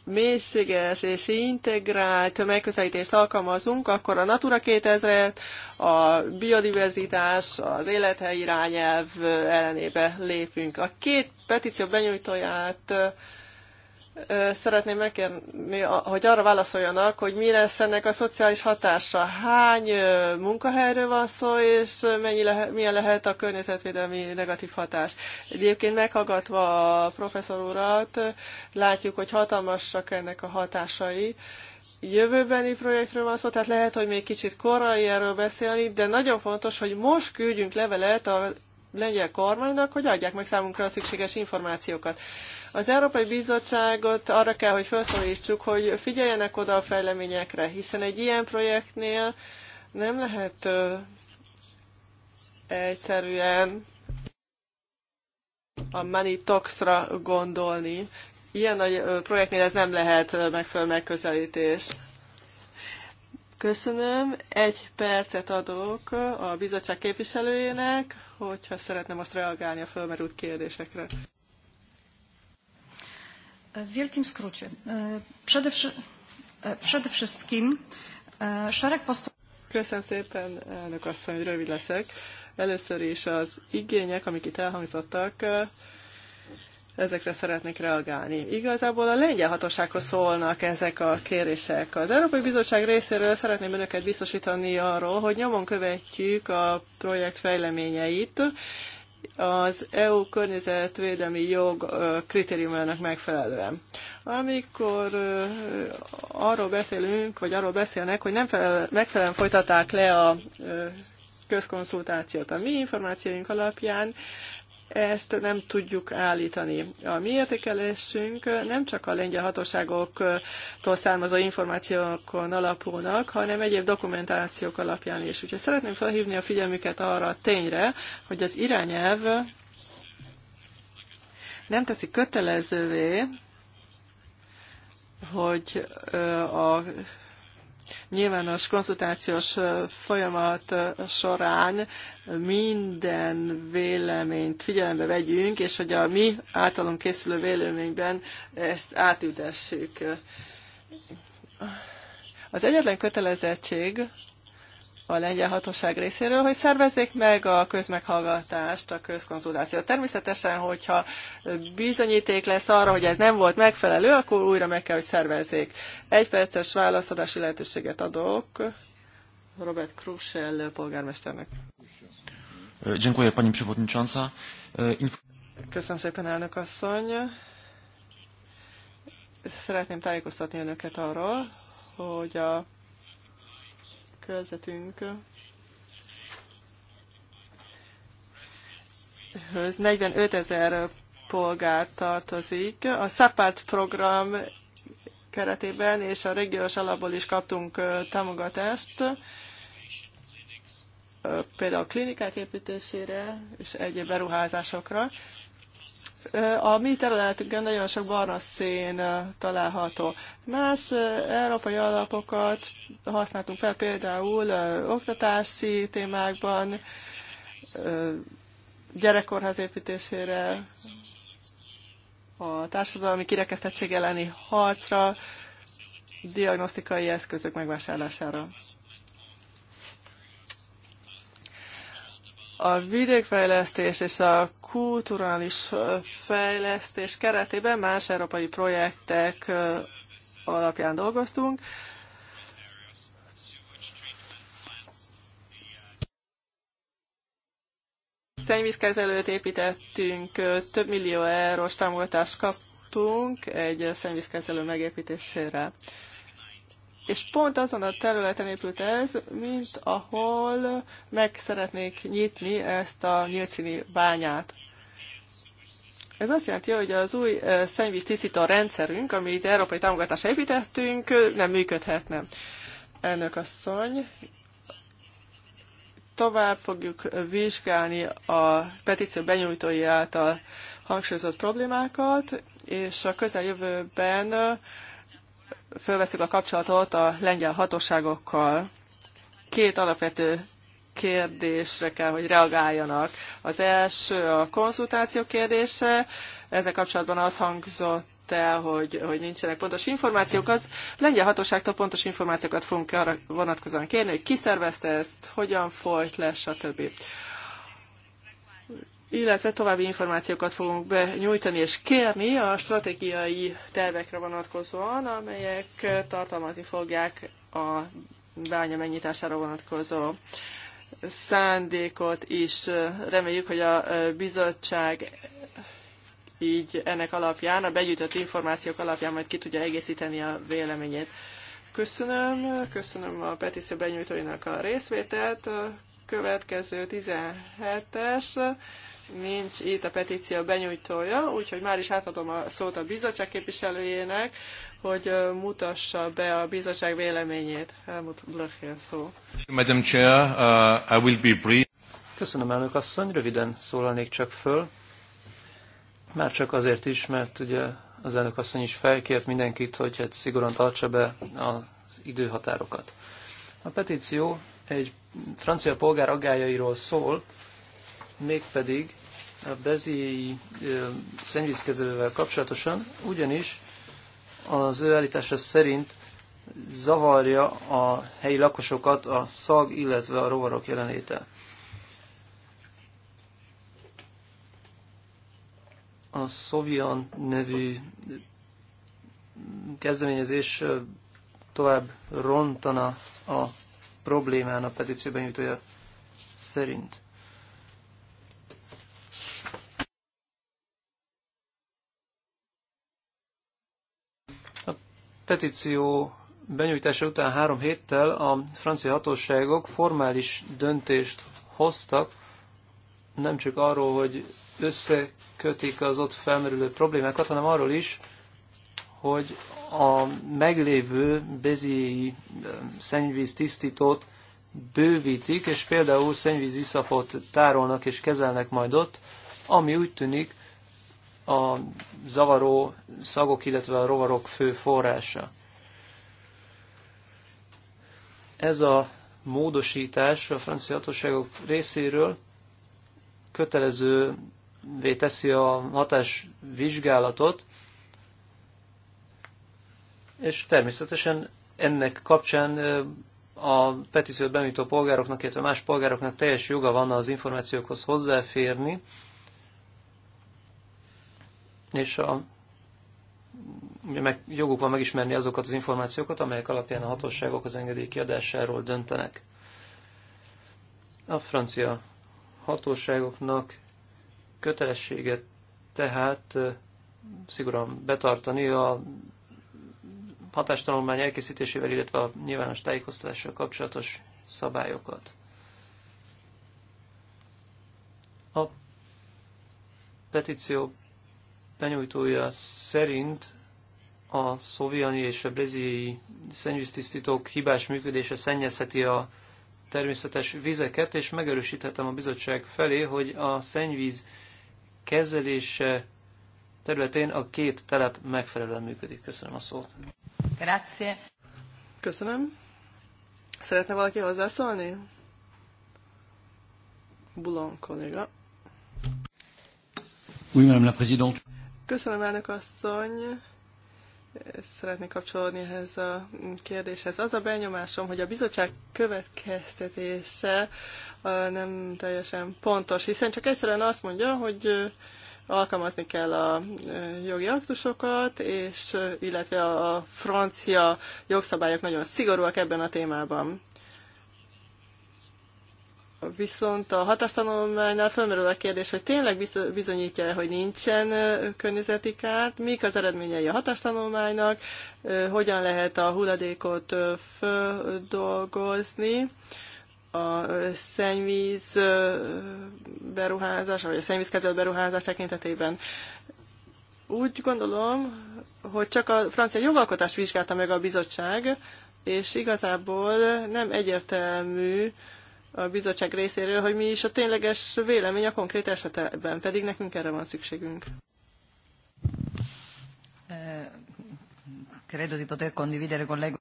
A: mélységes és integrált megközelítést alkalmazunk, akkor a Natura 2000 a biodiverzitás, az élethely irányelv ellenébe lépünk. A két petíció benyújtóját szeretném megkérni, hogy arra válaszoljanak, hogy mi lesz ennek a szociális hatása. Hány munkahelyről van szó, és mennyi lehet, milyen lehet a környezetvédelmi negatív hatás. Egyébként meghallgatva a professzor urat, látjuk, hogy hatalmasak ennek a hatásai. Jövőbeni projektről van szó, tehát lehet, hogy még kicsit korai erről beszélni, de nagyon fontos, hogy most küldjünk levelet a lengyel kormánynak, hogy adják meg számunkra a szükséges információkat. Az Európai Bizottságot arra kell, hogy felszólítsuk, hogy figyeljenek oda a fejleményekre, hiszen egy ilyen projektnél nem lehet ö, egyszerűen a money talks-ra gondolni. Ilyen nagy projektnél ez nem lehet megfelelő megközelítés. Köszönöm. Egy percet adok a bizottság képviselőjének, hogyha szeretne most reagálni a fölmerült kérdésekre. W wielkim skrócie. E, przede, e, przede wszystkim e, szereg postulatów. Köszönöm szépen, elnök asszony, rövid leszek. Először is az igények, amik itt elhangzottak, ezekre szeretnék reagálni. Igazából a lengyel hatósághoz szólnak ezek a kérések. Az Európai Bizottság részéről szeretném önöket biztosítani arról, hogy nyomon követjük a projekt fejleményeit, az EU környezetvédelmi jog kritériumának megfelelően. Amikor arról beszélünk, vagy arról beszélnek, hogy nem felel, megfelelően folytatták le a közkonszultációt. A mi információink alapján ezt nem tudjuk állítani. A mi értékelésünk nem csak a lengyel hatóságoktól származó információkon alapulnak, hanem egyéb dokumentációk alapján is. Úgyhogy szeretném felhívni a figyelmüket arra a tényre, hogy az irányelv nem teszi kötelezővé, hogy a nyilvános konzultációs folyamat során minden véleményt figyelembe vegyünk, és hogy a mi általunk készülő véleményben ezt átültessük. Az egyetlen kötelezettség, a lengyel hatóság részéről, hogy szervezzék meg a közmeghallgatást, a közkonzultációt. Természetesen, hogyha bizonyíték lesz arra, hogy ez nem volt megfelelő, akkor újra meg kell, hogy szervezzék. Egy perces válaszadási lehetőséget adok Robert Krusel polgármesternek. Köszönöm szépen, elnök asszony. Szeretném tájékoztatni önöket arról, hogy a körzetünk höz 45 ezer polgár tartozik. A SAPART program keretében és a régiós alapból is kaptunk támogatást, például klinikák építésére és egyéb beruházásokra. A mi területünkön nagyon sok barna szén található. Más európai alapokat használtunk fel például oktatási témákban, gyerekkorház építésére, a társadalmi kirekesztettség elleni harcra, diagnosztikai eszközök megvásárlására. A vidékfejlesztés és a kulturális fejlesztés keretében más európai projektek alapján dolgoztunk. Szennyvízkezelőt építettünk, több millió eurós támogatást kaptunk egy szennyvízkezelő megépítésére. És pont azon a területen épült ez, mint ahol meg szeretnék nyitni ezt a nyílcini bányát. Ez azt jelenti, hogy az új szennyvíz tisztító rendszerünk, amit európai támogatásra építettünk, nem működhetne. Elnök asszony, tovább fogjuk vizsgálni a petíció benyújtói által hangsúlyozott problémákat, és a közeljövőben felveszünk a kapcsolatot a lengyel hatóságokkal. Két alapvető kérdésre kell, hogy reagáljanak. Az első a konzultáció kérdése, ezzel kapcsolatban az hangzott el, hogy, hogy nincsenek pontos információk, az lengyel hatóságtól pontos információkat fogunk arra vonatkozóan kérni, hogy ki szervezte ezt, hogyan folyt le, stb. Illetve további információkat fogunk benyújtani és kérni a stratégiai tervekre vonatkozóan, amelyek tartalmazni fogják a bánya megnyitására vonatkozó szándékot is. Reméljük, hogy a bizottság így ennek alapján, a begyűjtött információk alapján majd ki tudja egészíteni a véleményét. Köszönöm, köszönöm a petíció benyújtóinak a részvételt. Következő 17-es, nincs itt a petíció benyújtója, úgyhogy már is átadom a szót a bizottság képviselőjének, hogy mutassa be a bizottság véleményét. Helmut Blöchél szó.
B: Madam Chair, uh, I will be brief. Köszönöm, elnök asszony. Röviden szólalnék csak föl. Már csak azért is, mert ugye az elnök asszony is felkért mindenkit, hogy hát szigorúan tartsa be az időhatárokat. A petíció egy francia polgár agályairól szól, mégpedig a bezéi szennyvízkezelővel kapcsolatosan, ugyanis az ő állítása szerint zavarja a helyi lakosokat a szag, illetve a rovarok jelenléte. A Szovian nevű kezdeményezés tovább rontana a problémán a petícióben jutója szerint. petíció benyújtása után három héttel a francia hatóságok formális döntést hoztak, nem csak arról, hogy összekötik az ott felmerülő problémákat, hanem arról is, hogy a meglévő bezéi szennyvíz tisztítót bővítik, és például szennyvíz iszapot tárolnak és kezelnek majd ott, ami úgy tűnik, a zavaró szagok, illetve a rovarok fő forrása. Ez a módosítás a francia hatóságok részéről kötelezővé teszi a hatásvizsgálatot, és természetesen ennek kapcsán a petíciót benyújtó polgároknak, illetve más polgároknak teljes joga van az információkhoz hozzáférni, és a, meg, joguk van megismerni azokat az információkat, amelyek alapján a hatóságok az engedély kiadásáról döntenek. A francia hatóságoknak kötelessége tehát szigorúan betartani a hatástanulmány elkészítésével, illetve a nyilvános tájékoztatással kapcsolatos szabályokat. A petíció benyújtója szerint a szovjani és a braziliai szennyvíztisztítók hibás működése szennyezheti a természetes vizeket, és megerősíthetem a bizottság felé, hogy a szennyvíz kezelése területén a két telep megfelelően működik. Köszönöm a szót.
A: Grazie. Köszönöm. Szeretne valaki hozzászólni? Bulon kolléga.
B: Oui, madame la présidente.
A: Köszönöm, elnök asszony. Szeretnék kapcsolódni ehhez a kérdéshez. Az a benyomásom, hogy a bizottság következtetése nem teljesen pontos, hiszen csak egyszerűen azt mondja, hogy alkalmazni kell a jogi aktusokat, és illetve a francia jogszabályok nagyon szigorúak ebben a témában. Viszont a hatástanulmánynál fölmerül a kérdés, hogy tényleg bizonyítja -e, hogy nincsen környezeti kárt, mik az eredményei a hatástanulmánynak, hogyan lehet a hulladékot földolgozni, a szennyvíz beruházás, vagy a szennyvízkezelő beruházás tekintetében. Úgy gondolom, hogy csak a francia jogalkotást vizsgálta meg a bizottság, és igazából nem egyértelmű, a bizottság részéről, hogy mi is a tényleges vélemény a konkrét esetben, pedig nekünk erre van szükségünk. Eh, credo di poter condividere con lei.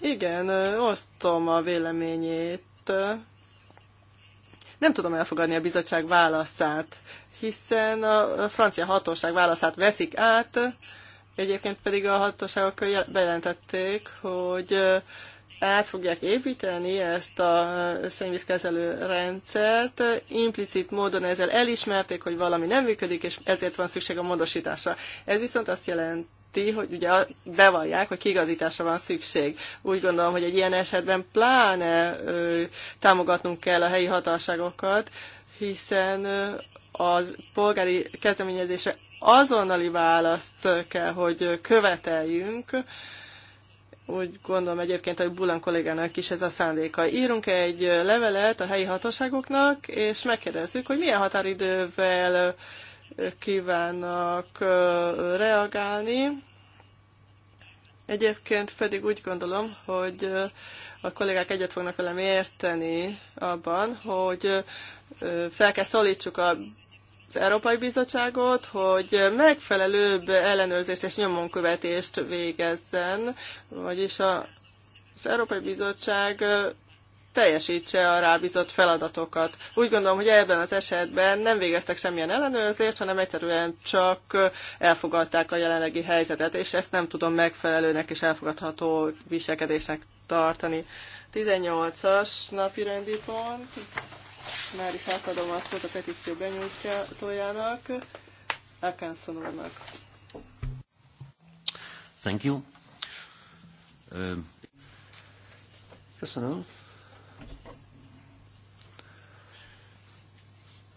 A: Igen, eh, osztom a véleményét. Nem tudom elfogadni a bizottság válaszát, hiszen a francia hatóság válaszát veszik át, egyébként pedig a hatóságok bejelentették, hogy eh, át fogják építeni ezt a szennyvízkezelő rendszert. Implicit módon ezzel elismerték, hogy valami nem működik, és ezért van szükség a módosításra. Ez viszont azt jelenti, hogy ugye bevallják, hogy kigazításra van szükség. Úgy gondolom, hogy egy ilyen esetben pláne ö, támogatnunk kell a helyi hatóságokat, hiszen ö, az polgári kezdeményezésre azonnali választ kell, hogy követeljünk, ö, úgy gondolom egyébként, hogy Bulan kollégának is ez a szándéka. Írunk egy levelet a helyi hatóságoknak, és megkérdezzük, hogy milyen határidővel kívánnak reagálni. Egyébként pedig úgy gondolom, hogy a kollégák egyet fognak velem érteni abban, hogy fel kell szólítsuk a az Európai Bizottságot, hogy megfelelőbb ellenőrzést és nyomonkövetést végezzen, vagyis a, az Európai Bizottság teljesítse a rábízott feladatokat. Úgy gondolom, hogy ebben az esetben nem végeztek semmilyen ellenőrzést, hanem egyszerűen csak elfogadták a jelenlegi helyzetet, és ezt nem tudom megfelelőnek és elfogadható viselkedésnek tartani. 18-as napi rendi pont. Már is átadom a szót a petíció benyújtójának, Akanson úrnak.
B: Thank you. Um, köszönöm.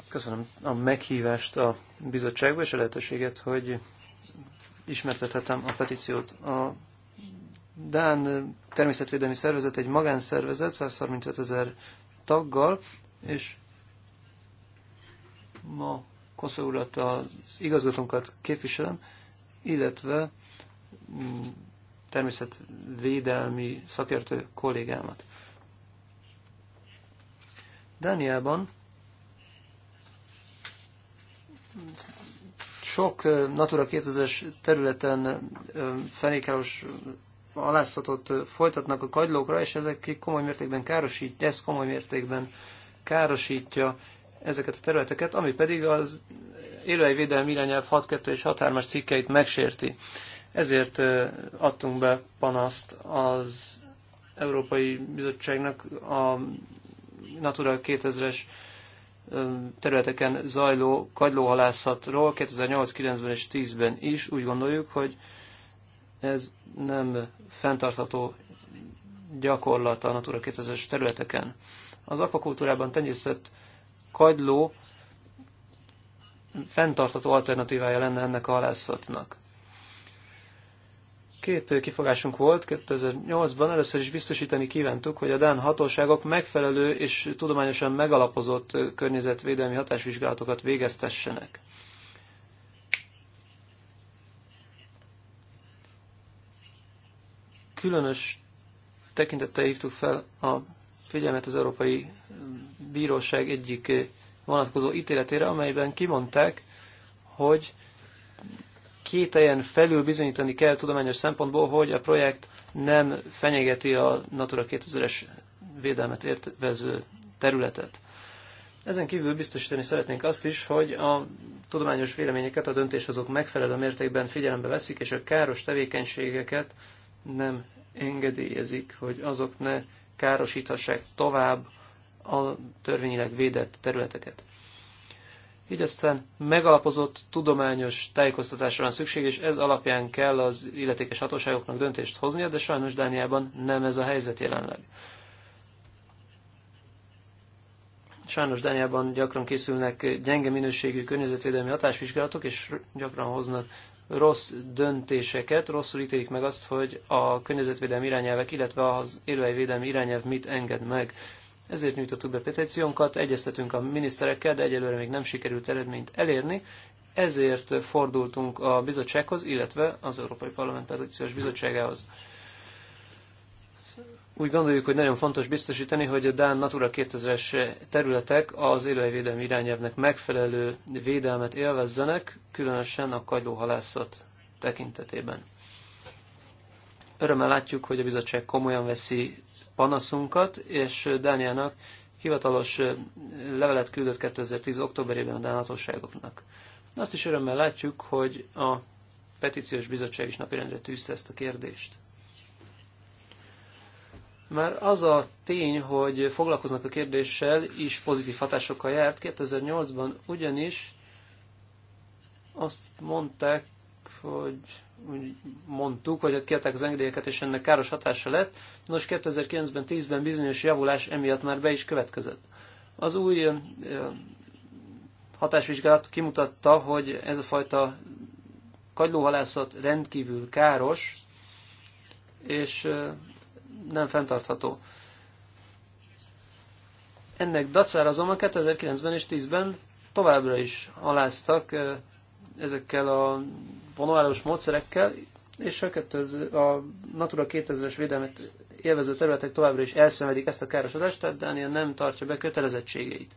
B: Köszönöm a meghívást a bizottságba és a lehetőséget, hogy ismertethetem a petíciót. A Dán Természetvédelmi Szervezet egy magánszervezet, 135 ezer taggal, és ma Kosza urat az igazgatónkat képviselem, illetve mm, természetvédelmi szakértő kollégámat. Dániában sok Natura 2000-es területen fenékelős alászatot folytatnak a kagylókra, és ezek komoly mértékben károsítják, ez komoly mértékben károsítja ezeket a területeket, ami pedig az élőhelyvédelmi irányelv 6.2 és 6.3-as cikkeit megsérti. Ezért adtunk be panaszt az Európai Bizottságnak a Natura 2000-es területeken zajló kagylóhalászatról 2008-9-ben és 10-ben is úgy gondoljuk, hogy ez nem fenntartható gyakorlat a Natura 2000-es területeken. Az akvakultúrában tenyésztett kagyló fenntartató alternatívája lenne ennek a halászatnak. Két kifogásunk volt 2008-ban. Először is biztosítani kívántuk, hogy a Dán hatóságok megfelelő és tudományosan megalapozott környezetvédelmi hatásvizsgálatokat végeztessenek. Különös tekintettel hívtuk fel a figyelmet az Európai Bíróság egyik vonatkozó ítéletére, amelyben kimondták, hogy két helyen felül bizonyítani kell tudományos szempontból, hogy a projekt nem fenyegeti a Natura 2000-es védelmet értvező területet. Ezen kívül biztosítani szeretnénk azt is, hogy a tudományos véleményeket a döntéshozók megfelelő mértékben figyelembe veszik, és a káros tevékenységeket nem engedélyezik, hogy azok ne károsíthassák tovább a törvényileg védett területeket. Így aztán megalapozott tudományos tájékoztatásra van szükség, és ez alapján kell az illetékes hatóságoknak döntést hoznia, de sajnos Dániában nem ez a helyzet jelenleg. Sajnos Dániában gyakran készülnek gyenge minőségű környezetvédelmi hatásvizsgálatok, és gyakran hoznak rossz döntéseket, rosszul ítélik meg azt, hogy a környezetvédelmi irányelvek, illetve az élőhelyvédelmi irányelv mit enged meg. Ezért nyújtottuk be petíciónkat, egyeztetünk a miniszterekkel, de egyelőre még nem sikerült eredményt elérni, ezért fordultunk a bizottsághoz, illetve az Európai Parlament Petíciós Bizottságához úgy gondoljuk, hogy nagyon fontos biztosítani, hogy a Dán Natura 2000-es területek az élőhelyvédelmi irányelvnek megfelelő védelmet élvezzenek, különösen a kagylóhalászat tekintetében. Örömmel látjuk, hogy a bizottság komolyan veszi panaszunkat, és Dániának hivatalos levelet küldött 2010. októberében a Dán hatóságoknak. Azt is örömmel látjuk, hogy a petíciós bizottság is napirendre tűzte ezt a kérdést. Már az a tény, hogy foglalkoznak a kérdéssel, is pozitív hatásokkal járt. 2008-ban ugyanis azt mondták, hogy úgy mondtuk, hogy hát kértek az engedélyeket, és ennek káros hatása lett. Nos, 2009-ben, 10-ben bizonyos javulás emiatt már be is következett. Az új hatásvizsgálat kimutatta, hogy ez a fajta kagylóhalászat rendkívül káros, és nem fenntartható. Ennek dacára azonban 2009-ben és 2010 ben továbbra is aláztak ezekkel a vonuláros módszerekkel, és a, 2000, a Natura 2000-es védelmet élvező területek továbbra is elszenvedik ezt a károsodást, tehát Dánia nem tartja be kötelezettségeit.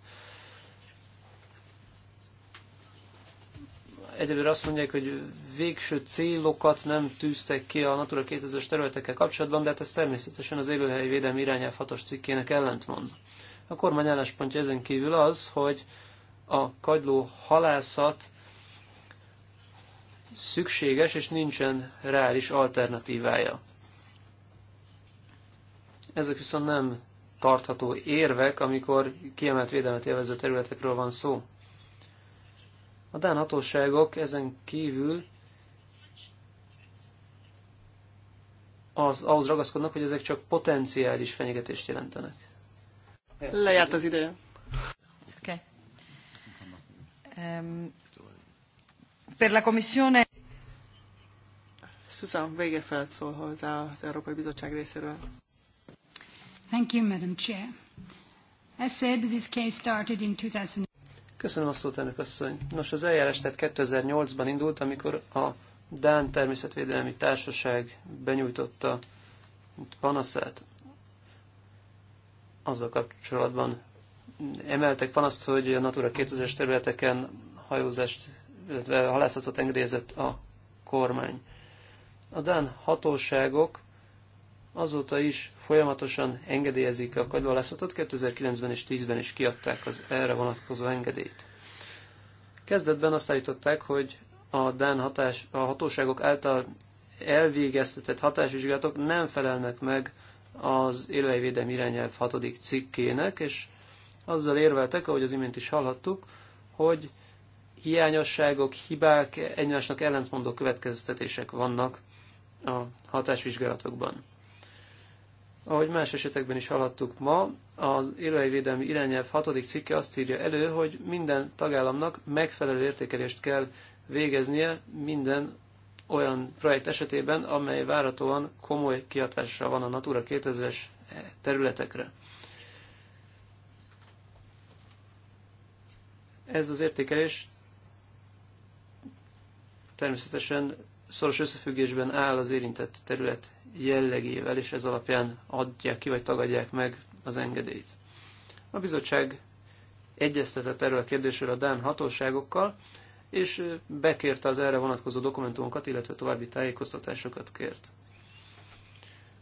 B: egyelőre azt mondják, hogy végső célokat nem tűztek ki a Natura 2000-es területekkel kapcsolatban, de hát ez természetesen az élőhelyi védelmi irányelv hatos cikkének ellentmond. A kormány álláspontja ezen kívül az, hogy a kagyló halászat szükséges és nincsen reális alternatívája. Ezek viszont nem tartható érvek, amikor kiemelt védelmet élvező területekről van szó. A Dán hatóságok ezen kívül az, ahhoz ragaszkodnak, hogy ezek csak potenciális fenyegetést jelentenek.
A: Lejárt az ideje. Okay. Um, per la Commissione... Susan Wegefeld szól hozzá az Európai Bizottság részéről.
C: Thank you, Madam Chair. As said, this case started in
B: 2000. Köszönöm a szót, elnök asszony. Nos, az eljárás tehát 2008-ban indult, amikor a Dán Természetvédelmi Társaság benyújtotta panaszát. Azzal kapcsolatban emeltek panaszt, hogy a Natura 2000-es területeken hajózást, illetve halászatot engedélyezett a kormány. A Dán hatóságok azóta is folyamatosan engedélyezik a kagyvalászatot, 2009-ben és 10-ben is kiadták az erre vonatkozó engedélyt. Kezdetben azt állították, hogy a Dán hatás, a hatóságok által elvégeztetett hatásvizsgálatok nem felelnek meg az élőhelyvédelmi irányelv hatodik cikkének, és azzal érveltek, ahogy az imént is hallhattuk, hogy hiányosságok, hibák, egymásnak ellentmondó következtetések vannak a hatásvizsgálatokban. Ahogy más esetekben is hallhattuk ma, az élőhelyvédelmi irányelv hatodik cikke azt írja elő, hogy minden tagállamnak megfelelő értékelést kell végeznie minden olyan projekt esetében, amely váratóan komoly kihatással van a Natura 2000-es területekre. Ez az értékelés természetesen szoros összefüggésben áll az érintett terület jellegével, és ez alapján adják ki, vagy tagadják meg az engedélyt. A bizottság egyeztetett erről a kérdésről a Dán hatóságokkal, és bekérte az erre vonatkozó dokumentumokat, illetve további tájékoztatásokat kért.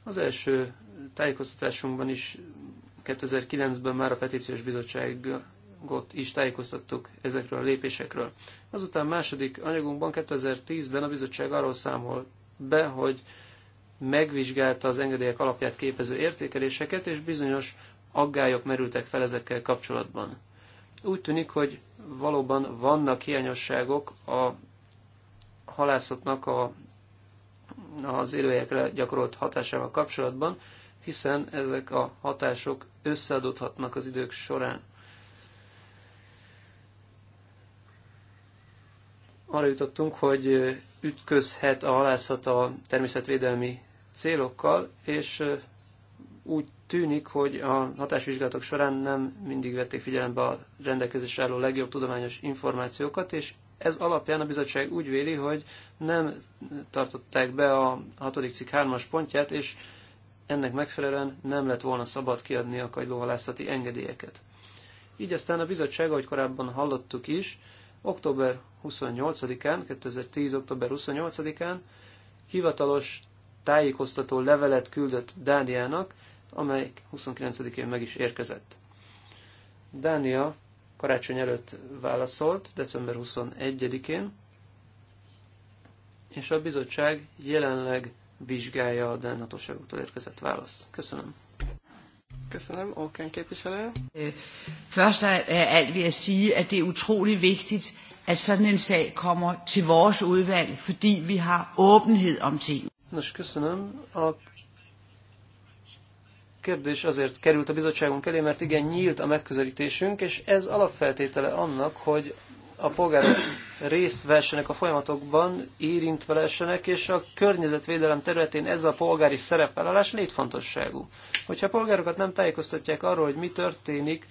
B: Az első tájékoztatásunkban is 2009-ben már a petíciós bizottságot is tájékoztattuk ezekről a lépésekről. Azután második anyagunkban 2010-ben a bizottság arról számol be, hogy megvizsgálta az engedélyek alapját képező értékeléseket, és bizonyos aggályok merültek fel ezekkel kapcsolatban. Úgy tűnik, hogy valóban vannak hiányosságok a halászatnak a, az élőhelyekre gyakorolt hatásával kapcsolatban, hiszen ezek a hatások összeadódhatnak az idők során. Arra jutottunk, hogy ütközhet a halászat a természetvédelmi célokkal, és úgy tűnik, hogy a hatásvizsgálatok során nem mindig vették figyelembe a rendelkezésre álló legjobb tudományos információkat, és ez alapján a bizottság úgy véli, hogy nem tartották be a 6. cikk 3-as pontját, és ennek megfelelően nem lett volna szabad kiadni a kagylóhalászati engedélyeket. Így aztán a bizottság, ahogy korábban hallottuk is, október 28-án, 2010. október 28-án hivatalos tájékoztató levelet küldött Dániának, amely 29-én meg is érkezett. Dánia karácsony előtt válaszolt, december 21-én, és a bizottság jelenleg vizsgálja a Dán hatóságoktól érkezett választ. Köszönöm.
A: Köszönöm, Orkán képviselő. Øh, først af er, er
C: alt vil jeg sige, at det er utrolig vigtigt, at sådan en sag kommer til vores udvalg, fordi vi har åbenhed om ting.
B: Nos, köszönöm. A kérdés azért került a bizottságunk elé, mert igen, nyílt a megközelítésünk, és ez alapfeltétele annak, hogy a polgárok részt vessenek a folyamatokban, érintve lessenek, és a környezetvédelem területén ez a polgári szerepvállalás létfontosságú. Hogyha a polgárokat nem tájékoztatják arról, hogy mi történik,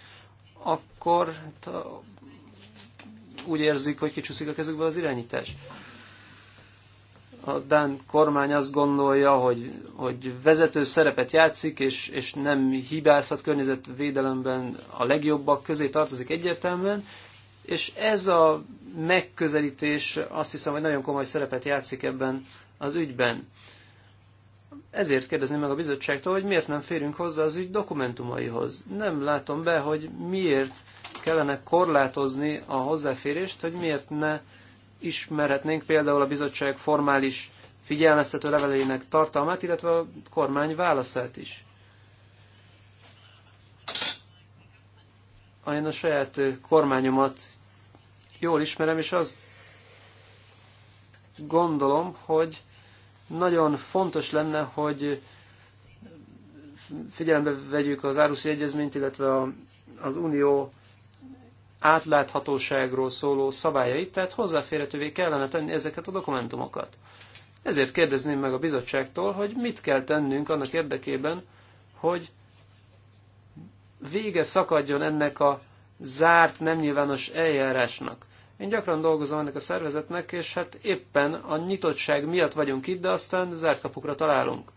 B: akkor úgy érzik, hogy kicsúszik a kezükből az irányítás a Dán kormány azt gondolja, hogy, hogy vezető szerepet játszik, és, és nem hibázhat környezetvédelemben a legjobbak közé tartozik egyértelműen, és ez a megközelítés azt hiszem, hogy nagyon komoly szerepet játszik ebben az ügyben. Ezért kérdezném meg a bizottságtól, hogy miért nem férünk hozzá az ügy dokumentumaihoz. Nem látom be, hogy miért kellene korlátozni a hozzáférést, hogy miért ne ismerhetnénk például a bizottság formális figyelmeztető leveleinek tartalmát, illetve a kormány válaszát is. Én a saját kormányomat jól ismerem, és azt gondolom, hogy nagyon fontos lenne, hogy figyelembe vegyük az áruszi egyezményt, illetve az unió átláthatóságról szóló szabályait, tehát hozzáférhetővé kellene tenni ezeket a dokumentumokat. Ezért kérdezném meg a bizottságtól, hogy mit kell tennünk annak érdekében, hogy vége szakadjon ennek a zárt, nem nyilvános eljárásnak. Én gyakran dolgozom ennek a szervezetnek, és hát éppen a nyitottság miatt vagyunk itt, de aztán zárt kapukra találunk.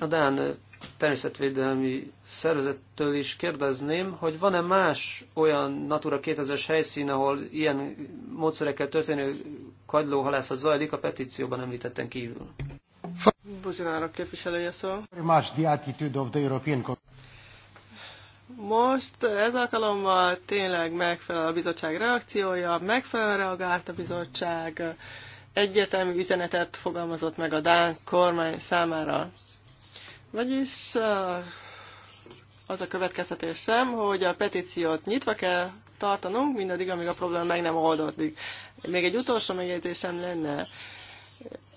B: A Dán természetvédelmi szervezettől is kérdezném, hogy van-e más olyan Natura 2000-es helyszín, ahol ilyen módszerekkel történő kagylóhalászat zajlik a petícióban említetten kívül?
A: Buzsinára képviselője szó.
C: Más the attitude of the European
A: most ez alkalommal tényleg megfelel a bizottság reakciója, megfelelően reagált a bizottság, egyértelmű üzenetet fogalmazott meg a Dán kormány számára. Vagyis uh, az a következtetésem, hogy a petíciót nyitva kell tartanunk, mindaddig, amíg a probléma meg nem oldódik. Még egy utolsó megjegyzésem lenne.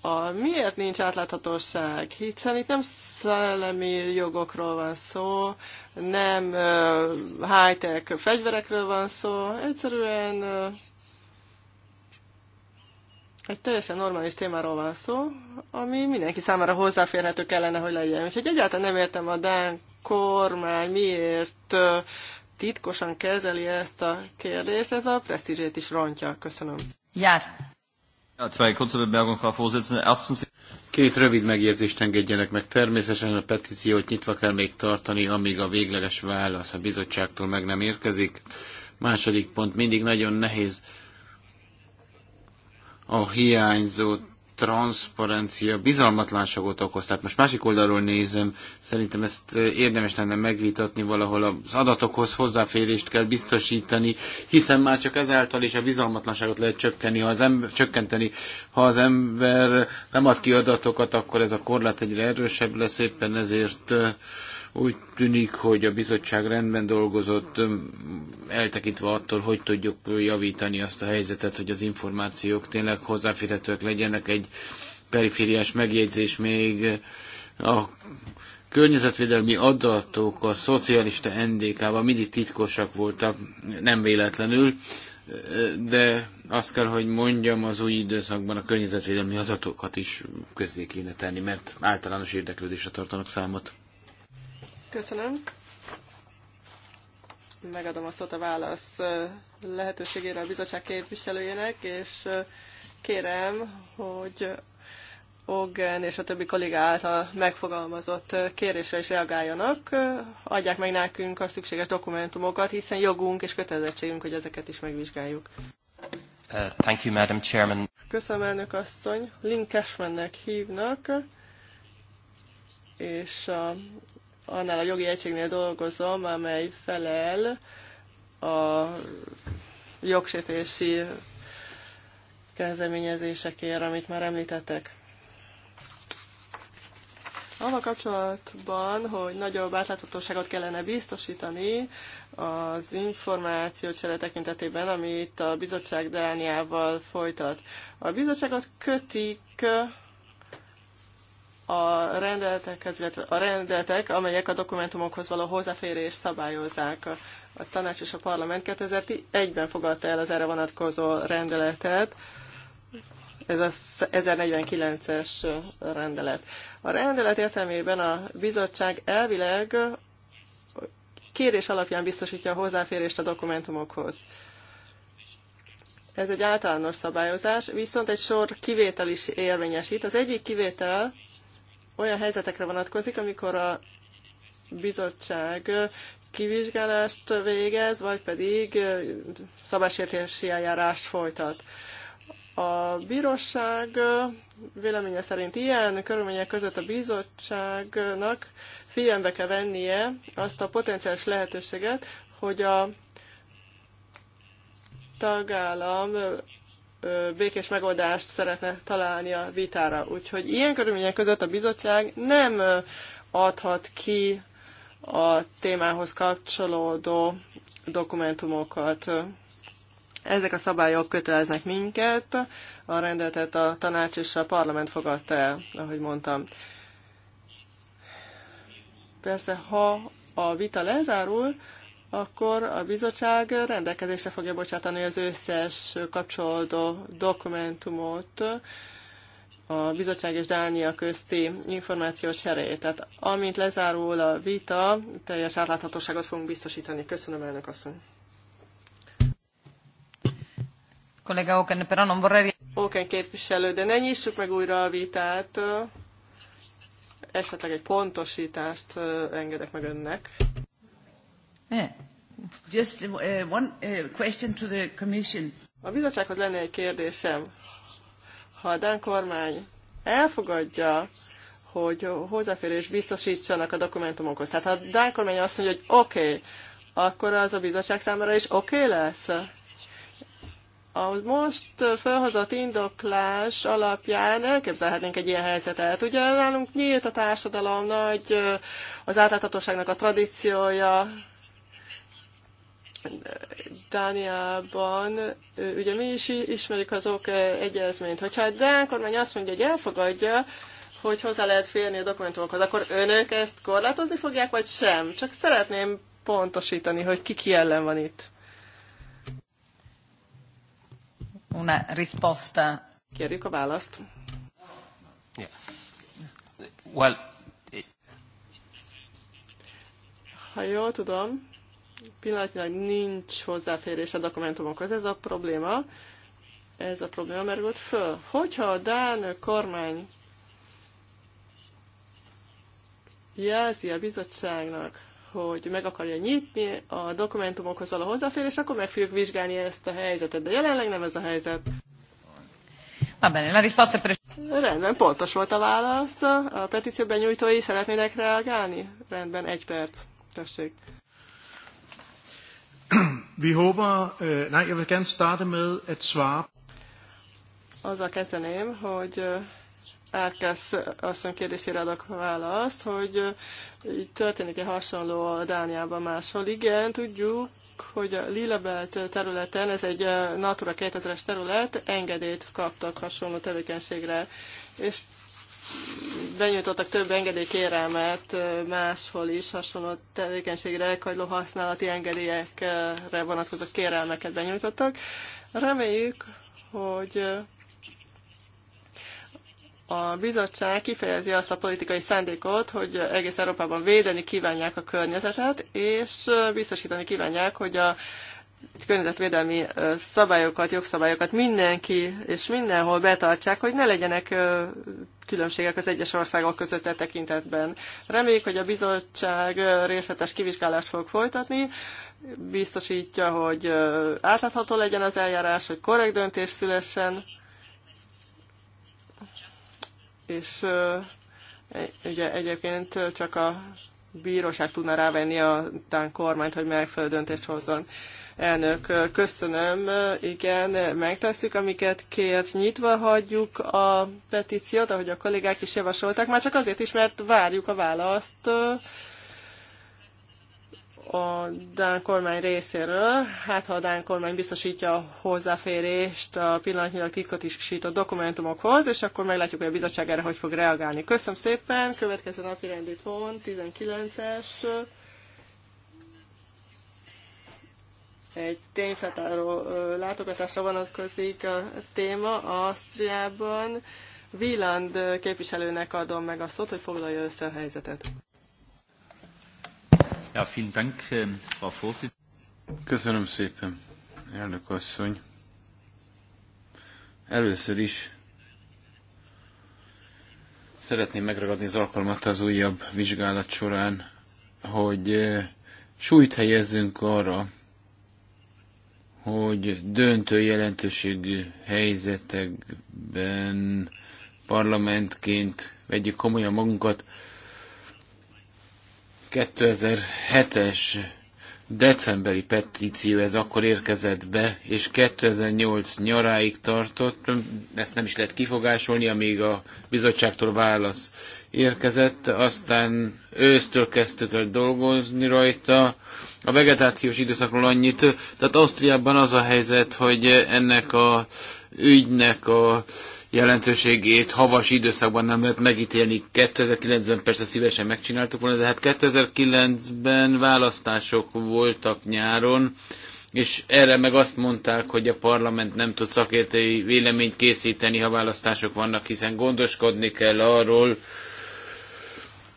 A: A, miért nincs átláthatóság? Hiszen itt nem szellemi jogokról van szó, nem uh, high-tech fegyverekről van szó, egyszerűen uh, egy teljesen normális témáról van szó, ami mindenki számára hozzáférhető kellene, hogy legyen. Úgyhogy egyáltalán nem értem a Dán kormány miért titkosan kezeli ezt a kérdést, ez a presztízsét is rontja. Köszönöm. Jár.
C: Két rövid megjegyzést engedjenek meg. Természetesen a petíciót nyitva kell még tartani, amíg a végleges válasz a bizottságtól meg nem érkezik. Második pont, mindig nagyon nehéz a hiányzó transzparencia bizalmatlanságot okoz. Tehát most másik oldalról nézem, szerintem ezt eh, érdemes lenne megvitatni valahol, az adatokhoz hozzáférést kell biztosítani, hiszen már csak ezáltal is a bizalmatlanságot lehet csökkenni, ha az ember, csökkenteni. Ha az ember nem ad ki adatokat, akkor ez a korlát egyre erősebb lesz, éppen ezért eh, úgy tűnik, hogy a bizottság rendben dolgozott, eltekintve attól, hogy tudjuk javítani azt a helyzetet, hogy az információk tényleg hozzáférhetőek legyenek. Egy perifériás megjegyzés még a környezetvédelmi adatok a szocialista NDK-ban mindig titkosak voltak, nem véletlenül, de azt kell, hogy mondjam, az új időszakban a környezetvédelmi adatokat is közzé kéne tenni, mert általános érdeklődésre tartanak számot.
A: Köszönöm. Megadom a szót a válasz lehetőségére a bizottság képviselőjének, és kérem, hogy Ogen és a többi kolléga által megfogalmazott kérésre is reagáljanak, adják meg nekünk a szükséges dokumentumokat, hiszen jogunk és kötelezettségünk, hogy ezeket is megvizsgáljuk.
B: Uh, thank you, Madam Chairman.
A: Köszönöm, elnök asszony. Link Cashmannek hívnak, és a annál a jogi egységnél dolgozom, amely felel a jogsértési kezdeményezésekért, amit már említettek. Ava kapcsolatban, hogy nagyobb átláthatóságot kellene biztosítani az információcsere tekintetében, amit a bizottság Dániával folytat. A bizottságot kötik a rendeletek illetve a rendeletek, amelyek a dokumentumokhoz való hozzáférés szabályozzák. A tanács és a parlament 2001-ben fogadta el az erre vonatkozó rendeletet, ez a 1049-es rendelet. A rendelet értelmében a bizottság elvileg kérés alapján biztosítja a hozzáférést a dokumentumokhoz. Ez egy általános szabályozás, viszont egy sor kivétel is érvényesít. Az egyik kivétel olyan helyzetekre vonatkozik, amikor a bizottság kivizsgálást végez, vagy pedig szabásértési eljárást folytat. A bíróság véleménye szerint ilyen körülmények között a bizottságnak figyelembe kell vennie azt a potenciális lehetőséget, hogy a tagállam békés megoldást szeretne találni a vitára. Úgyhogy ilyen körülmények között a bizottság nem adhat ki a témához kapcsolódó dokumentumokat. Ezek a szabályok köteleznek minket, a rendetet a tanács és a parlament fogadta el, ahogy mondtam. Persze, ha a vita lezárul, akkor a bizottság rendelkezésre fogja bocsátani az összes kapcsolódó dokumentumot, a bizottság és Dánia közti információ cseréjét. Tehát amint lezárul a vita, teljes átláthatóságot fogunk biztosítani. Köszönöm, elnök asszony. Kollega Oken, però non vorrei... Oken képviselő, de ne nyissuk meg újra a vitát. Esetleg egy pontosítást eh, engedek meg önnek. Just uh, one uh, question to the commission. A bizottsághoz lenne egy kérdésem. Ha a Dán kormány elfogadja, hogy hozzáférés biztosítsanak a dokumentumokhoz, tehát ha a Dán kormány azt mondja, hogy oké, okay, akkor az a bizottság számára is oké okay lesz? A most felhozott indoklás alapján elképzelhetnénk egy ilyen helyzetet. Ugye nálunk nyílt a társadalom, nagy az átláthatóságnak a tradíciója, Dániában ugye mi is ismerjük azok egyezményt. Hogyha a Dán kormány azt mondja, hogy elfogadja, hogy hozzá lehet férni a dokumentumokhoz, akkor önök ezt korlátozni fogják, vagy sem? Csak szeretném pontosítani, hogy ki ki ellen van itt. Una risposta. Kérjük a választ.
B: Yeah. Well, it...
A: Ha jól tudom, pillanatnyilag nincs hozzáférés a dokumentumokhoz. Ez a probléma, ez a probléma merült föl. Hogyha a Dán kormány jelzi a bizottságnak, hogy meg akarja nyitni a dokumentumokhoz való hozzáférés, akkor meg fogjuk vizsgálni ezt a helyzetet. De jelenleg nem ez a helyzet. Rendben, pontos volt a válasz. A petíció benyújtói szeretnének reagálni? Rendben, egy perc. Tessék.
B: Vi håber, øh, nej, jeg vil gerne starte med at svare.
A: Azzal kezdeném, hogy øh, Árkász asszony kérdésére adok választ, hogy történik-e hasonló a Dániában máshol. Igen, tudjuk, hogy a Lillebelt területen, ez egy Natura 2000-es terület, engedélyt kaptak hasonló tevékenységre, és benyújtottak több engedélykérelmet máshol is hasonló tevékenységre elkagyló használati engedélyekre vonatkozó kérelmeket benyújtottak. Reméljük, hogy a bizottság kifejezi azt a politikai szándékot, hogy egész Európában védeni kívánják a környezetet, és biztosítani kívánják, hogy a környezetvédelmi szabályokat, jogszabályokat mindenki és mindenhol betartsák, hogy ne legyenek különbségek az egyes országok között a e tekintetben. Reméljük, hogy a bizottság részletes kivizsgálást fog folytatni, biztosítja, hogy átlátható legyen az eljárás, hogy korrekt döntés szülessen, és e, ugye egyébként csak a bíróság tudna rávenni a Dán kormányt, hogy megfelelő döntést hozzon. Elnök, köszönöm. Igen, megteszük, amiket kért. Nyitva hagyjuk a petíciót, ahogy a kollégák is javasolták, már csak azért is, mert várjuk a választ a Dán kormány részéről. Hát, ha a Dán kormány biztosítja a hozzáférést a pillanatnyilag titkosított dokumentumokhoz, és akkor meglátjuk, hogy a bizottság erre hogy fog reagálni. Köszönöm szépen, következő napi rendi pont, 19-es. Egy tényfeltáró látogatásra vonatkozik a téma. Ausztriában Wieland képviselőnek adom meg a szót, hogy foglalja össze a helyzetet.
B: Ja, vielen Dank, ähm, Frau
C: Köszönöm szépen, elnök asszony. Először is szeretném megragadni az alkalmat az újabb vizsgálat során, hogy súlyt helyezzünk arra, hogy döntő jelentőségű helyzetekben parlamentként vegyük komolyan magunkat. 2007-es decemberi petíció ez akkor érkezett be, és 2008 nyaráig tartott, ezt nem is lehet kifogásolni, amíg a bizottságtól válasz érkezett, aztán ősztől kezdtük el dolgozni rajta, a vegetációs időszakról annyit, tehát Ausztriában az a helyzet, hogy ennek a ügynek a jelentőségét havas időszakban nem lehet megítélni. 2009-ben persze szívesen megcsináltuk volna, de hát 2009-ben választások voltak nyáron, és erre meg azt mondták, hogy a parlament nem tud szakértői véleményt készíteni, ha választások vannak, hiszen gondoskodni kell arról,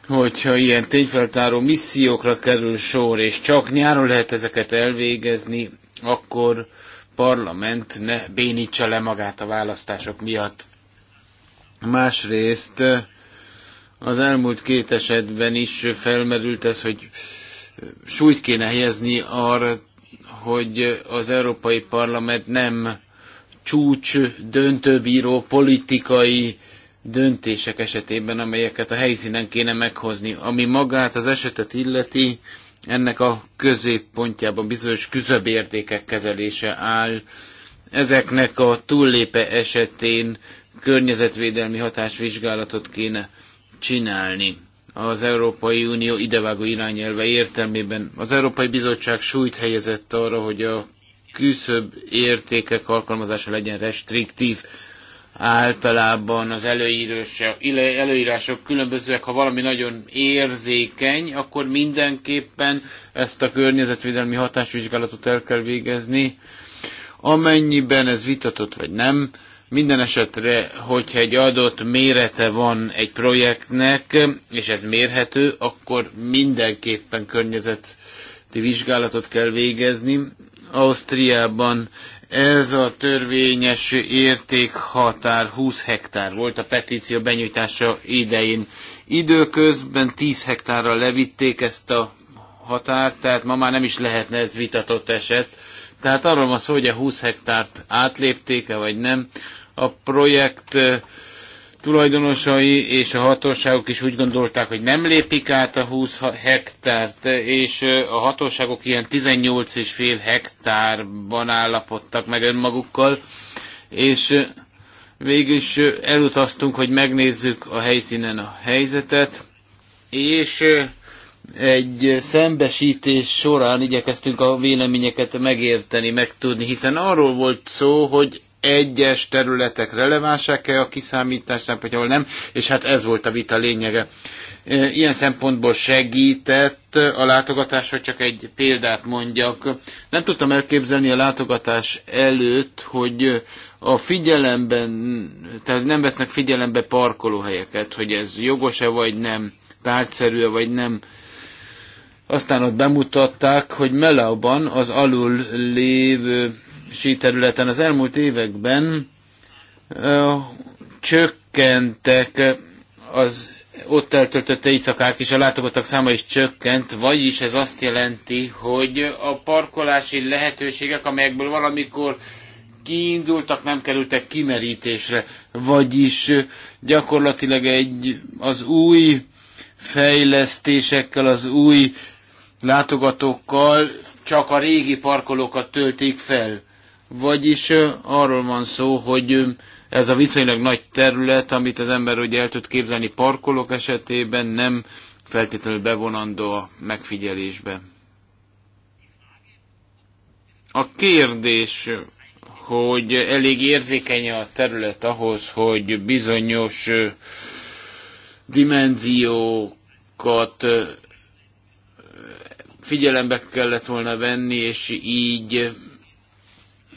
C: hogyha ilyen tényfeltáró missziókra kerül sor, és csak nyáron lehet ezeket elvégezni, akkor parlament ne bénítsa le magát a választások miatt. Másrészt eh, az elmúlt két esetben is felmerült ez, hogy eh, súlyt kéne helyezni arra, hogy az Európai Parlament nem csúcs döntőbíró politikai döntések esetében, amelyeket a helyszínen kéne meghozni. Ami magát az esetet illeti, ennek a középpontjában bizonyos küzöbértékek kezelése áll. Ezeknek a túllépe esetén környezetvédelmi hatásvizsgálatot kéne csinálni az Európai Unió idevágó irányelve értelmében. Az Európai Bizottság súlyt helyezett arra, hogy a küszöbb értékek alkalmazása legyen restriktív. Általában az előírások különbözőek, ha valami nagyon érzékeny, akkor mindenképpen ezt a környezetvédelmi hatásvizsgálatot el kell végezni, amennyiben ez vitatott vagy nem. Minden esetre, hogyha egy adott mérete van egy projektnek, és ez mérhető, akkor mindenképpen környezeti vizsgálatot kell végezni. Ausztriában ez a törvényes értékhatár 20 hektár volt a petíció benyújtása idején. Időközben 10 hektárra levitték ezt a határt, tehát ma már nem is lehetne ez vitatott eset. Tehát arról van szó, hogy a 20 hektárt átlépték-e vagy nem. A projekt tulajdonosai és a hatóságok is úgy gondolták, hogy nem lépik át a 20 hektárt, és a hatóságok ilyen 18,5 hektárban állapodtak meg önmagukkal, és végül is elutaztunk, hogy megnézzük a helyszínen a helyzetet, és egy szembesítés során igyekeztünk a véleményeket megérteni, megtudni, hiszen arról volt szó, hogy egyes területek relevánsak-e a kiszámítás szempontjából nem, és hát ez volt a vita lényege. Ilyen szempontból segített a látogatás, hogy csak egy példát mondjak. Nem tudtam elképzelni a látogatás előtt, hogy a figyelemben, tehát nem vesznek figyelembe parkolóhelyeket, hogy ez jogos-e vagy nem, tárgyszerű-e vagy nem. Aztán ott bemutatták, hogy Melauban az alul lévő közlekedési területen az elmúlt években csökkentek az ott eltöltött éjszakák és a látogatók száma is csökkent, vagyis ez azt jelenti, hogy a parkolási lehetőségek, amelyekből valamikor kiindultak, nem kerültek kimerítésre, vagyis gyakorlatilag egy, az új fejlesztésekkel, az új látogatókkal csak a régi parkolókat töltik fel. Vagyis arról van szó, hogy ez a viszonylag nagy terület, amit az ember ugye el tud képzelni parkolók esetében, nem feltétlenül bevonandó a megfigyelésbe. A kérdés, hogy elég érzékeny a terület ahhoz, hogy bizonyos dimenziókat figyelembe kellett volna venni, és így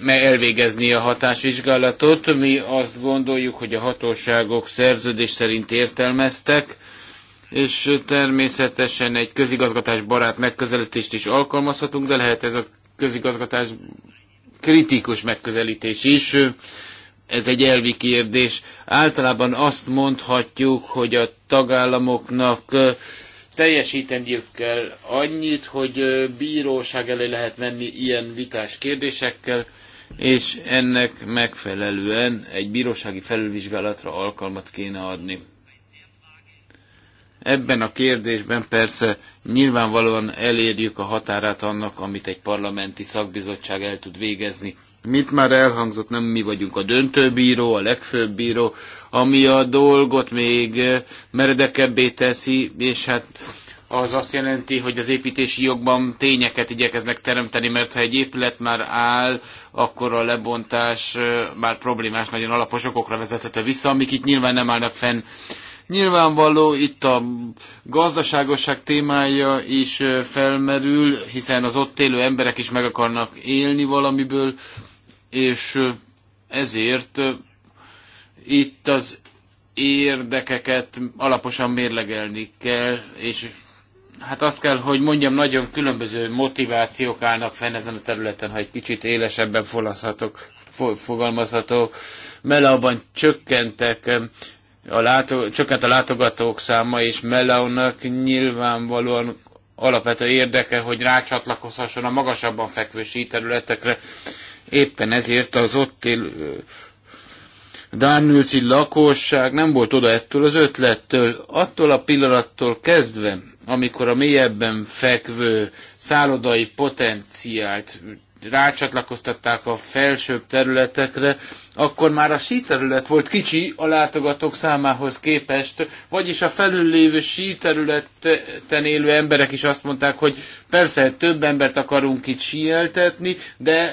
C: elvégezni a hatásvizsgálatot. Mi azt gondoljuk, hogy a hatóságok szerződés szerint értelmeztek, és természetesen egy közigazgatás barát megközelítést is alkalmazhatunk, de lehet ez a közigazgatás kritikus megközelítés is. Ez egy elvi kérdés. Általában azt mondhatjuk, hogy a tagállamoknak teljesíteniük kell annyit, hogy bíróság elé lehet menni ilyen vitás kérdésekkel, és ennek megfelelően egy bírósági felülvizsgálatra alkalmat kéne adni. Ebben a kérdésben persze nyilvánvalóan elérjük a határát annak, amit egy parlamenti szakbizottság el tud végezni. Mit már elhangzott, nem mi vagyunk a döntőbíró, a legfőbb bíró, ami a dolgot még meredekebbé teszi, és hát az azt jelenti, hogy az építési jogban tényeket igyekeznek teremteni, mert ha egy épület már áll, akkor a lebontás már problémás, nagyon alapos okokra vezethető vissza, amik itt nyilván nem állnak fenn. Nyilvánvaló itt a gazdaságosság témája is felmerül, hiszen az ott élő emberek is meg akarnak élni valamiből, és ezért itt az érdekeket alaposan mérlegelni kell, és hát azt kell, hogy mondjam, nagyon különböző motivációk állnak fenn ezen a területen, ha egy kicsit élesebben fogalmazhatok, fogalmazhatok Melaban csökkentek a látó, csökkent a látogatók száma, és Melaonnak nyilvánvalóan alapvető érdeke, hogy rácsatlakozhasson a magasabban fekvő területekre. Éppen ezért az ott élő Dánülci lakosság nem volt oda ettől az ötlettől, attól a pillanattól kezdve, amikor a mélyebben fekvő szállodai potenciált rácsatlakoztatták a felsőbb területekre, akkor már a síterület volt kicsi a látogatók számához képest, vagyis a felüllévő síterületen élő emberek is azt mondták, hogy persze több embert akarunk itt síeltetni, de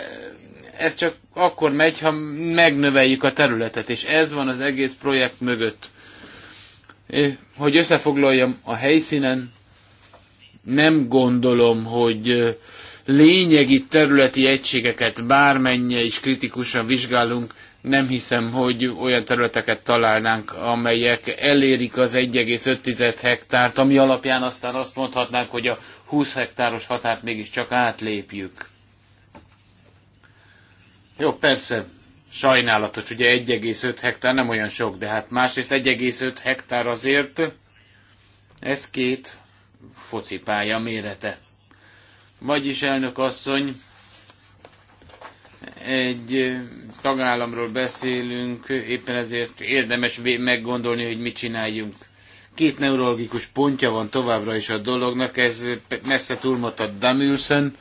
C: ez csak akkor megy, ha megnöveljük a területet, és ez van az egész projekt mögött. Hogy összefoglaljam a helyszínen, nem gondolom, hogy lényegi területi egységeket bármennyire is kritikusan vizsgálunk, nem hiszem, hogy olyan területeket találnánk, amelyek elérik az 1,5 hektárt, ami alapján aztán azt mondhatnánk, hogy a 20 hektáros határt mégiscsak átlépjük. Jó, persze, sajnálatos, ugye 1,5 hektár nem olyan sok, de hát másrészt 1,5 hektár azért, ez két focipálya mérete. Vagyis elnök asszony, egy tagállamról beszélünk, éppen ezért érdemes meggondolni, hogy mit csináljunk. Két neurologikus pontja van továbbra is a dolognak, ez messze túlmutat Damülsen,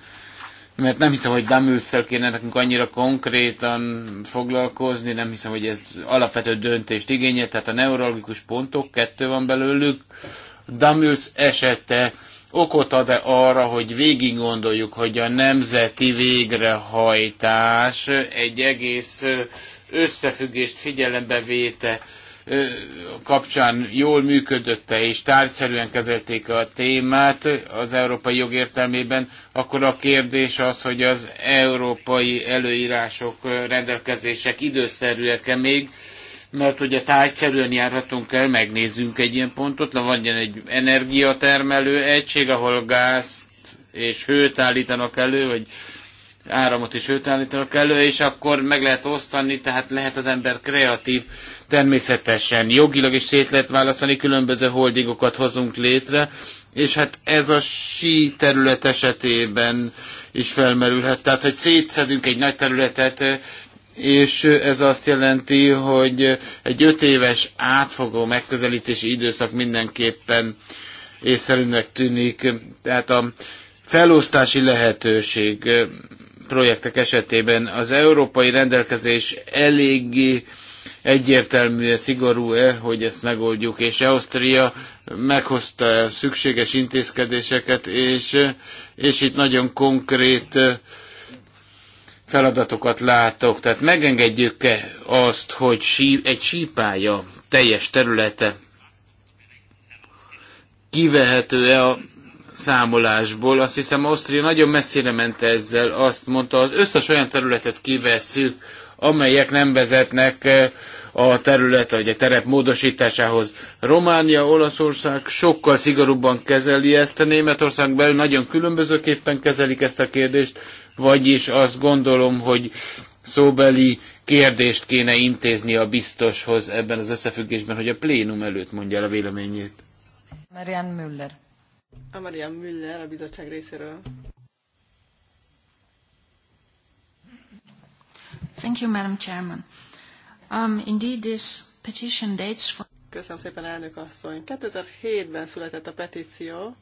C: mert nem hiszem, hogy Damülszel kéne nekünk annyira konkrétan foglalkozni, nem hiszem, hogy ez alapvető döntést igényel, tehát a neurologikus pontok, kettő van belőlük, Damus esete okot ad-e arra, hogy végig gondoljuk, hogy a nemzeti végrehajtás egy egész összefüggést figyelembe véte kapcsán jól működötte és tárgyszerűen kezelték a témát az európai jog értelmében, akkor a kérdés az, hogy az európai előírások, rendelkezések időszerűek-e még, mert ugye tájszerűen járhatunk el, megnézzünk egy ilyen pontot, van ilyen egy energiatermelő egység, ahol gázt és hőt állítanak elő, vagy áramot és hőt állítanak elő, és akkor meg lehet osztani, tehát lehet az ember kreatív, természetesen jogilag is szét lehet választani, különböző holdingokat hozunk létre, és hát ez a sí terület esetében is felmerülhet. Tehát, hogy szétszedünk egy nagy területet, és ez azt jelenti, hogy egy öt éves átfogó megközelítési időszak mindenképpen észszerűnek tűnik. Tehát a felosztási lehetőség projektek esetében az európai rendelkezés eléggé egyértelmű, szigorú-e, hogy ezt megoldjuk, és Ausztria meghozta szükséges intézkedéseket, és, és itt nagyon konkrét feladatokat látok. Tehát megengedjük-e azt, hogy sí, egy sípája teljes területe kivehető-e a számolásból. Azt hiszem, Ausztria nagyon messzire ment ezzel. Azt mondta, az összes olyan területet kivesszük, amelyek nem vezetnek eh, a terület, vagy a terep módosításához. Románia, Olaszország sokkal szigorúbban kezeli ezt a Németország belül, nagyon különbözőképpen kezelik ezt a kérdést, vagyis azt gondolom, hogy szóbeli kérdést kéne intézni a biztoshoz ebben az összefüggésben, hogy a plénum előtt mondja el a véleményét.
A: Marian Müller. A Marian Müller a bizottság részéről.
C: Thank you, Madam Chairman. Um, indeed, this
A: petition dates Köszönöm szépen, elnök asszony. 2007-ben született a petíció,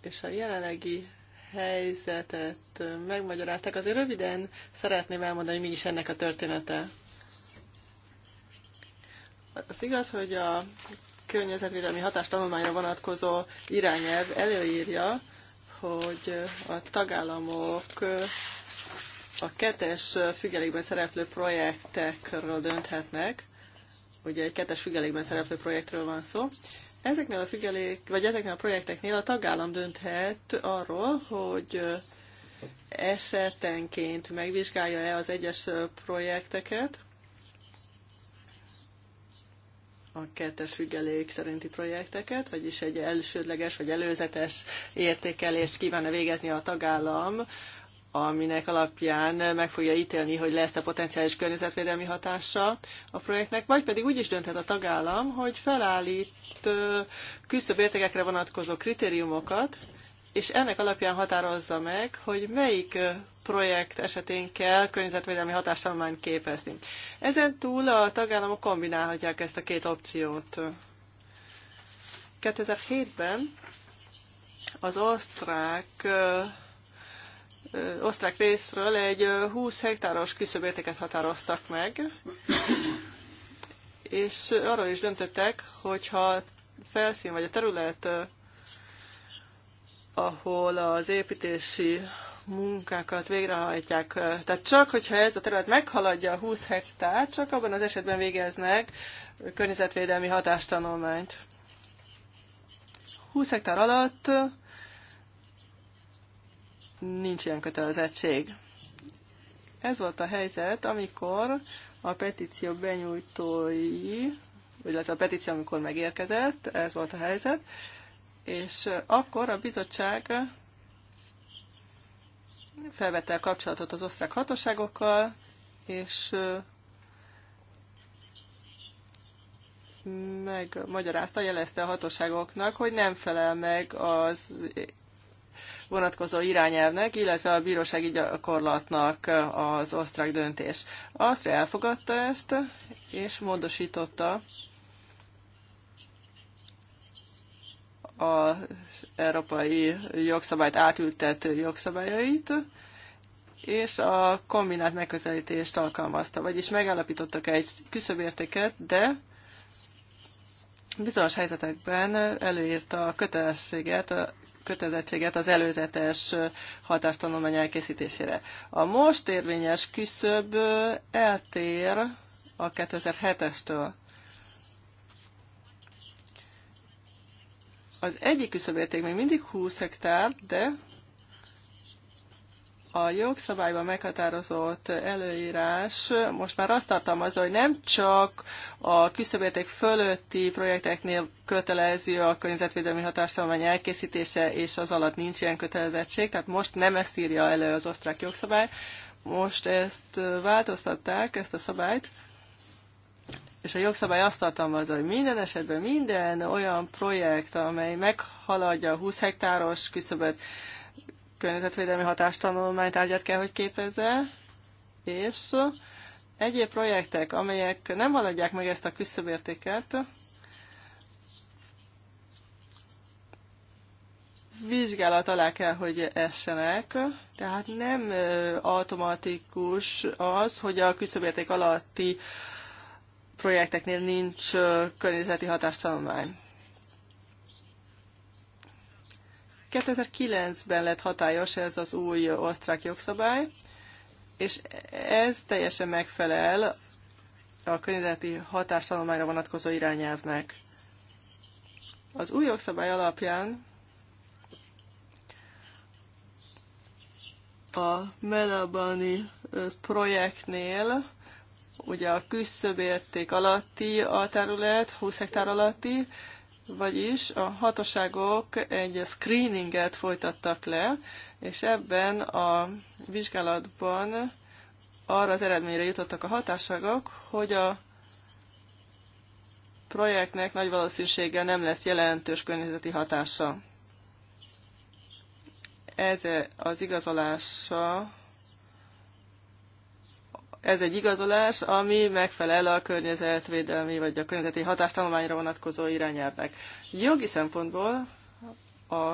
A: és a jelenlegi helyzetet megmagyarázták. Azért röviden szeretném elmondani, mi is ennek a története. Az igaz, hogy a környezetvédelmi hatástanulmányra vonatkozó irányelv előírja, hogy a tagállamok a kettes függelékben szereplő projektekről dönthetnek, ugye egy kettes függelékben szereplő projektről van szó. Ezeknél a függelék, vagy ezeknél a projekteknél a tagállam dönthet arról, hogy esetenként megvizsgálja-e az egyes projekteket, a kettes függelék szerinti projekteket, vagyis egy elsődleges vagy előzetes értékelést kívánna végezni a tagállam aminek alapján meg fogja ítélni, hogy lesz-e potenciális környezetvédelmi hatása a projektnek, vagy pedig úgy is dönthet a tagállam, hogy felállít küszöbb értékekre vonatkozó kritériumokat, és ennek alapján határozza meg, hogy melyik projekt esetén kell környezetvédelmi hatásalmányt képezni. Ezen túl a tagállamok kombinálhatják ezt a két opciót. 2007-ben az osztrák osztrák részről egy 20 hektáros küszöbértéket határoztak meg, és arról is döntöttek, hogyha felszín vagy a terület, ahol az építési munkákat végrehajtják. Tehát csak, hogyha ez a terület meghaladja a 20 hektár, csak abban az esetben végeznek környezetvédelmi hatástanulmányt. 20 hektár alatt nincs ilyen kötelezettség. Ez volt a helyzet, amikor a petíció benyújtói, illetve a petíció, amikor megérkezett, ez volt a helyzet, és akkor a bizottság felvette a kapcsolatot az osztrák hatóságokkal, és megmagyarázta, jelezte a hatóságoknak, hogy nem felel meg az vonatkozó irányelvnek, illetve a bírósági gyakorlatnak az osztrák döntés. Ausztria elfogadta ezt, és módosította az európai jogszabályt átültető jogszabályait, és a kombinált megközelítést alkalmazta. Vagyis megállapítottak egy küszöbértéket, de bizonyos helyzetekben előírta a kötelességet, a kötelezettséget az előzetes hatástanulmány elkészítésére. A most érvényes küszöb eltér a 2007-estől. Az egyik küszöbérték még mindig 20 hektár, de a jogszabályban meghatározott előírás most már azt tartalmazza, hogy nem csak a küszöbérték fölötti projekteknél kötelező a környezetvédelmi hatásolvány elkészítése, és az alatt nincs ilyen kötelezettség, tehát most nem ezt írja elő az osztrák jogszabály, most ezt változtatták, ezt a szabályt, és a jogszabály azt tartalmazza, hogy minden esetben minden olyan projekt, amely meghaladja a 20 hektáros küszöböt, környezetvédelmi hatástanulmány tárgyát kell, hogy képezze, és egyéb projektek, amelyek nem haladják meg ezt a küszöbértéket, vizsgálat alá kell, hogy essenek, tehát nem automatikus az, hogy a küszöbérték alatti projekteknél nincs környezeti hatástanulmány. 2009-ben lett hatályos ez az új osztrák jogszabály, és ez teljesen megfelel a környezeti hatástanulmányra vonatkozó irányelvnek. Az új jogszabály alapján a Melabani projektnél ugye a küszöbérték alatti a terület, 20 hektár alatti, vagyis a hatóságok egy screeninget folytattak le, és ebben a vizsgálatban arra az eredményre jutottak a hatóságok, hogy a projektnek nagy valószínűséggel nem lesz jelentős környezeti hatása. Ez az igazolása ez egy igazolás, ami megfelel a környezetvédelmi vagy a környezeti hatástanulmányra vonatkozó irányelvnek. Jogi szempontból a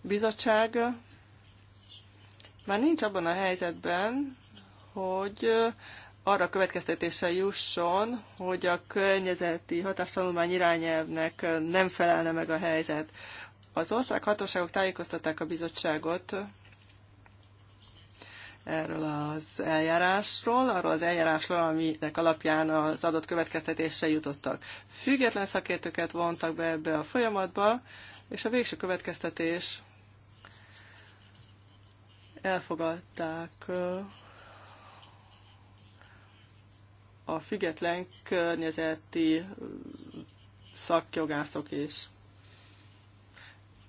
A: bizottság már nincs abban a helyzetben, hogy arra következtetése jusson, hogy a környezeti hatástanulmány irányelvnek nem felelne meg a helyzet. Az osztrák hatóságok tájékoztatták a bizottságot erről az eljárásról, arról az eljárásról, aminek alapján az adott következtetésre jutottak. Független szakértőket vontak be ebbe a folyamatba, és a végső következtetés elfogadták a független környezeti szakjogászok is.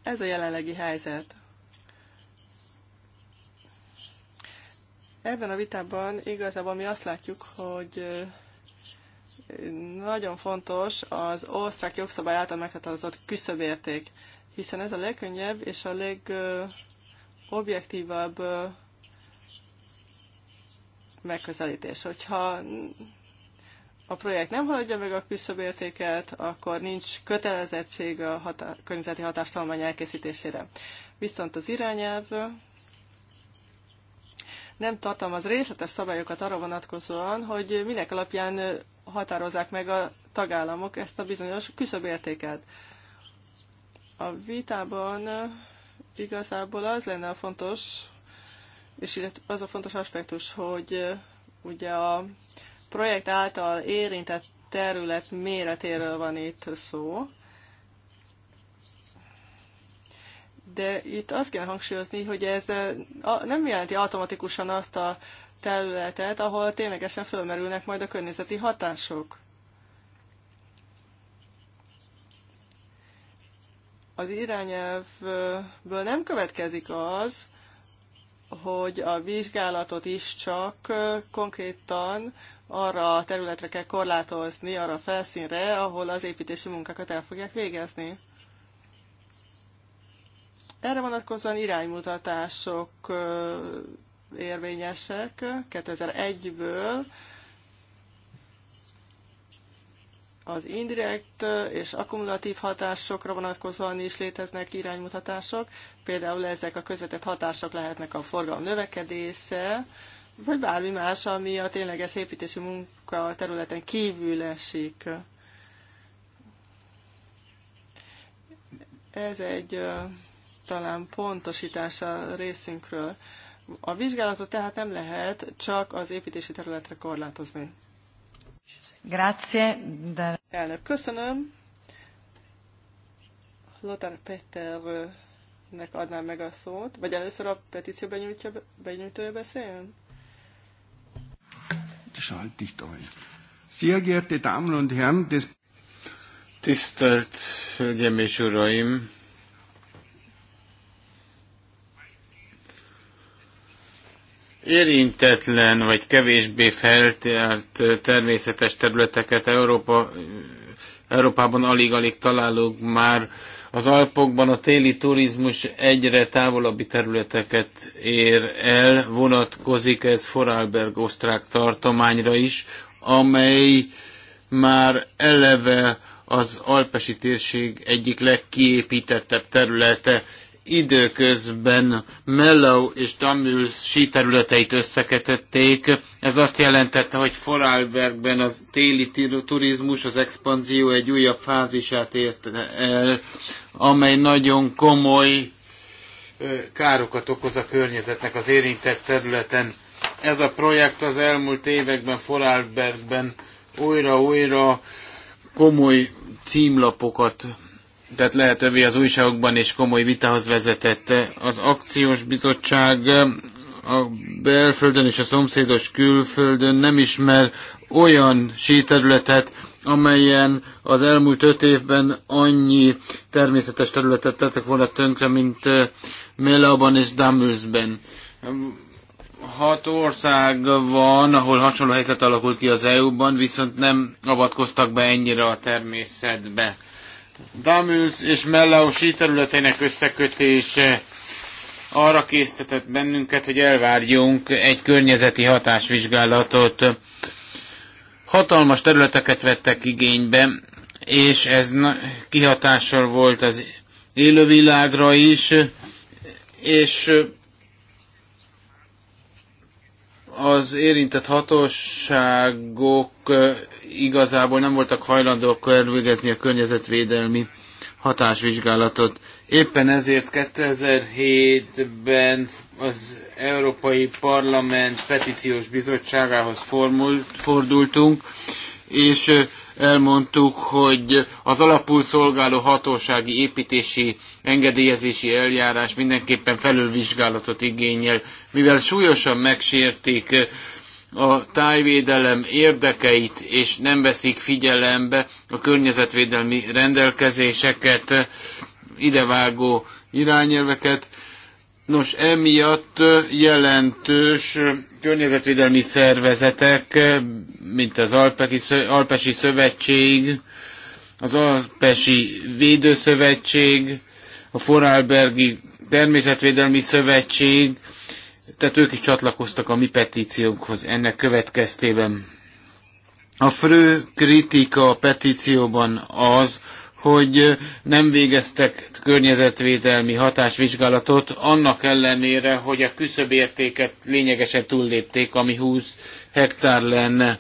A: Ez a jelenlegi helyzet. Ebben a vitában igazából mi azt látjuk, hogy eh, nagyon fontos az osztrák jogszabály által meghatározott küszöbérték, hiszen ez a legkönnyebb és a legobjektívabb eh, megközelítés. Hogyha a projekt nem haladja meg a küszöbértéket, akkor nincs kötelezettség a hatá- környezeti hatástalmány elkészítésére. Viszont az irányelv nem tartalmaz részletes szabályokat arra vonatkozóan, hogy minek alapján határozzák meg a tagállamok ezt a bizonyos küszöbértéket. A vitában igazából az lenne a fontos, és az a fontos aspektus, hogy ugye a projekt által érintett terület méretéről van itt szó, de itt azt kell hangsúlyozni, hogy ez eh, nem jelenti automatikusan azt a területet, ahol ténylegesen fölmerülnek majd a környezeti hatások. Az irányelvből nem következik az, hogy a vizsgálatot is csak eh, konkrétan arra a területre kell korlátozni, arra a felszínre, ahol az építési munkákat el fogják végezni. Erre vonatkozóan iránymutatások érvényesek 2001-ből, az indirekt és akkumulatív hatásokra vonatkozóan is léteznek iránymutatások. Például ezek a közvetett hatások lehetnek a forgalom növekedése, vagy bármi más, ami a tényleges építési munka területen kívül esik. Ez egy talán pontosítása részünkről. A vizsgálatot tehát nem lehet csak az építési területre korlátozni. Grazie. De... Elnök, köszönöm. Lothar Petternek adnám meg a szót, vagy először a petíció benyújtja, benyújtója beszéljön? Schalt Sehr geehrte Damen
C: und Herren, des Tisztelt Hölgyeim és Uraim! érintetlen vagy kevésbé feltárt természetes területeket Európa, Európában alig-alig találunk már. Az Alpokban a téli turizmus egyre távolabbi területeket ér el, vonatkozik ez Foralberg osztrák tartományra is, amely már eleve az alpesi térség egyik legkiépítettebb területe, időközben Mellow és Tamils sí területeit Ez azt jelentette, hogy Foralbergben az téli turizmus, az expanzió egy újabb fázisát ért el, amely nagyon komoly károkat okoz a környezetnek az érintett területen. Ez a projekt az elmúlt években Foralbergben újra-újra komoly címlapokat tett lehetővé az újságokban, és komoly vitához vezetett. Az akciós bizottság a belföldön és a szomszédos külföldön nem ismer olyan síterületet, amelyen az elmúlt öt évben annyi természetes területet tettek volna tönkre, mint Melaban és Damüszben. Hat ország van, ahol hasonló helyzet alakult ki az EU-ban, viszont nem avatkoztak be ennyire a természetbe. Damülsz és Mellausi területének összekötése arra késztetett bennünket, hogy elvárjunk egy környezeti hatásvizsgálatot. Hatalmas területeket vettek igénybe, és ez kihatással volt az élővilágra is, és az érintett hatóságok igazából nem voltak hajlandóak elvégezni a környezetvédelmi hatásvizsgálatot. Éppen ezért 2007-ben az Európai Parlament Petíciós Bizottságához formult, fordultunk, és elmondtuk, hogy az alapul szolgáló hatósági építési engedélyezési eljárás mindenképpen felülvizsgálatot igényel, mivel súlyosan megsértik a tájvédelem érdekeit, és nem veszik figyelembe a környezetvédelmi rendelkezéseket, idevágó irányelveket. Nos, emiatt jelentős környezetvédelmi szervezetek, mint az Alpeki, Alpesi Szövetség, az Alpesi Védőszövetség, a Forálbergi Természetvédelmi Szövetség, tehát ők is csatlakoztak a mi petíciónkhoz ennek következtében. A fő kritika a petícióban az, hogy nem végeztek környezetvédelmi hatásvizsgálatot, annak ellenére, hogy a küszöbértéket lényegesen túllépték, ami 20 hektár lenne.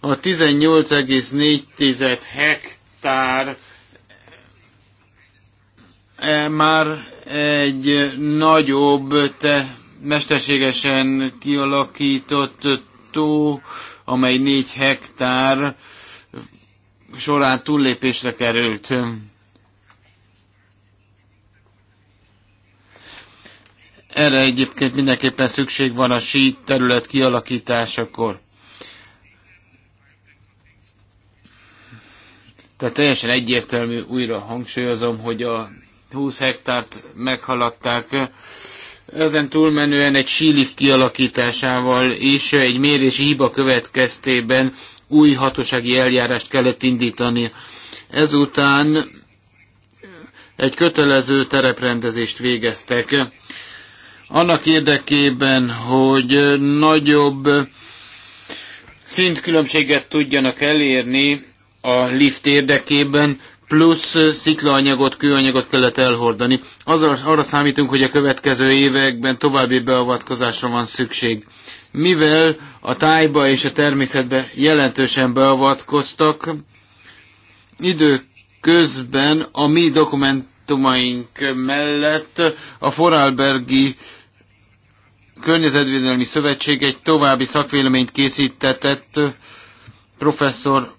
C: A 18,4 hektár e, már egy nagyobb, te mesterségesen kialakított tó, amely négy hektár során túllépésre került. Erre egyébként mindenképpen szükség van a sí terület kialakításakor. Tehát teljesen egyértelmű, újra hangsúlyozom, hogy a 20 hektárt meghaladták. Ezen túlmenően egy sílif kialakításával és egy mérési hiba következtében új hatósági eljárást kellett indítani. Ezután egy kötelező tereprendezést végeztek. Annak érdekében, hogy nagyobb szintkülönbséget tudjanak elérni a lift érdekében, plusz sziklaanyagot, kőanyagot kellett elhordani. Azzal, arra számítunk, hogy a következő években további beavatkozásra van szükség. Mivel a tájba és a természetbe jelentősen beavatkoztak, időközben a mi dokumentumaink mellett a Foralbergi Környezetvédelmi Szövetség egy további szakvéleményt készítetett professzor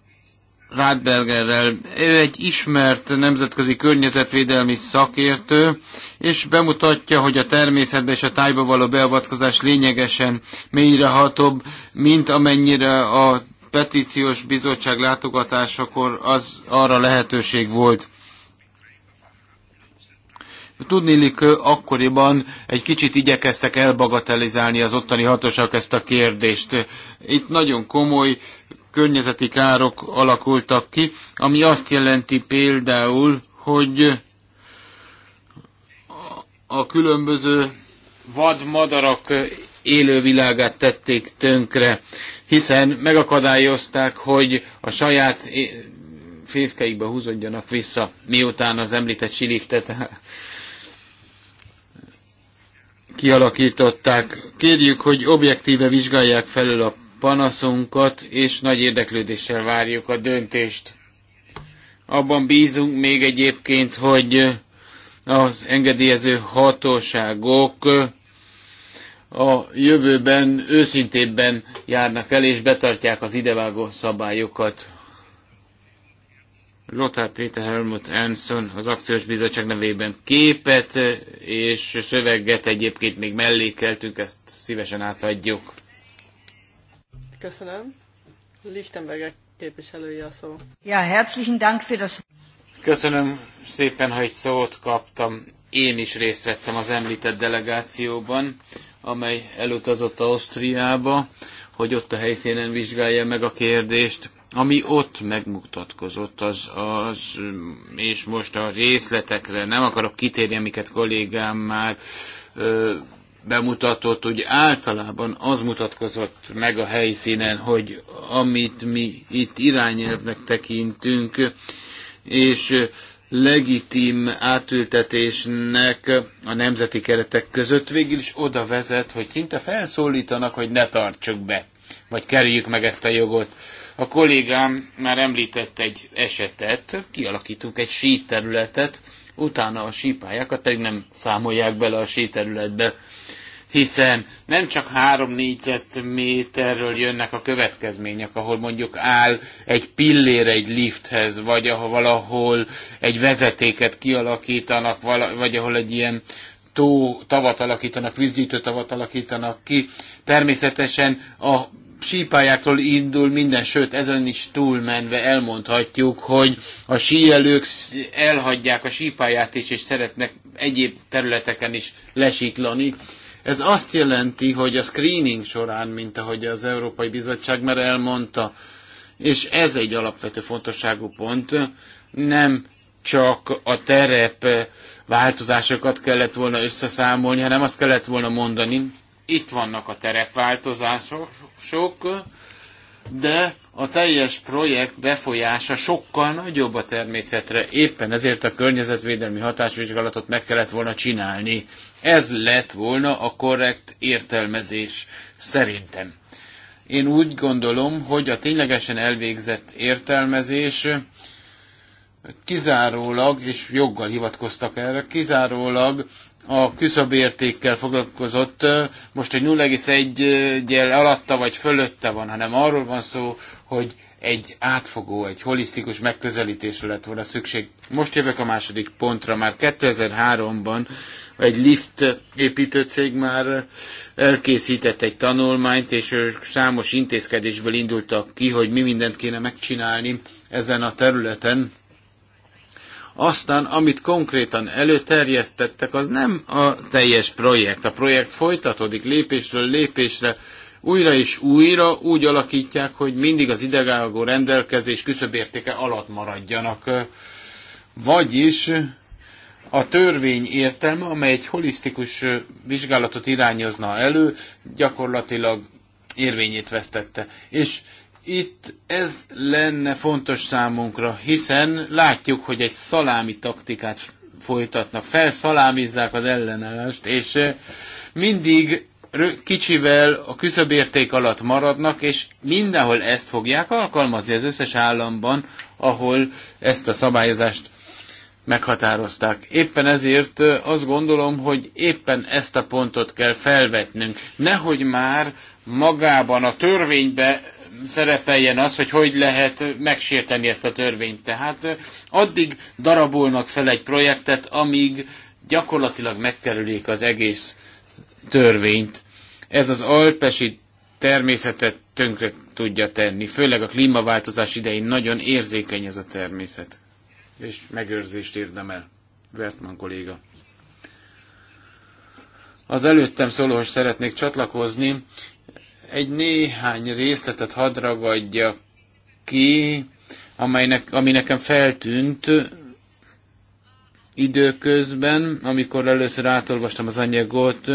C: Rádbergerrel. Ő egy ismert nemzetközi környezetvédelmi szakértő, és bemutatja, hogy a természetbe és a tájba való beavatkozás lényegesen mélyrehatóbb, mint amennyire a petíciós bizottság látogatásakor az arra lehetőség volt. Tudni hogy akkoriban egy kicsit igyekeztek elbagatelizálni az ottani hatóságok ezt a kérdést. Itt nagyon komoly környezeti károk alakultak ki, ami azt jelenti például, hogy a különböző vadmadarak élővilágát tették tönkre, hiszen megakadályozták, hogy a saját fészkeikbe húzódjanak vissza, miután az említett siliftet kialakították. Kérjük, hogy objektíve vizsgálják felül a panaszunkat, és nagy érdeklődéssel várjuk a döntést. Abban bízunk még egyébként, hogy az engedélyező hatóságok a jövőben őszintébben járnak el, és betartják az idevágó szabályokat. Lothar Péter Helmut Anson az Akciós Bizottság nevében képet és szöveget egyébként még mellékeltünk, ezt szívesen átadjuk.
A: Köszönöm. Lichtenberger képviselője a szó. Ja, herzlichen Dank für das...
C: Köszönöm szépen, hogy szót kaptam. Én is részt vettem az említett delegációban, amely elutazott Ausztriába, hogy ott a helyszínen vizsgálja meg a kérdést. Ami ott megmutatkozott, az, az, és most a részletekre nem akarok kitérni, amiket kollégám már ö, bemutatott, hogy általában az mutatkozott meg a helyszínen, hogy amit mi itt irányelvnek tekintünk, és legitim átültetésnek a nemzeti keretek között végül is oda vezet, hogy szinte felszólítanak, hogy ne tartsuk be, vagy kerüljük meg ezt a jogot. A kollégám már említett egy esetet, kialakítunk egy sí területet, utána a sípályákat pedig nem számolják bele a sí területbe hiszen nem csak három-négyzetméterről jönnek a következmények, ahol mondjuk áll egy pillér egy lifthez, vagy ahol valahol egy vezetéket kialakítanak, vagy ahol egy ilyen tó, tavat alakítanak, vízgyűjtő tavat alakítanak ki. Természetesen a sípályától indul minden, sőt ezen is túlmenve elmondhatjuk, hogy a síelők elhagyják a sípályát is, és szeretnek egyéb területeken is lesiklani. Ez azt jelenti, hogy a screening során, mint ahogy az Európai Bizottság már elmondta, és ez egy alapvető fontosságú pont, nem csak a terep változásokat kellett volna összeszámolni, hanem azt kellett volna mondani, itt vannak a terepváltozások, sok, de a teljes projekt befolyása sokkal nagyobb a természetre. Éppen ezért a környezetvédelmi hatásvizsgálatot meg kellett volna csinálni. Ez lett volna a korrekt értelmezés szerintem. Én úgy gondolom, hogy a ténylegesen elvégzett értelmezés kizárólag, és joggal hivatkoztak erre, kizárólag a küszöbértékkel foglalkozott, most, egy 0,1-gyel alatta vagy fölötte van, hanem arról van szó, hogy egy átfogó, egy holisztikus megközelítésre lett volna szükség. Most jövök a második pontra. Már 2003-ban egy lift építőcég már elkészített egy tanulmányt, és számos intézkedésből indultak ki, hogy mi mindent kéne megcsinálni ezen a területen. Aztán, amit konkrétan előterjesztettek, az nem a teljes projekt. A projekt folytatódik lépésről lépésre, újra és újra úgy alakítják, hogy mindig az idegágó rendelkezés küszöbértéke alatt maradjanak. Vagyis a törvény értelme, amely egy holisztikus vizsgálatot irányozna elő, gyakorlatilag érvényét vesztette. És itt ez lenne fontos számunkra, hiszen látjuk, hogy egy szalámi taktikát folytatnak, felszalámizzák az ellenállást, és mindig kicsivel a küszöbérték alatt maradnak, és mindenhol ezt fogják alkalmazni az összes államban, ahol ezt a szabályozást meghatározták. Éppen ezért azt gondolom, hogy éppen ezt a pontot kell felvetnünk. Nehogy már magában a törvénybe szerepeljen az, hogy hogy lehet megsérteni ezt a törvényt. Tehát addig darabolnak fel egy projektet, amíg gyakorlatilag megkerülik az egész törvényt. Ez az alpesi természetet tönkre tudja tenni, főleg a klímaváltozás idején nagyon érzékeny ez a természet, és megőrzést érdemel. Vertman kolléga. Az előttem szólóhoz szeretnék csatlakozni. Egy néhány részletet hadd ki, amelynek, ami nekem feltűnt időközben, amikor először átolvastam az anyagot,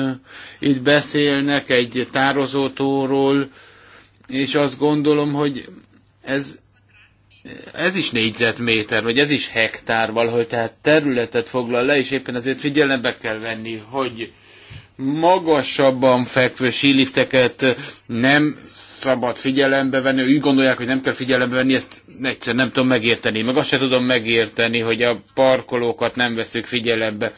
C: itt beszélnek egy tározótóról, és azt gondolom, hogy ez, ez is négyzetméter, vagy ez is hektár valahogy tehát területet foglal le, és éppen azért figyelembe kell venni, hogy magasabban fekvő sílifteket nem szabad figyelembe venni, Úgy gondolják, hogy nem kell figyelembe venni, ezt egyszerűen nem tudom megérteni, meg azt sem tudom megérteni, hogy a parkolókat nem veszük figyelembe.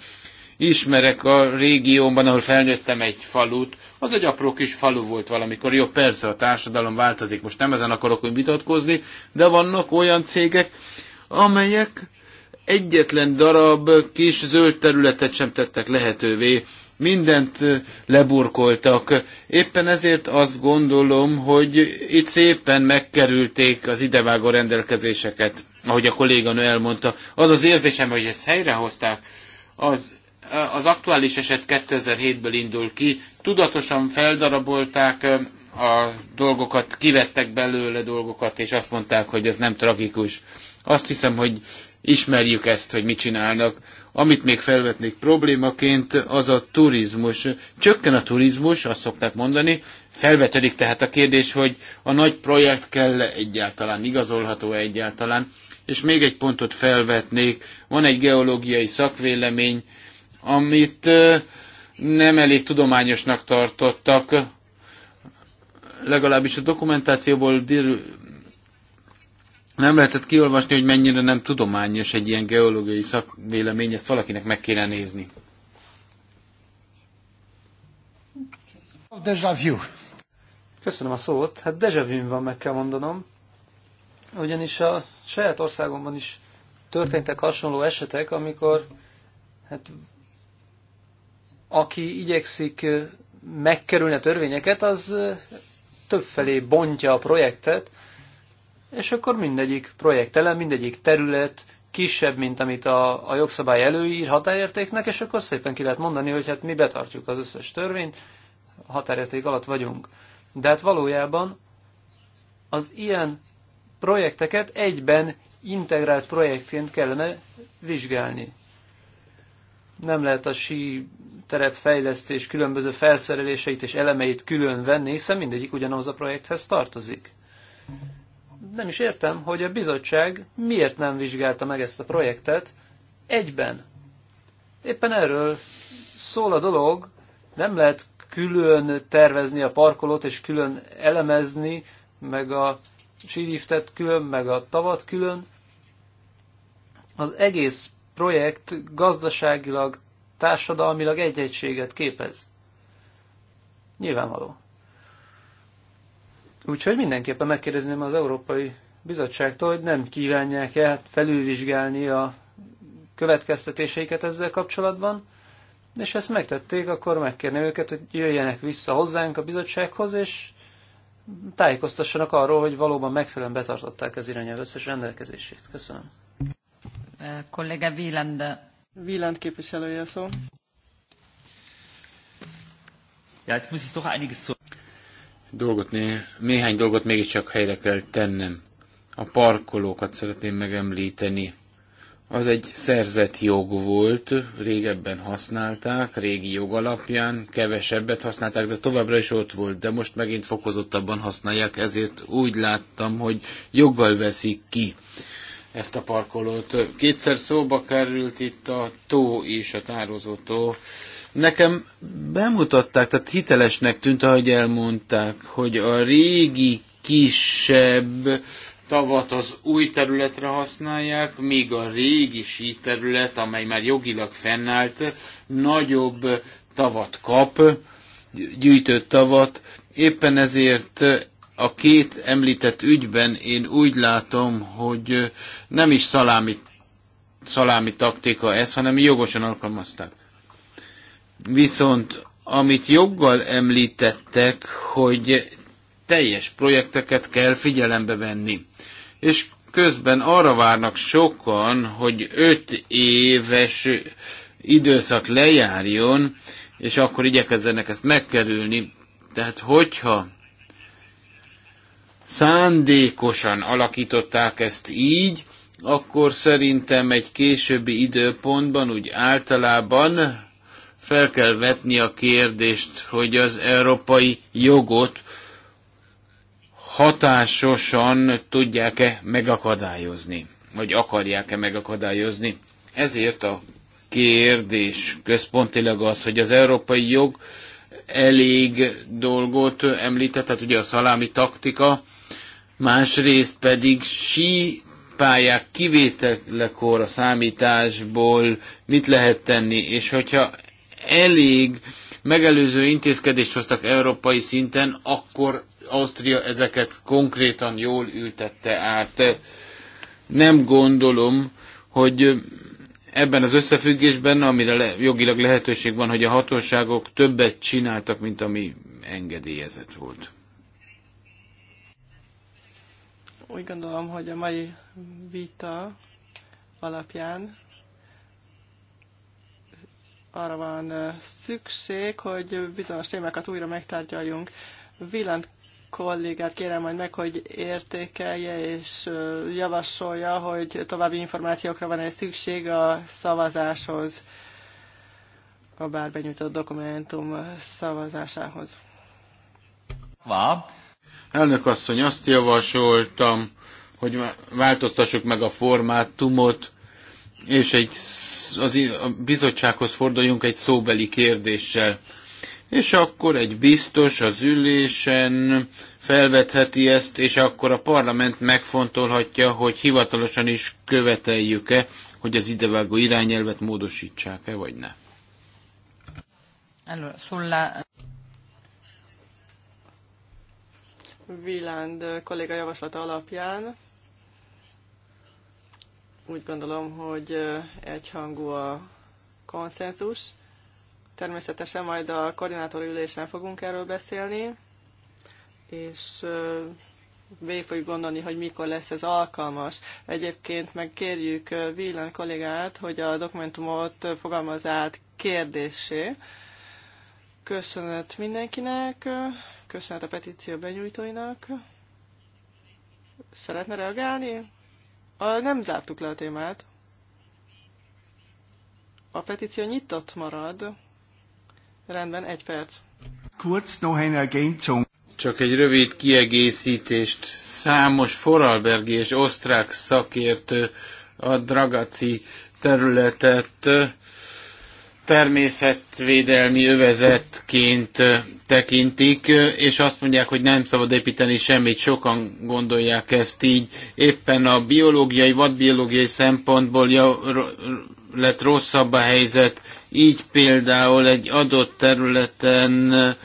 C: Ismerek a régiómban, ahol felnőttem egy falut, az egy apró kis falu volt valamikor. Jó, persze a társadalom változik, most nem ezen akarok úgy vitatkozni, de vannak olyan cégek, amelyek egyetlen darab kis zöld területet sem tettek lehetővé mindent leburkoltak. Éppen ezért azt gondolom, hogy itt szépen megkerülték az idevágó rendelkezéseket, ahogy a kolléganő elmondta. Az az érzésem, hogy ezt helyrehozták, az, az aktuális eset 2007-ből indul ki, tudatosan feldarabolták a dolgokat, kivettek belőle dolgokat, és azt mondták, hogy ez nem tragikus. Azt hiszem, hogy ismerjük ezt, hogy mit csinálnak. Amit még felvetnék problémaként, az a turizmus. Csökken a turizmus, azt szokták mondani, felvetődik tehát a kérdés, hogy a nagy projekt kell -e egyáltalán, igazolható-e egyáltalán. És még egy pontot felvetnék, van egy geológiai szakvélemény, amit nem elég tudományosnak tartottak, legalábbis a dokumentációból nem lehetett kiolvasni, hogy mennyire nem tudományos egy ilyen geológiai szakvélemény, ezt valakinek meg kéne
B: nézni. Deja vu. Köszönöm a szót. Hát deja vu van, meg kell mondanom. Ugyanis a saját országomban is történtek hasonló esetek, amikor hát, aki igyekszik megkerülni a törvényeket, az többfelé bontja a projektet, és akkor mindegyik projektelem, mindegyik terület kisebb, mint amit a, a jogszabály előír határértéknek, és akkor szépen ki lehet mondani, hogy hát mi betartjuk az összes törvényt, határérték alatt vagyunk. De hát valójában az ilyen projekteket egyben integrált projektként kellene vizsgálni. Nem lehet a sí terepfejlesztés különböző felszereléseit és elemeit külön venni, hiszen mindegyik ugyanaz a projekthez tartozik nem is értem, hogy a bizottság miért nem vizsgálta meg ezt a projektet egyben. Éppen erről szól a dolog, nem lehet külön tervezni a parkolót, és külön elemezni, meg a síliftet külön, meg a tavat külön. Az egész projekt gazdaságilag, társadalmilag egy egységet képez. Nyilvánvaló. Úgyhogy mindenképpen megkérdezném az Európai Bizottságtól, hogy nem kívánják-e felülvizsgálni a következtetéseiket ezzel kapcsolatban, és ezt megtették, akkor megkérni őket, hogy jöjjenek vissza hozzánk a bizottsághoz, és tájékoztassanak arról, hogy valóban megfelelően betartották az irányelv összes rendelkezését. Köszönöm.
A: Eh, kollega Wieland. Wieland képviselője szó.
B: Ja, jetzt muss ich doch einiges zu
C: dolgot, néhány dolgot mégiscsak helyre kell tennem. A parkolókat szeretném megemlíteni. Az egy szerzett jog volt, régebben használták, régi jog alapján, kevesebbet használták, de továbbra is ott volt, de most megint fokozottabban használják, ezért úgy láttam, hogy joggal veszik ki ezt a parkolót. Kétszer szóba került itt a tó is, a tározó tó Nekem bemutatták, tehát hitelesnek tűnt, ahogy elmondták, hogy a régi kisebb tavat az új területre használják, míg a régi sí terület, amely már jogilag fennállt, nagyobb tavat kap, gyűjtött tavat. Éppen ezért a két említett ügyben én úgy látom, hogy nem is szalámi, szalámi taktika ez, hanem jogosan alkalmazták. Viszont amit joggal említettek, hogy teljes projekteket kell figyelembe venni. És közben arra várnak sokan, hogy öt éves időszak lejárjon, és akkor igyekezzenek ezt megkerülni. Tehát hogyha szándékosan alakították ezt így, akkor szerintem egy későbbi időpontban úgy általában fel kell vetni a kérdést, hogy az európai jogot hatásosan tudják-e megakadályozni, vagy akarják-e megakadályozni. Ezért a kérdés központilag az, hogy az európai jog elég dolgot említett, tehát ugye a szalámi taktika, másrészt pedig sí pályák kivételekor a számításból mit lehet tenni, és hogyha elég megelőző intézkedést hoztak európai szinten, akkor Ausztria ezeket konkrétan jól ültette át. Nem gondolom, hogy ebben az összefüggésben, amire le, jogilag lehetőség van, hogy a hatóságok többet csináltak, mint ami engedélyezett
A: volt. Úgy gondolom, hogy a mai vita alapján arra van szükség, hogy bizonyos témákat újra megtárgyaljunk. Villant kollégát kérem majd meg, hogy értékelje és javasolja, hogy további információkra van egy szükség a szavazáshoz, a bár benyújtott dokumentum szavazásához.
C: Vá. Elnök asszony, azt javasoltam, hogy változtassuk meg a formátumot, és egy, az, a bizottsághoz forduljunk egy szóbeli kérdéssel. És akkor egy biztos az ülésen felvetheti ezt, és akkor a parlament megfontolhatja, hogy hivatalosan is követeljük-e, hogy az idevágó irányelvet módosítsák-e, vagy ne.
B: Allora, sulla...
A: Viland kolléga javaslata alapján úgy gondolom, hogy egyhangú a konszenzus. Természetesen majd a koordinátori ülésen fogunk erről beszélni, és végig fogjuk gondolni, hogy mikor lesz ez alkalmas. Egyébként meg kérjük Villan kollégát, hogy a dokumentumot fogalmaz át kérdésé. Köszönet mindenkinek, köszönet a petíció benyújtóinak. Szeretne reagálni? nem zártuk le a témát. A petíció nyitott marad. Rendben, egy perc. Kurz noch eine Ergänzung.
C: Csak egy rövid kiegészítést. Számos foralbergi és osztrák szakértő a dragaci területet természetvédelmi övezetként tekintik, és azt mondják, hogy nem szabad építeni semmit, sokan gondolják ezt így. Éppen a biológiai, vadbiológiai szempontból lett rosszabb a helyzet, így például egy adott területen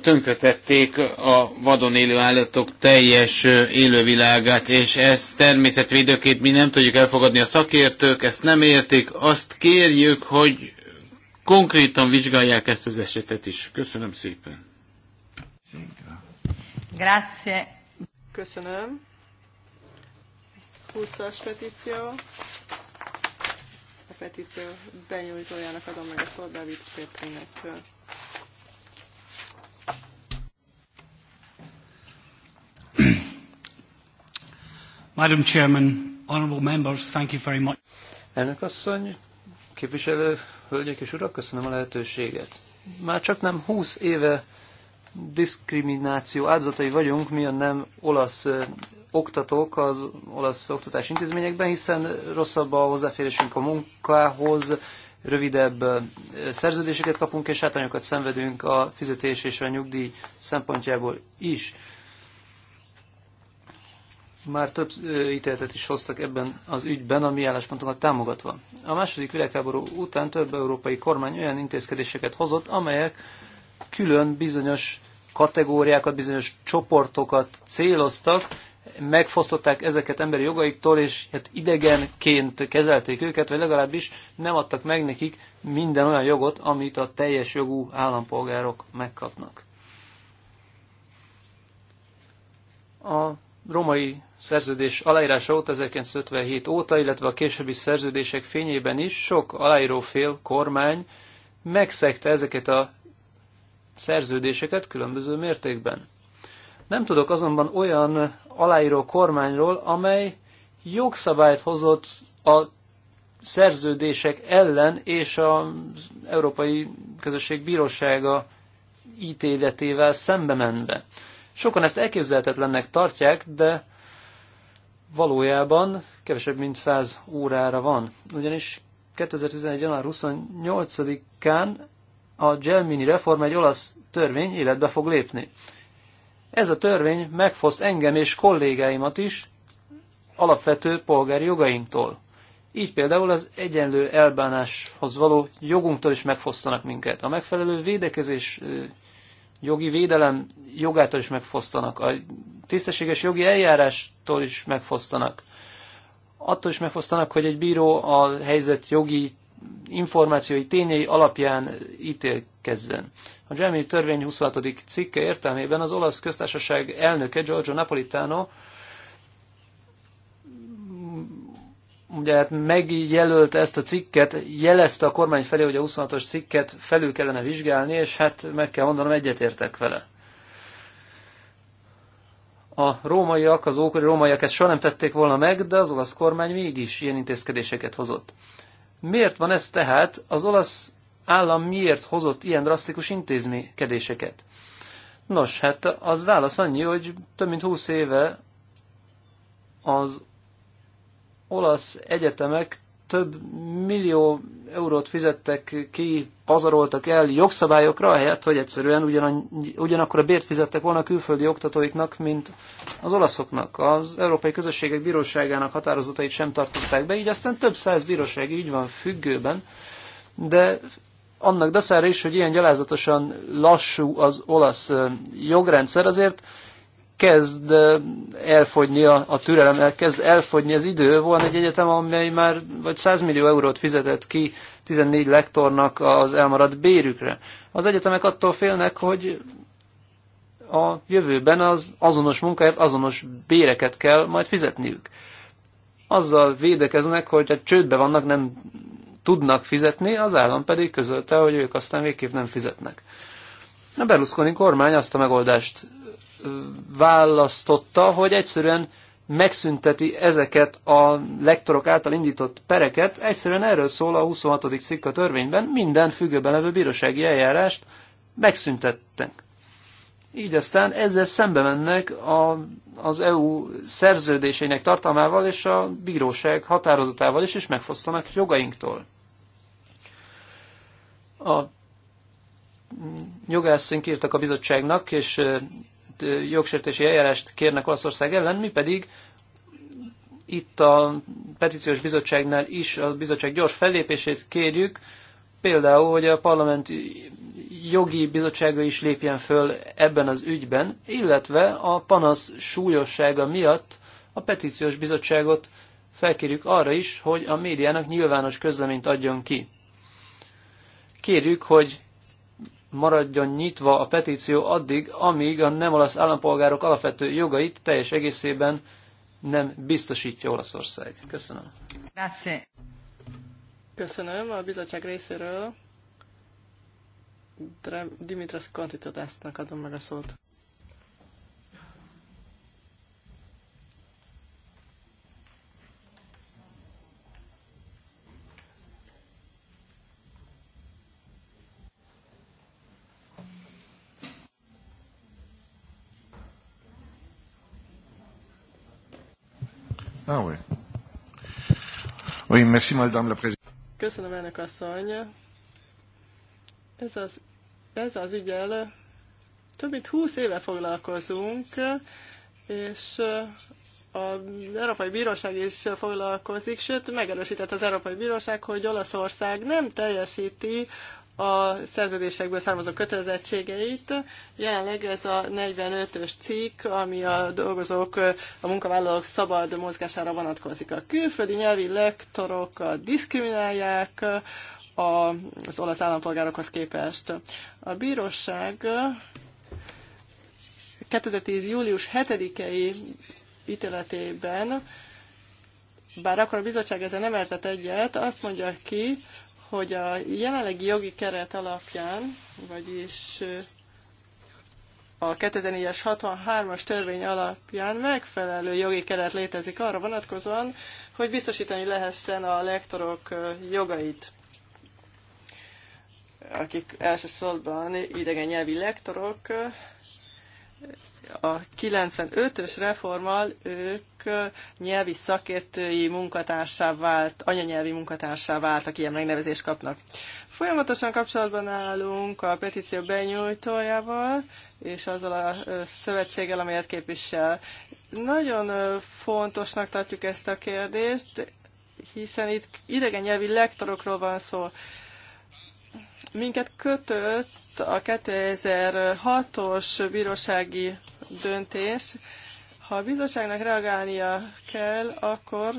C: tönkretették a vadon élő állatok teljes élővilágát, és ezt természetvédőként mi nem tudjuk elfogadni a szakértők, ezt nem értik, azt kérjük, hogy konkrétan vizsgálják ezt az esetet is. Köszönöm szépen.
A: Grazie. Köszönöm. 20-as petíció. A petíció benyújtójának adom meg a szót David Pétrinek.
B: Madam Chairman, honorable members, thank you very much. Elnök asszony, képviselő, hölgyek és urak, köszönöm a lehetőséget. Már csak nem 20 éve diszkrimináció áldozatai vagyunk, mi a nem olasz oktatók az olasz oktatási intézményekben, hiszen rosszabb a hozzáférésünk a munkához, rövidebb szerződéseket kapunk, és hátrányokat szenvedünk a fizetés és a nyugdíj szempontjából is már több ítéletet is hoztak ebben az ügyben, ami álláspontokat támogatva. A második világháború után több európai kormány olyan intézkedéseket hozott, amelyek külön bizonyos kategóriákat, bizonyos csoportokat céloztak, megfosztották ezeket emberi jogaiktól, és hát idegenként kezelték őket, vagy legalábbis nem adtak meg nekik minden olyan jogot, amit a teljes jogú állampolgárok megkapnak. A romai szerződés aláírása óta, 1957 óta, illetve a későbbi szerződések fényében is sok aláírófél kormány megszegte ezeket a szerződéseket különböző mértékben. Nem tudok azonban olyan aláíró kormányról, amely jogszabályt hozott a szerződések ellen és az Európai Közösség Bírósága ítéletével szembe menve. Sokan ezt elképzelhetetlennek tartják, de valójában kevesebb mint 100 órára van. Ugyanis 2011. január 28-án a Gelmini reform egy olasz törvény életbe fog lépni. Ez a törvény megfoszt engem és kollégáimat is alapvető polgári jogainktól. Így például az egyenlő elbánáshoz való jogunktól is megfosztanak minket. A megfelelő védekezés jogi védelem jogától is megfosztanak, a tisztességes jogi eljárástól is megfosztanak. Attól is megfosztanak, hogy egy bíró a helyzet jogi információi tényei alapján ítélkezzen. A Gemini törvény 26. cikke értelmében az olasz köztársaság elnöke Giorgio Napolitano ugye hát megjelölte ezt a cikket, jelezte a kormány felé, hogy a 26-os cikket felül kellene vizsgálni, és hát meg kell mondanom, egyetértek vele. A rómaiak, az ókori rómaiak ezt soha nem tették volna meg, de az olasz kormány mégis ilyen intézkedéseket hozott. Miért van ez tehát? Az olasz állam miért hozott ilyen drasztikus intézkedéseket? Nos, hát az válasz annyi, hogy több mint 20 éve az olasz egyetemek több millió eurót fizettek ki, pazaroltak el jogszabályokra, ahelyett, hogy egyszerűen ugyanakkor a bért fizettek volna a külföldi oktatóiknak, mint az olaszoknak. Az Európai Közösségek Bíróságának határozatait sem tartották be, így aztán több száz bíróság így van függőben, de annak deszára is, hogy ilyen gyalázatosan lassú az olasz jogrendszer, azért kezd eh, elfogyni a, a türelem, elkezd elfogyni az idő. Van egy egyetem, amely már vagy 100 millió eurót fizetett ki 14 lektornak az elmaradt bérükre. Az egyetemek attól félnek, hogy a jövőben az azonos munkáért azonos béreket kell majd fizetniük. Azzal védekeznek, hogy a csődbe vannak, nem tudnak fizetni, az állam pedig közölte, hogy ők aztán végképp nem fizetnek. A Berlusconi kormány azt a megoldást választotta, hogy egyszerűen megszünteti ezeket a lektorok által indított pereket. Egyszerűen erről szól a 26. cikk a törvényben, minden függőben levő bírósági eljárást megszüntettek. Így aztán ezzel szembe mennek a, az EU szerződésének tartalmával és a bíróság határozatával is, és megfosztanak jogainktól. A jogászink írtak a bizottságnak, és jogsértési eljárást kérnek Olaszország ellen, mi pedig itt a petíciós bizottságnál is a bizottság gyors fellépését kérjük, például, hogy a parlament jogi bizottsága is lépjen föl ebben az ügyben, illetve a panasz súlyossága miatt a petíciós bizottságot felkérjük arra is, hogy a médiának nyilvános közleményt adjon ki. Kérjük, hogy maradjon nyitva a petíció addig, amíg a nem olasz állampolgárok alapvető jogait teljes egészében nem biztosítja Olaszország. Köszönöm.
A: Grazie. Köszönöm a bizottság részéről. Dimitras Kantitodásznak adom meg a szót. Ah, oui.
C: Oui, merci, madame la présidente.
A: Köszönöm, elnök asszony. Ez az, ez az ügyel több mint 20 éve foglalkozunk, és az Európai Bíróság is foglalkozik, sőt megerősített az Európai Bíróság, hogy Olaszország nem teljesíti a szerződésekből származó kötelezettségeit. Jelenleg ez a 45-ös cikk, ami a dolgozók, a munkavállalók szabad mozgására vonatkozik. A külföldi nyelvi lektorok diszkriminálják az olasz állampolgárokhoz képest. A bíróság 2010. július 7-i ítéletében bár akkor a bizottság ezzel nem értett egyet, azt mondja ki, hogy a jelenlegi jogi keret alapján, vagyis a 2004-es 63-as törvény alapján megfelelő jogi keret létezik arra vonatkozóan, hogy biztosítani lehessen a lektorok jogait akik elsősorban idegen nyelvi lektorok, a 95-ös reformmal ők nyelvi szakértői munkatársá vált, anyanyelvi munkatársá váltak, ilyen megnevezést kapnak. Folyamatosan kapcsolatban állunk a petíció benyújtójával és azzal a szövetséggel, amelyet képvisel. Nagyon fontosnak tartjuk ezt a kérdést, hiszen itt idegen nyelvi lektorokról van szó minket kötött a 2006-os bírósági döntés. Ha a bizottságnak reagálnia kell, akkor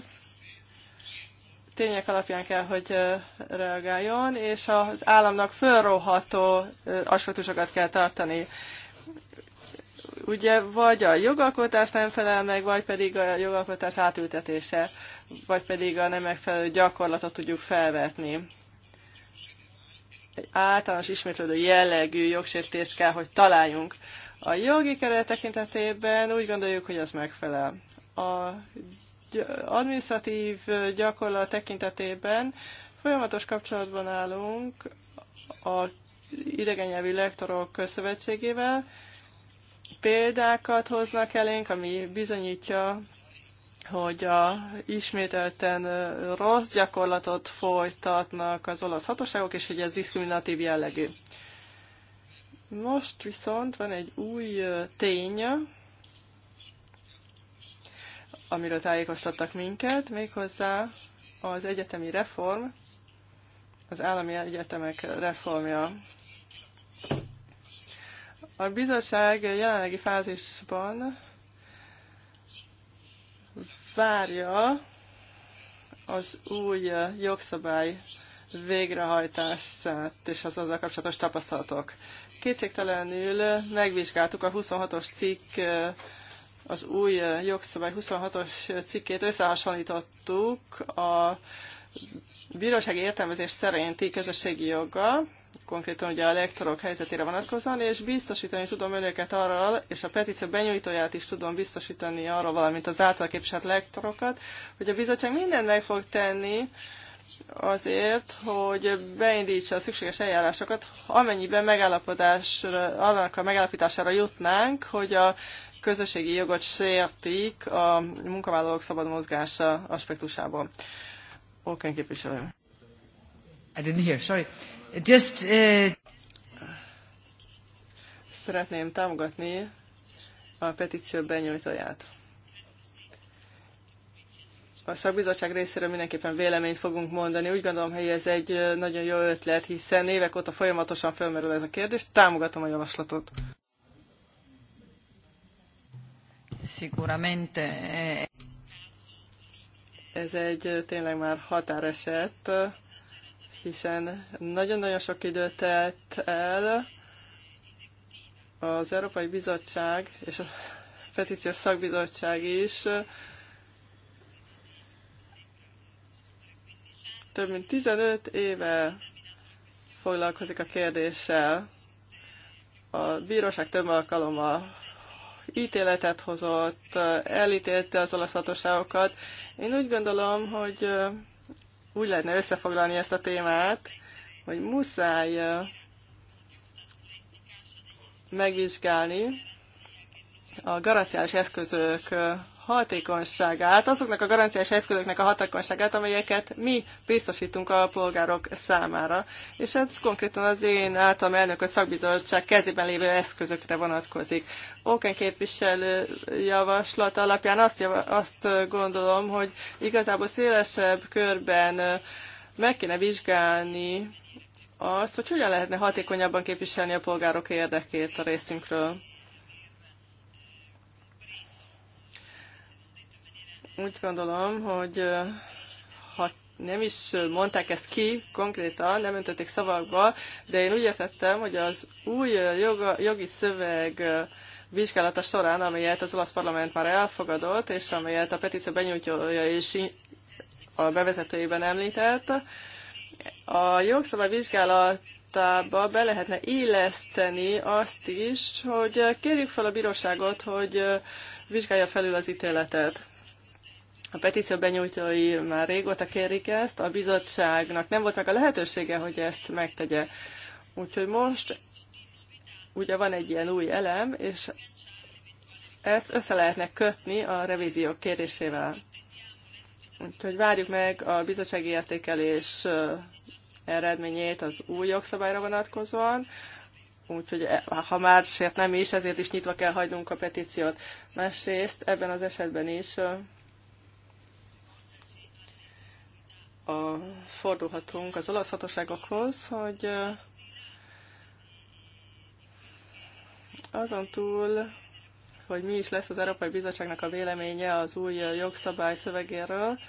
A: tények alapján kell, hogy reagáljon, és az államnak fölróható aspektusokat kell tartani. Ugye vagy a jogalkotás nem felel meg, vagy pedig a jogalkotás átültetése, vagy pedig a nem megfelelő gyakorlatot tudjuk felvetni egy általános ismétlődő jellegű jogsértést kell, hogy találjunk. A jogi keret tekintetében úgy gondoljuk, hogy az megfelel. A administratív gyakorlat tekintetében folyamatos kapcsolatban állunk a idegennyelvi lektorok közszövetségével. Példákat hoznak elénk, ami bizonyítja hogy a ismételten rossz gyakorlatot folytatnak az olasz hatóságok, és hogy ez diszkriminatív jellegű. Most viszont van egy új tény, amiről tájékoztattak minket, méghozzá az egyetemi reform, az állami egyetemek reformja. A bizottság jelenlegi fázisban várja az új jogszabály végrehajtását és az azzal kapcsolatos tapasztalatok. Kétségtelenül megvizsgáltuk a 26-os cikk, az új jogszabály 26-os cikkét összehasonlítottuk a bírósági értelmezés szerinti közösségi joggal, konkrétan ugye a lektorok helyzetére vonatkozóan, és biztosítani tudom önöket arra, és a petíció benyújtóját is tudom biztosítani arra, valamint az által képviselt lektorokat, hogy a bizottság mindent meg fog tenni, azért, hogy beindítsa a szükséges eljárásokat, amennyiben megállapodásra, annak a megállapítására jutnánk, hogy a közösségi jogot sértik a munkavállalók szabad mozgása aspektusában. Oken képviselő. I didn't hear, sorry. Just, uh... Szeretném támogatni a petíció benyújtóját. A szakbizottság részéről mindenképpen véleményt fogunk mondani. Úgy gondolom, hogy ez egy nagyon jó ötlet, hiszen évek óta folyamatosan felmerül ez a kérdés. Támogatom a javaslatot. Sicuramente. Eh, ez egy tényleg már határeset hiszen nagyon-nagyon sok idő telt el az Európai Bizottság és a Petíciós Szakbizottság is több mint 15 éve foglalkozik a kérdéssel. A bíróság több alkalommal ítéletet hozott, elítélte az olasz hatóságokat. Én úgy gondolom, hogy úgy lehetne összefoglalni ezt a témát, hogy muszáj megvizsgálni a garanciális eszközök hatékonyságát, azoknak a garanciás eszközöknek a hatékonyságát, amelyeket mi biztosítunk a polgárok számára. És ez konkrétan az én általam a szakbizottság kezében lévő eszközökre vonatkozik. Oken képviselő javaslat alapján azt, jav- azt gondolom, hogy igazából szélesebb körben meg kéne vizsgálni azt, hogy hogyan lehetne hatékonyabban képviselni a polgárok érdekét a részünkről. Úgy gondolom, hogy ha nem is mondták ezt ki konkrétan, nem öntötték szavakba, de én úgy értettem, hogy az új joga, jogi szöveg vizsgálata során, amelyet az olasz parlament már elfogadott, és amelyet a petíció benyújtója is a bevezetőjében említett, a jogszabály vizsgálatába be lehetne illeszteni azt is, hogy kérjük fel a bíróságot, hogy vizsgálja felül az ítéletet. A petíció benyújtói már régóta kérik ezt, a bizottságnak nem volt meg a lehetősége, hogy ezt megtegye. Úgyhogy most ugye van egy ilyen új elem, és ezt össze lehetne kötni a revíziók kérésével. Úgyhogy várjuk meg a bizottsági értékelés eredményét az új jogszabályra vonatkozóan, úgyhogy e, ha már sért nem is, ezért is nyitva kell hagynunk a petíciót. Másrészt ebben az esetben is a, fordulhatunk az olasz hatóságokhoz, hogy azon túl, hogy mi is lesz az Európai Bizottságnak a véleménye az új jogszabály szövegéről,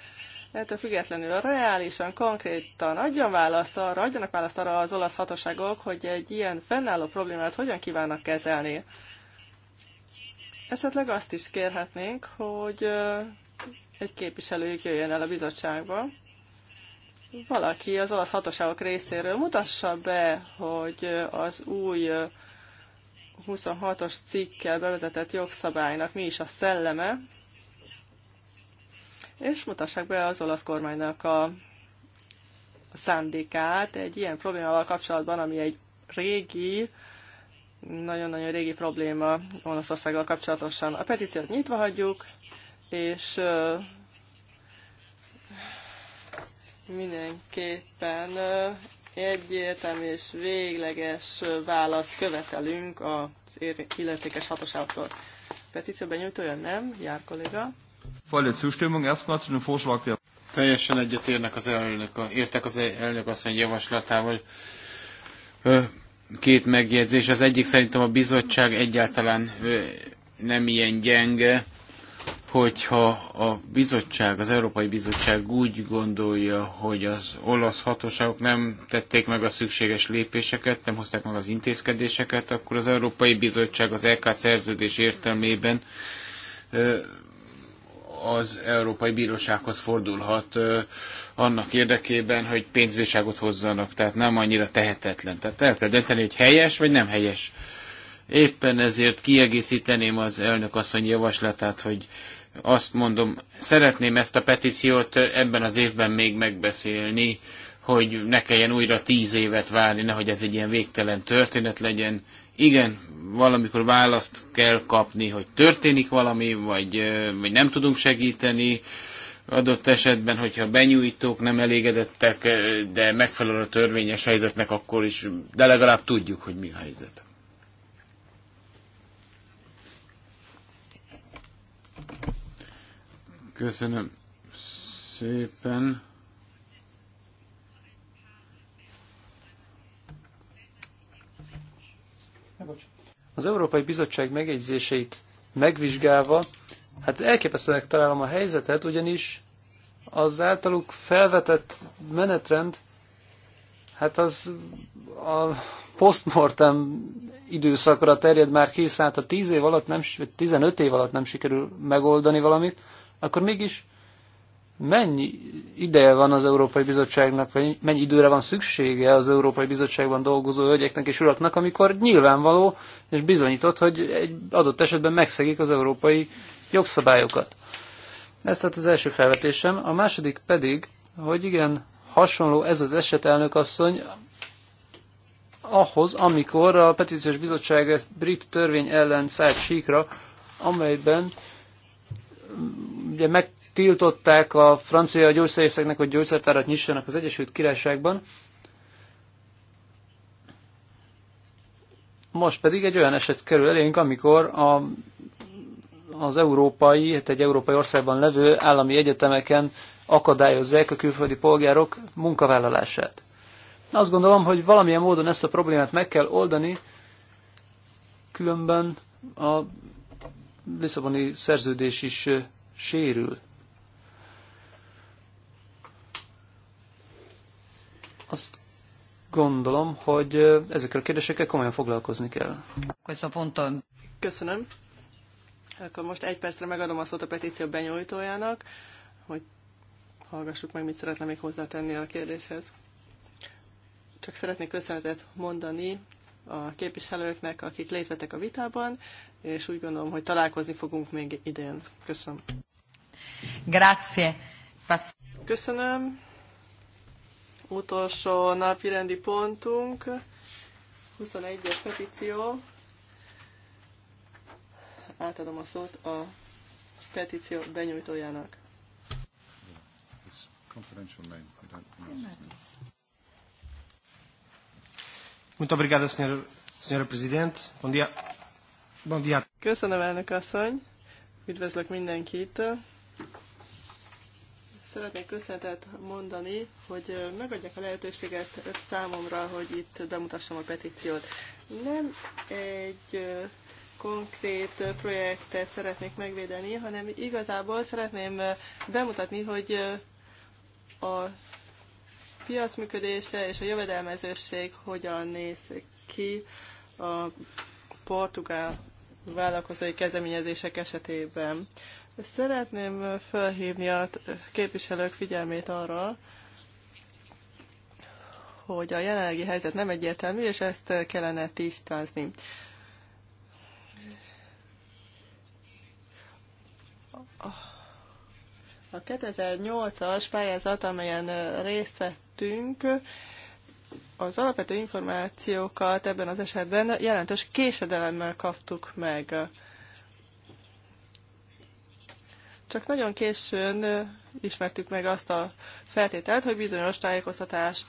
A: ettől függetlenül reálisan, konkrétan adjon választ arra, adjanak választ arra az olasz hatóságok, hogy egy ilyen fennálló problémát hogyan kívánnak kezelni. Esetleg azt is kérhetnénk, hogy egy képviselőjük jöjjön el a bizottságba, valaki az olasz hatóságok részéről mutassa be, hogy az új 26-os cikkkel bevezetett jogszabálynak mi is a szelleme, és mutassák be az olasz kormánynak a szándékát egy ilyen problémával kapcsolatban, ami egy régi, nagyon-nagyon régi probléma Olaszországgal kapcsolatosan. A petíciót nyitva hagyjuk, és mindenképpen egyértelmű és végleges választ követelünk az illetékes hatóságtól. nyújt olyan nem, jár kolléga.
B: Volle Zustimmung erstmal zu dem Vorschlag
C: der... Teljesen egyetérnek az elnök, értek az elnök asszony javaslatával. Két megjegyzés. Az egyik szerintem a bizottság egyáltalán nem ilyen gyenge, hogyha a bizottság, az Európai Bizottság úgy gondolja, hogy az olasz hatóságok nem tették meg a szükséges lépéseket, nem hozták meg az intézkedéseket, akkor az Európai Bizottság az EK szerződés értelmében az Európai Bírósághoz fordulhat annak érdekében, hogy pénzbírságot hozzanak, tehát nem annyira tehetetlen. Tehát el kell dönteni, hogy helyes vagy nem helyes. Éppen ezért kiegészíteném az elnök asszony javaslatát, hogy azt mondom, szeretném ezt a petíciót ebben az évben még megbeszélni, hogy ne kelljen újra tíz évet várni, nehogy ez egy ilyen végtelen történet legyen. Igen, valamikor választ kell kapni, hogy történik valami, vagy, vagy nem tudunk segíteni, adott esetben, hogyha benyújtók nem elégedettek, de megfelel a törvényes helyzetnek, akkor is, de legalább tudjuk, hogy mi a helyzet. Köszönöm
B: szépen. Az Európai Bizottság megjegyzéseit megvizsgálva, hát elképesztőnek találom a helyzetet, ugyanis az általuk felvetett menetrend, hát az a postmortem időszakra terjed már ki, szóval hát a 10 év alatt nem, 15 év alatt nem sikerül megoldani valamit, akkor mégis mennyi ideje van az Európai Bizottságnak, vagy mennyi időre van szüksége az Európai Bizottságban dolgozó hölgyeknek és uraknak, amikor nyilvánvaló és bizonyított, hogy egy adott esetben megszegik az európai jogszabályokat. Ez tehát az első felvetésem. A második pedig, hogy igen, hasonló ez az eset, elnök asszony, ahhoz, amikor a Petíciós Bizottság brit törvény ellen szállt síkra, amelyben ugye megtiltották a francia gyógyszerészeknek, hogy gyógyszertárat nyissanak az Egyesült Királyságban, most pedig egy olyan eset kerül elénk, amikor a, az európai, hát egy európai országban levő állami egyetemeken akadályozzák a külföldi polgárok munkavállalását. Azt gondolom, hogy valamilyen módon ezt a problémát meg kell oldani, különben a Lisszaboni szerződés is sérül. Azt gondolom, hogy ezekkel a kérdésekkel komolyan foglalkozni kell.
A: Köszönöm. Köszönöm. Akkor most egy percre megadom a szót a petíció benyújtójának, hogy hallgassuk meg, mit szeretne még hozzátenni a kérdéshez. Csak szeretnék köszönetet mondani a képviselőknek, akik létvetek a vitában, és úgy gondolom, hogy találkozni fogunk még idén. Köszönöm. Grazie. Pass Köszönöm. Utolsó napi rendi pontunk, 21-es petíció. Átadom a szót a petíció benyújtójának.
B: Muito obrigado, senhora, senhora Presidente. Bom dia. Bon dia.
A: Köszönöm, elnök asszony. Üdvözlök mindenkit. Szeretnék köszönetet mondani, hogy megadják a lehetőséget számomra, hogy itt bemutassam a petíciót. Nem egy konkrét projektet szeretnék megvédeni, hanem igazából szeretném bemutatni, hogy a piac működése és a jövedelmezőség hogyan néz ki a portugál vállalkozói kezdeményezések esetében. Szeretném felhívni a képviselők figyelmét arra, hogy a jelenlegi helyzet nem egyértelmű, és ezt kellene tisztázni. A 2008-as pályázat, amelyen részt vettünk, az alapvető információkat ebben az esetben jelentős késedelemmel kaptuk meg. Csak nagyon későn ismertük meg azt a feltételt, hogy bizonyos tájékoztatást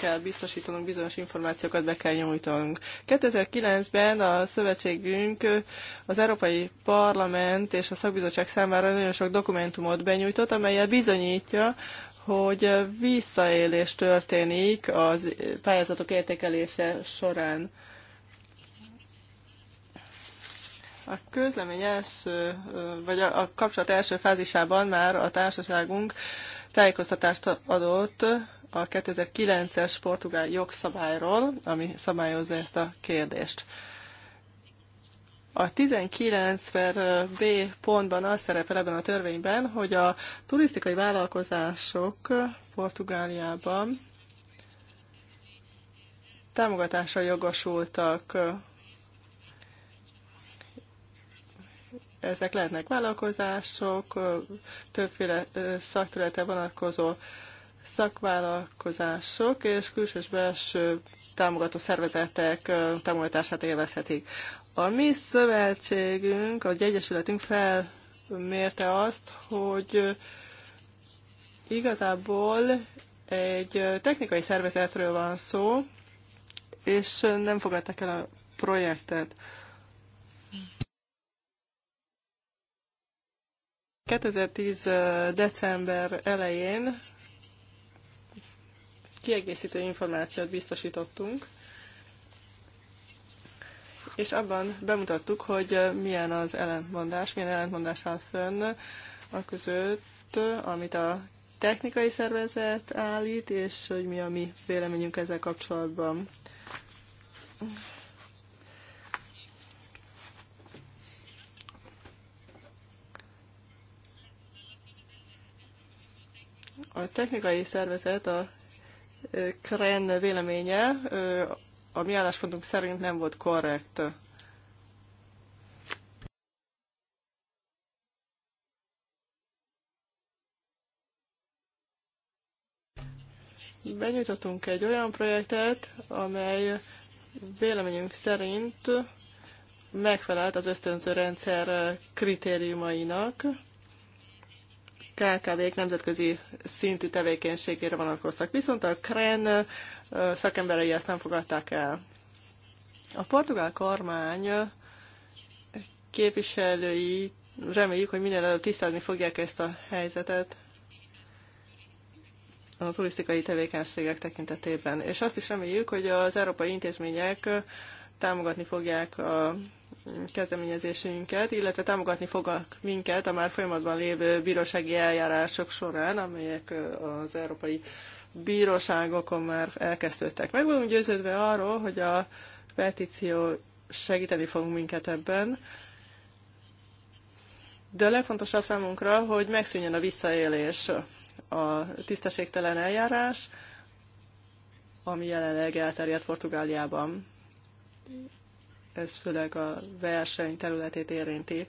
A: kell biztosítanunk, bizonyos információkat be kell nyújtanunk. 2009-ben a szövetségünk az Európai Parlament és a Szakbizottság számára nagyon sok dokumentumot benyújtott, amelyel bizonyítja, hogy visszaélés történik az pályázatok értékelése során. A közlemény első, vagy a kapcsolat első fázisában már a társaságunk tájékoztatást adott a 2009-es portugál jogszabályról, ami szabályozza ezt a kérdést. A 19 per B pontban az szerepel ebben a törvényben, hogy a turisztikai vállalkozások Portugáliában támogatásra jogosultak ezek lehetnek vállalkozások, többféle szakterülete vonatkozó szakvállalkozások, és külső és belső támogató szervezetek támogatását élvezhetik. A mi szövetségünk, a egyesületünk felmérte azt, hogy igazából egy technikai szervezetről van szó, és nem fogadták el a projektet. 2010. december elején kiegészítő információt biztosítottunk, és abban bemutattuk, hogy milyen az ellentmondás, milyen ellentmondás áll fönn a között, amit a technikai szervezet állít, és hogy mi a mi véleményünk ezzel kapcsolatban. A technikai szervezet a Kren véleménye a mi álláspontunk szerint nem volt korrekt. Benyújtottunk egy olyan projektet, amely véleményünk szerint megfelelt az ösztönző rendszer kritériumainak, KKV-k nemzetközi szintű tevékenységére vonatkoztak. Viszont a Kren szakemberei ezt nem fogadták el. A portugál kormány képviselői reméljük, hogy minél előbb tisztázni fogják ezt a helyzetet a turisztikai tevékenységek tekintetében. És azt is reméljük, hogy az európai intézmények támogatni fogják a kezdeményezésünket, illetve támogatni fognak minket a már folyamatban lévő bírósági eljárások során, amelyek az európai bíróságokon már elkezdődtek. Meg vagyunk győződve arról, hogy a petíció segíteni fog minket ebben, de a legfontosabb számunkra, hogy megszűnjön a visszaélés, a tisztességtelen eljárás, ami jelenleg elterjedt Portugáliában ez főleg a verseny területét érinti.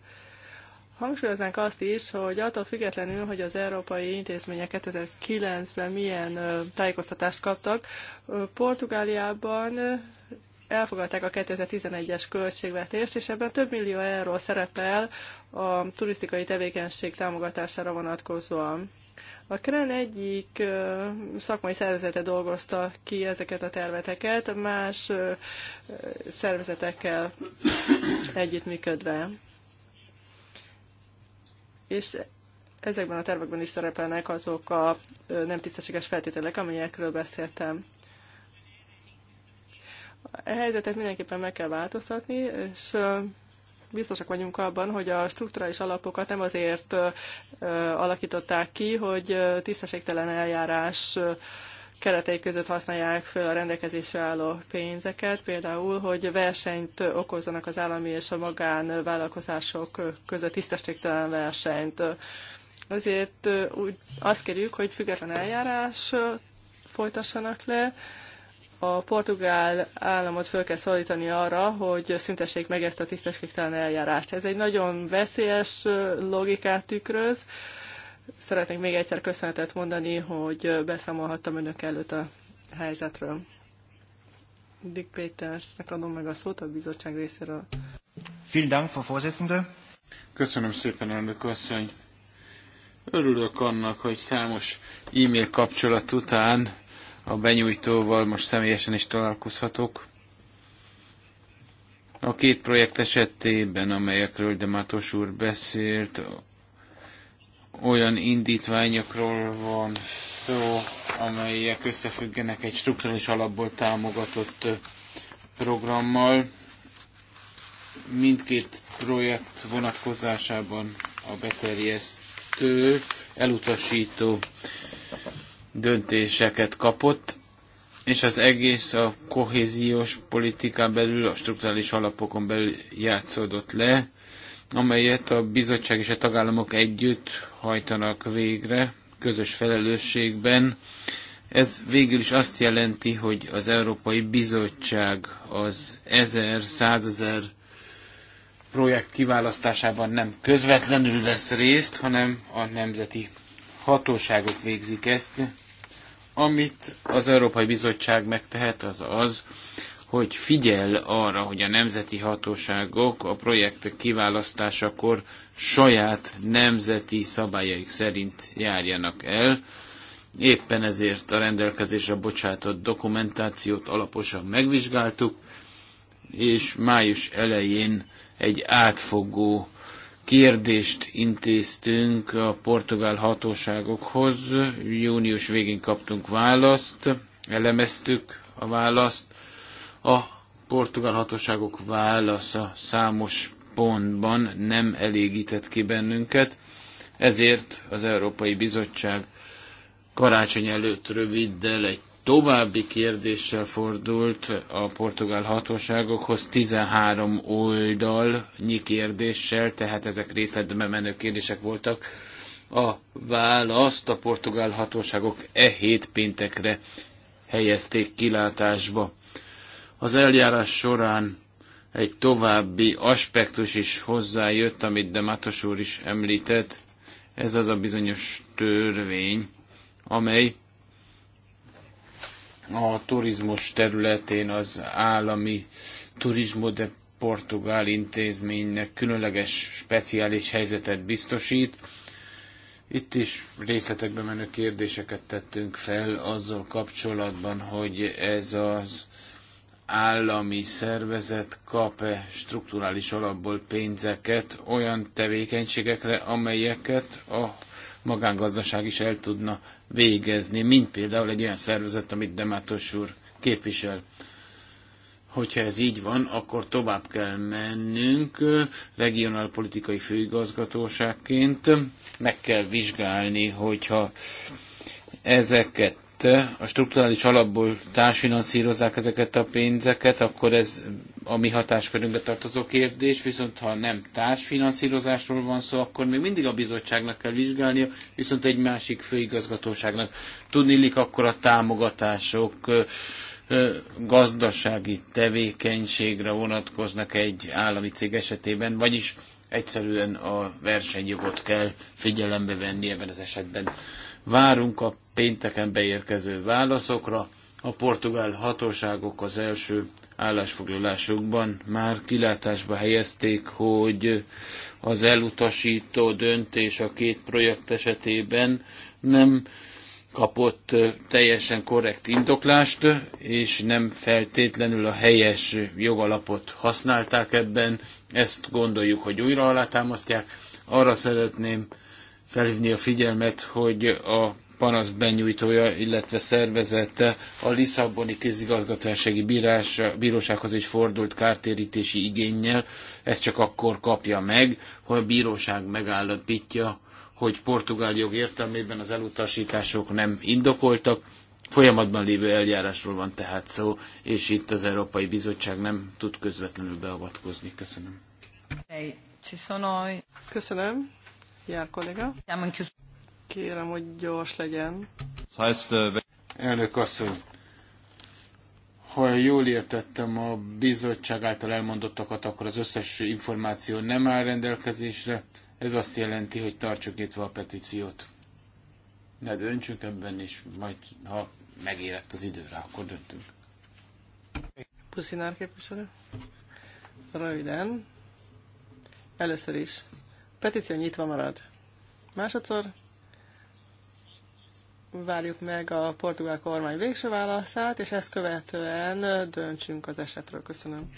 A: Hangsúlyoznánk azt is, hogy attól függetlenül, hogy az európai intézmények 2009-ben milyen tájékoztatást kaptak, Portugáliában elfogadták a 2011-es költségvetést, és ebben több millió euró szerepel a turisztikai tevékenység támogatására vonatkozóan. A Kren egyik szakmai szervezete dolgozta ki ezeket a terveteket, más szervezetekkel együttműködve. És ezekben a tervekben is szerepelnek azok a nem tisztességes feltételek, amelyekről beszéltem. A helyzetet mindenképpen meg kell változtatni, és biztosak vagyunk abban, hogy a strukturális alapokat nem azért alakították ki, hogy tisztességtelen eljárás keretei között használják föl a rendelkezésre álló pénzeket, például, hogy versenyt okozzanak az állami és a magánvállalkozások között tisztességtelen versenyt. Azért úgy azt kérjük, hogy független eljárás folytassanak le, a portugál államot föl kell szólítani arra, hogy szüntessék meg ezt a tisztességtelen eljárást. Ez egy nagyon veszélyes logikát tükröz. Szeretnék még egyszer köszönetet mondani, hogy beszámolhattam önök előtt a helyzetről. Dick Pétersnek adom meg a szót a bizottság részéről.
C: Vielen Dank, Frau Vorsitzende. Köszönöm szépen, elnök asszony. Örülök annak, hogy számos e-mail kapcsolat után a benyújtóval most személyesen is találkozhatok. A két projekt esetében, amelyekről Demátos úr beszélt, olyan indítványokról van szó, amelyek összefüggenek egy strukturális alapból támogatott programmal. Mindkét projekt vonatkozásában a beterjesztő elutasító döntéseket kapott, és az egész a kohéziós politikán belül, a strukturális alapokon belül játszódott le, amelyet a bizottság és a tagállamok együtt hajtanak végre, közös felelősségben. Ez végül is azt jelenti, hogy az Európai Bizottság az ezer, százezer projekt kiválasztásában nem közvetlenül vesz részt, hanem a nemzeti hatóságok végzik ezt. Amit az Európai Bizottság megtehet, az az, hogy figyel arra, hogy a nemzeti hatóságok a projektek kiválasztásakor saját nemzeti szabályaik szerint járjanak el. Éppen ezért a rendelkezésre bocsátott dokumentációt alaposan megvizsgáltuk, és május elején egy átfogó kérdést intéztünk a portugál hatóságokhoz. Június végén kaptunk választ, elemeztük a választ. A portugál hatóságok válasza számos pontban nem elégített ki bennünket, ezért az Európai Bizottság karácsony előtt röviddel egy további kérdéssel fordult a portugál hatóságokhoz 13 oldalnyi kérdéssel, tehát ezek részletbe menő kérdések voltak. A választ a portugál hatóságok e hét péntekre helyezték kilátásba. Az eljárás során egy további aspektus is hozzájött, amit de Matos úr is említett, ez az a bizonyos törvény, amely a turizmus területén az állami turizmo de Portugál intézménynek különleges, speciális helyzetet biztosít. Itt is részletekbe menő kérdéseket tettünk fel azzal kapcsolatban, hogy ez az állami szervezet kap-e strukturális alapból pénzeket olyan tevékenységekre, amelyeket a magángazdaság is el tudna végezni, mint például egy olyan szervezet, amit Demátos úr képvisel. Hogyha ez így van, akkor tovább kell mennünk regionálpolitikai főigazgatóságként. Meg kell vizsgálni, hogyha ezeket a strukturális alapból társfinanszírozzák ezeket a pénzeket, akkor ez a mi hatáskörünkbe tartozó kérdés, viszont ha nem társfinanszírozásról van szó, akkor még mindig a bizottságnak kell vizsgálnia, viszont egy másik főigazgatóságnak. illik akkor a támogatások gazdasági tevékenységre vonatkoznak egy állami cég esetében, vagyis egyszerűen a versenyjogot kell figyelembe venni ebben az esetben. Várunk a pénteken beérkező válaszokra. A portugál hatóságok az első állásfoglalásukban már kilátásba helyezték, hogy az elutasító döntés a két projekt esetében nem kapott teljesen korrekt indoklást, és nem feltétlenül a helyes jogalapot használták ebben. Ezt gondoljuk, hogy újra alátámasztják. Arra szeretném felhívni a figyelmet, hogy a panasz benyújtója, illetve szervezete a Lisszaboni közigazgatássági bírósághoz is fordult kártérítési igényel. Ezt csak akkor kapja meg, ha a bíróság megállapítja, hogy portugál jog értelmében az elutasítások nem indokoltak. Folyamatban lévő eljárásról van tehát szó, és itt az Európai Bizottság nem tud közvetlenül beavatkozni. Köszönöm.
A: Köszönöm. Jár kollega. Kérem, hogy gyors legyen.
C: Elnök asszony, ha jól értettem a bizottság által elmondottakat, akkor az összes információ nem áll rendelkezésre. Ez azt jelenti, hogy tartsuk nyitva a petíciót. Ne döntsünk ebben, és majd, ha megérett az időre, akkor döntünk.
A: Puszinár képviselő. Röviden. Először is. Petíció nyitva marad. Másodszor várjuk meg a portugál kormány végső válaszát, és ezt követően döntsünk az esetről. Köszönöm.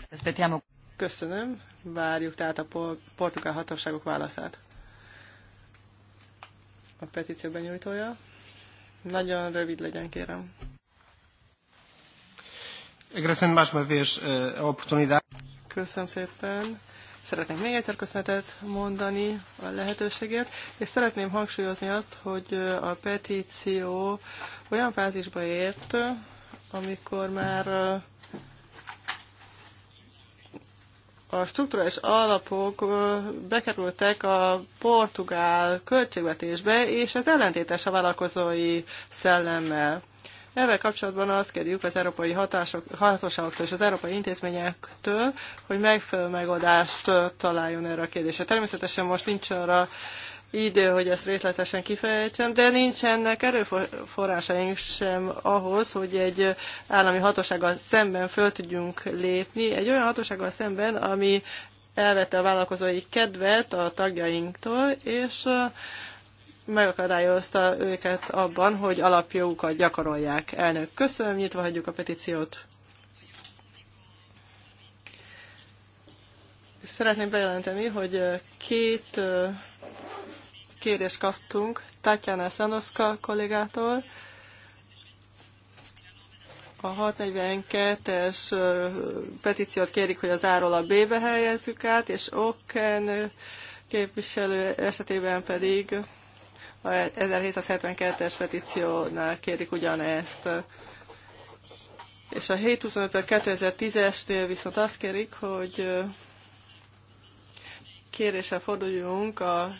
A: Köszönöm. Várjuk tehát a portugál hatóságok válaszát. A petíció benyújtója. Nagyon rövid legyen, kérem. Eh, Köszönöm szépen Szeretnék még egyszer köszönetet mondani a lehetőséget, és szeretném hangsúlyozni azt, hogy a petíció olyan fázisba ért, amikor már a strukturális alapok bekerültek a portugál költségvetésbe, és ez ellentétes a vállalkozói szellemmel. Ezzel kapcsolatban azt kérjük az európai hatások, hatóságoktól és az európai intézményektől, hogy megfelelő megoldást találjon erre a kérdésre. Természetesen most nincs arra idő, hogy ezt részletesen kifejtsem, de nincsenek erőforrásaink sem ahhoz, hogy egy állami hatósággal szemben föl tudjunk lépni, egy olyan hatósággal szemben, ami elvette a vállalkozói kedvet a tagjainktól, és megakadályozta őket abban, hogy alapjogukat gyakorolják. Elnök, köszönöm, nyitva hagyjuk a petíciót. Szeretném bejelenteni, hogy két kérést kaptunk Tatjana Szanoszka kollégától, a 642-es petíciót kérik, hogy az áról a B-be helyezzük át, és Oken képviselő esetében pedig a 1772-es petíciónál kérik ugyanezt. És a 725 2010-esnél viszont azt kérik, hogy kéréssel forduljunk a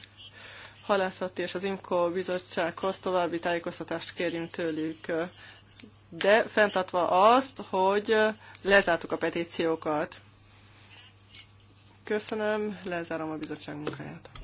A: halászati és az IMCO bizottsághoz további tájékoztatást kérjünk tőlük. De fenntartva azt, hogy lezártuk a petíciókat. Köszönöm, lezárom a bizottság munkáját.